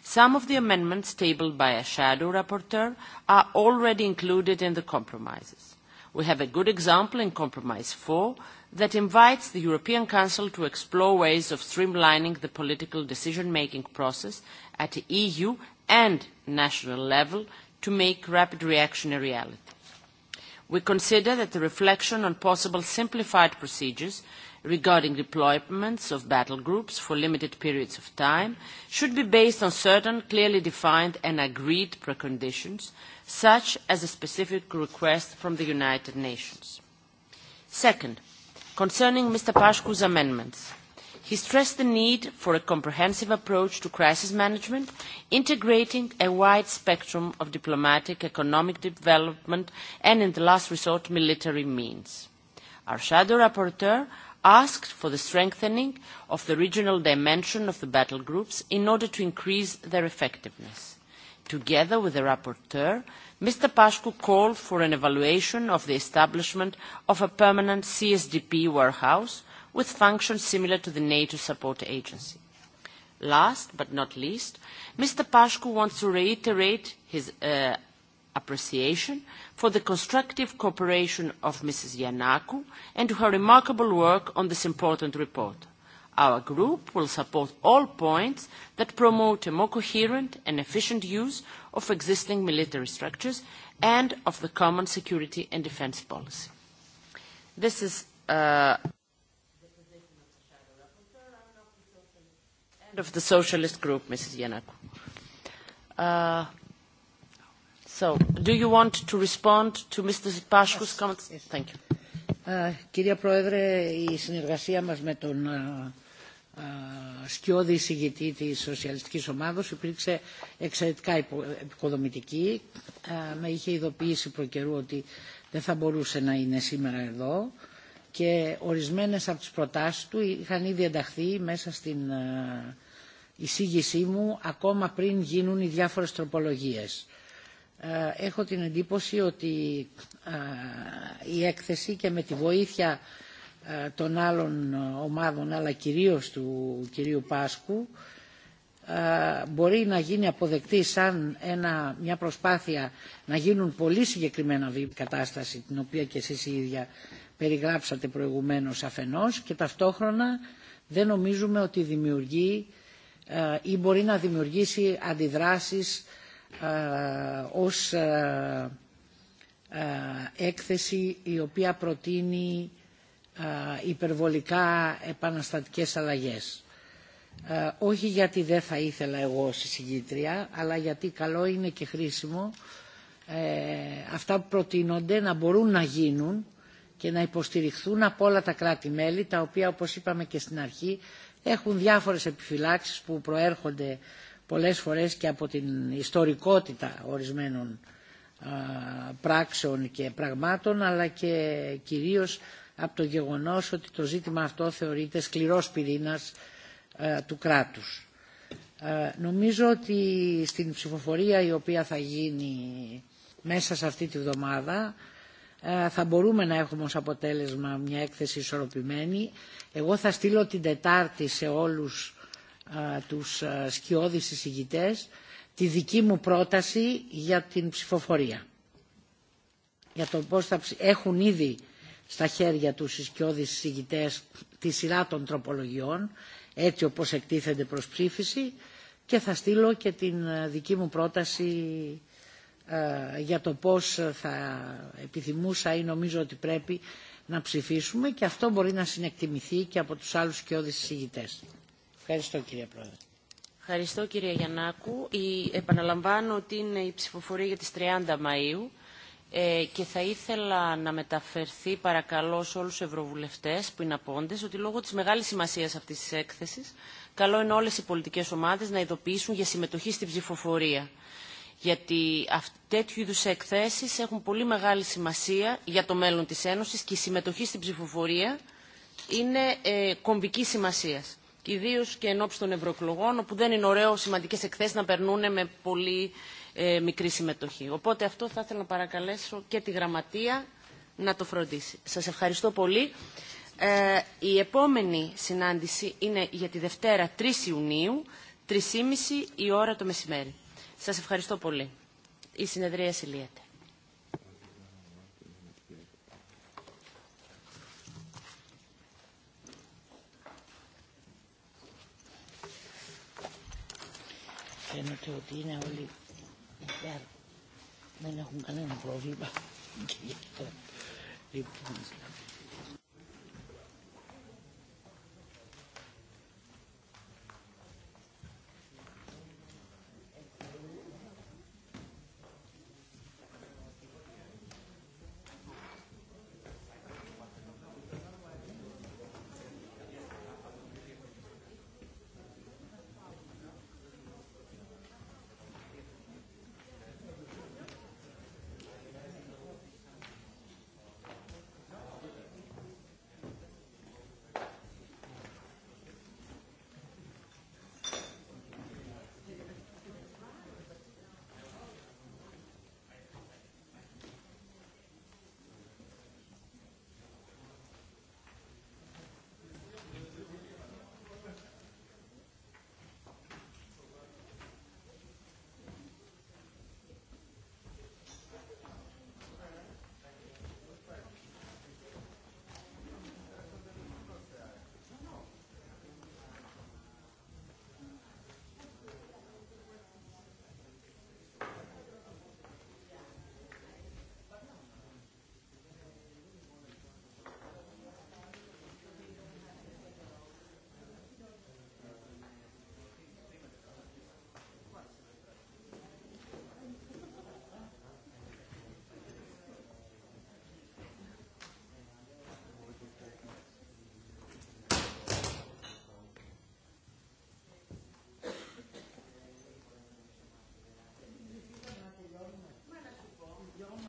Some of the amendments tabled by a shadow rapporteur are already included in the compromises. We have a good example in Compromise 4 that invites the European Council to explore ways of streamlining the political decision-making process at EU and national level to make rapid reaction a reality. We consider that the reflection on possible simplified procedures regarding deployments of battle groups for limited periods of time should be based on certain clearly defined and agreed preconditions, such as a specific request from the United Nations. Second, concerning Mr. Pashku's amendments, He stressed the need for a comprehensive approach to crisis management, integrating a wide spectrum of diplomatic, economic development, and in the last resort, military means. Our shadow rapporteur asked for the strengthening of the regional dimension of the battle groups in order to increase their effectiveness. Together with the rapporteur, Mr. Pashku called for an evaluation of the establishment of a permanent CSDP warehouse with functions similar to the NATO support agency. Last but not least, Mr. Pashku wants to reiterate his uh, appreciation for the constructive cooperation of Mrs. Yanaku and her remarkable work on this important report. Our group will support all points that promote a more coherent and efficient use of existing military structures and of the common security and defence policy. This is uh of the socialist group, Mrs. Yanaku. Uh, so, do you want to respond to Mr. Pashku's yes, comments? Yes. Thank you. Uh, κυρία Πρόεδρε, η συνεργασία μας με τον uh, uh, σκιώδη εισηγητή της Σοσιαλιστικής Ομάδος υπήρξε εξαιρετικά υπο, επικοδομητική. Uh, με είχε ειδοποιήσει προκαιρού ότι δεν θα μπορούσε να είναι σήμερα εδώ και ορισμένες από τις προτάσεις του είχαν ήδη ενταχθεί μέσα στην uh, εισήγησή μου ακόμα πριν γίνουν οι διάφορες τροπολογίες. Έχω την εντύπωση ότι η έκθεση και με τη βοήθεια των άλλων ομάδων αλλά κυρίως του κυρίου Πάσκου μπορεί να γίνει αποδεκτή σαν ένα, μια προσπάθεια να γίνουν πολύ συγκεκριμένα κατάσταση την οποία και εσείς η ίδια περιγράψατε προηγουμένως αφενός και ταυτόχρονα δεν νομίζουμε ότι δημιουργεί ή μπορεί να δημιουργήσει αντιδράσεις ως έκθεση η οποία προτείνει υπερβολικά επαναστατικές αλλαγές. Όχι γιατί δεν θα ήθελα εγώ συζητήτρια, αλλά γιατί καλό είναι και χρήσιμο αυτά που προτείνονται να μπορούν να γίνουν και να υποστηριχθούν από όλα τα κράτη-μέλη, τα οποία όπως είπαμε και στην αρχή έχουν διάφορες επιφυλάξεις που προέρχονται πολλές φορές και από την ιστορικότητα ορισμένων πράξεων και πραγμάτων αλλά και κυρίως από το γεγονός ότι το ζήτημα αυτό θεωρείται σκληρός πυρήνας του κράτους. Νομίζω ότι στην ψηφοφορία η οποία θα γίνει μέσα σε αυτή τη βδομάδα θα μπορούμε να έχουμε ως αποτέλεσμα μια έκθεση ισορροπημένη. Εγώ θα στείλω την Τετάρτη σε όλους τους σκιώδεις εισηγητές τη δική μου πρόταση για την ψηφοφορία. Για το πώς θα ψη... Έχουν ήδη στα χέρια τους οι σκιώδεις εισηγητές τη σειρά των τροπολογιών, έτσι όπως εκτίθενται προς ψήφιση και θα στείλω και την δική μου πρόταση για το πώς θα επιθυμούσα ή νομίζω ότι πρέπει να ψηφίσουμε και αυτό μπορεί να συνεκτιμηθεί και από τους άλλους κοιόδης συζητητές. Ευχαριστώ κύριε Πρόεδρε. Ευχαριστώ κύριε Γιαννάκου. Η, επαναλαμβάνω ότι είναι η ψηφοφορία για τις 30 Μαΐου ε, και θα ήθελα να μεταφερθεί παρακαλώ σε όλους τους ευρωβουλευτές που είναι απόντες ότι λόγω της μεγάλης σημασίας αυτής της έκθεσης καλό είναι όλες οι πολιτικές ομάδες να ειδοποιήσουν για συμμετοχή στην ψηφοφορία γιατί τέτοιου είδους εκθέσεις έχουν πολύ μεγάλη σημασία για το μέλλον της Ένωσης και η συμμετοχή στην ψηφοφορία είναι ε, κομβική σημασίας. Ιδίω και εν ώψη των ευρωεκλογών, όπου δεν είναι ωραίο σημαντικές εκθέσεις να περνούν με πολύ ε, μικρή συμμετοχή. Οπότε αυτό θα ήθελα να παρακαλέσω και τη Γραμματεία να το φροντίσει. Σας ευχαριστώ πολύ. Ε, η επόμενη συνάντηση είναι για τη Δευτέρα 3 Ιουνίου, 3.30 η ώρα το μεσημέρι. Σας ευχαριστώ πολύ. Η συνεδρία συλλήεται. Φαίνεται ότι είναι όλοι Δεν έχουν κανένα πρόβλημα. Λοιπόν,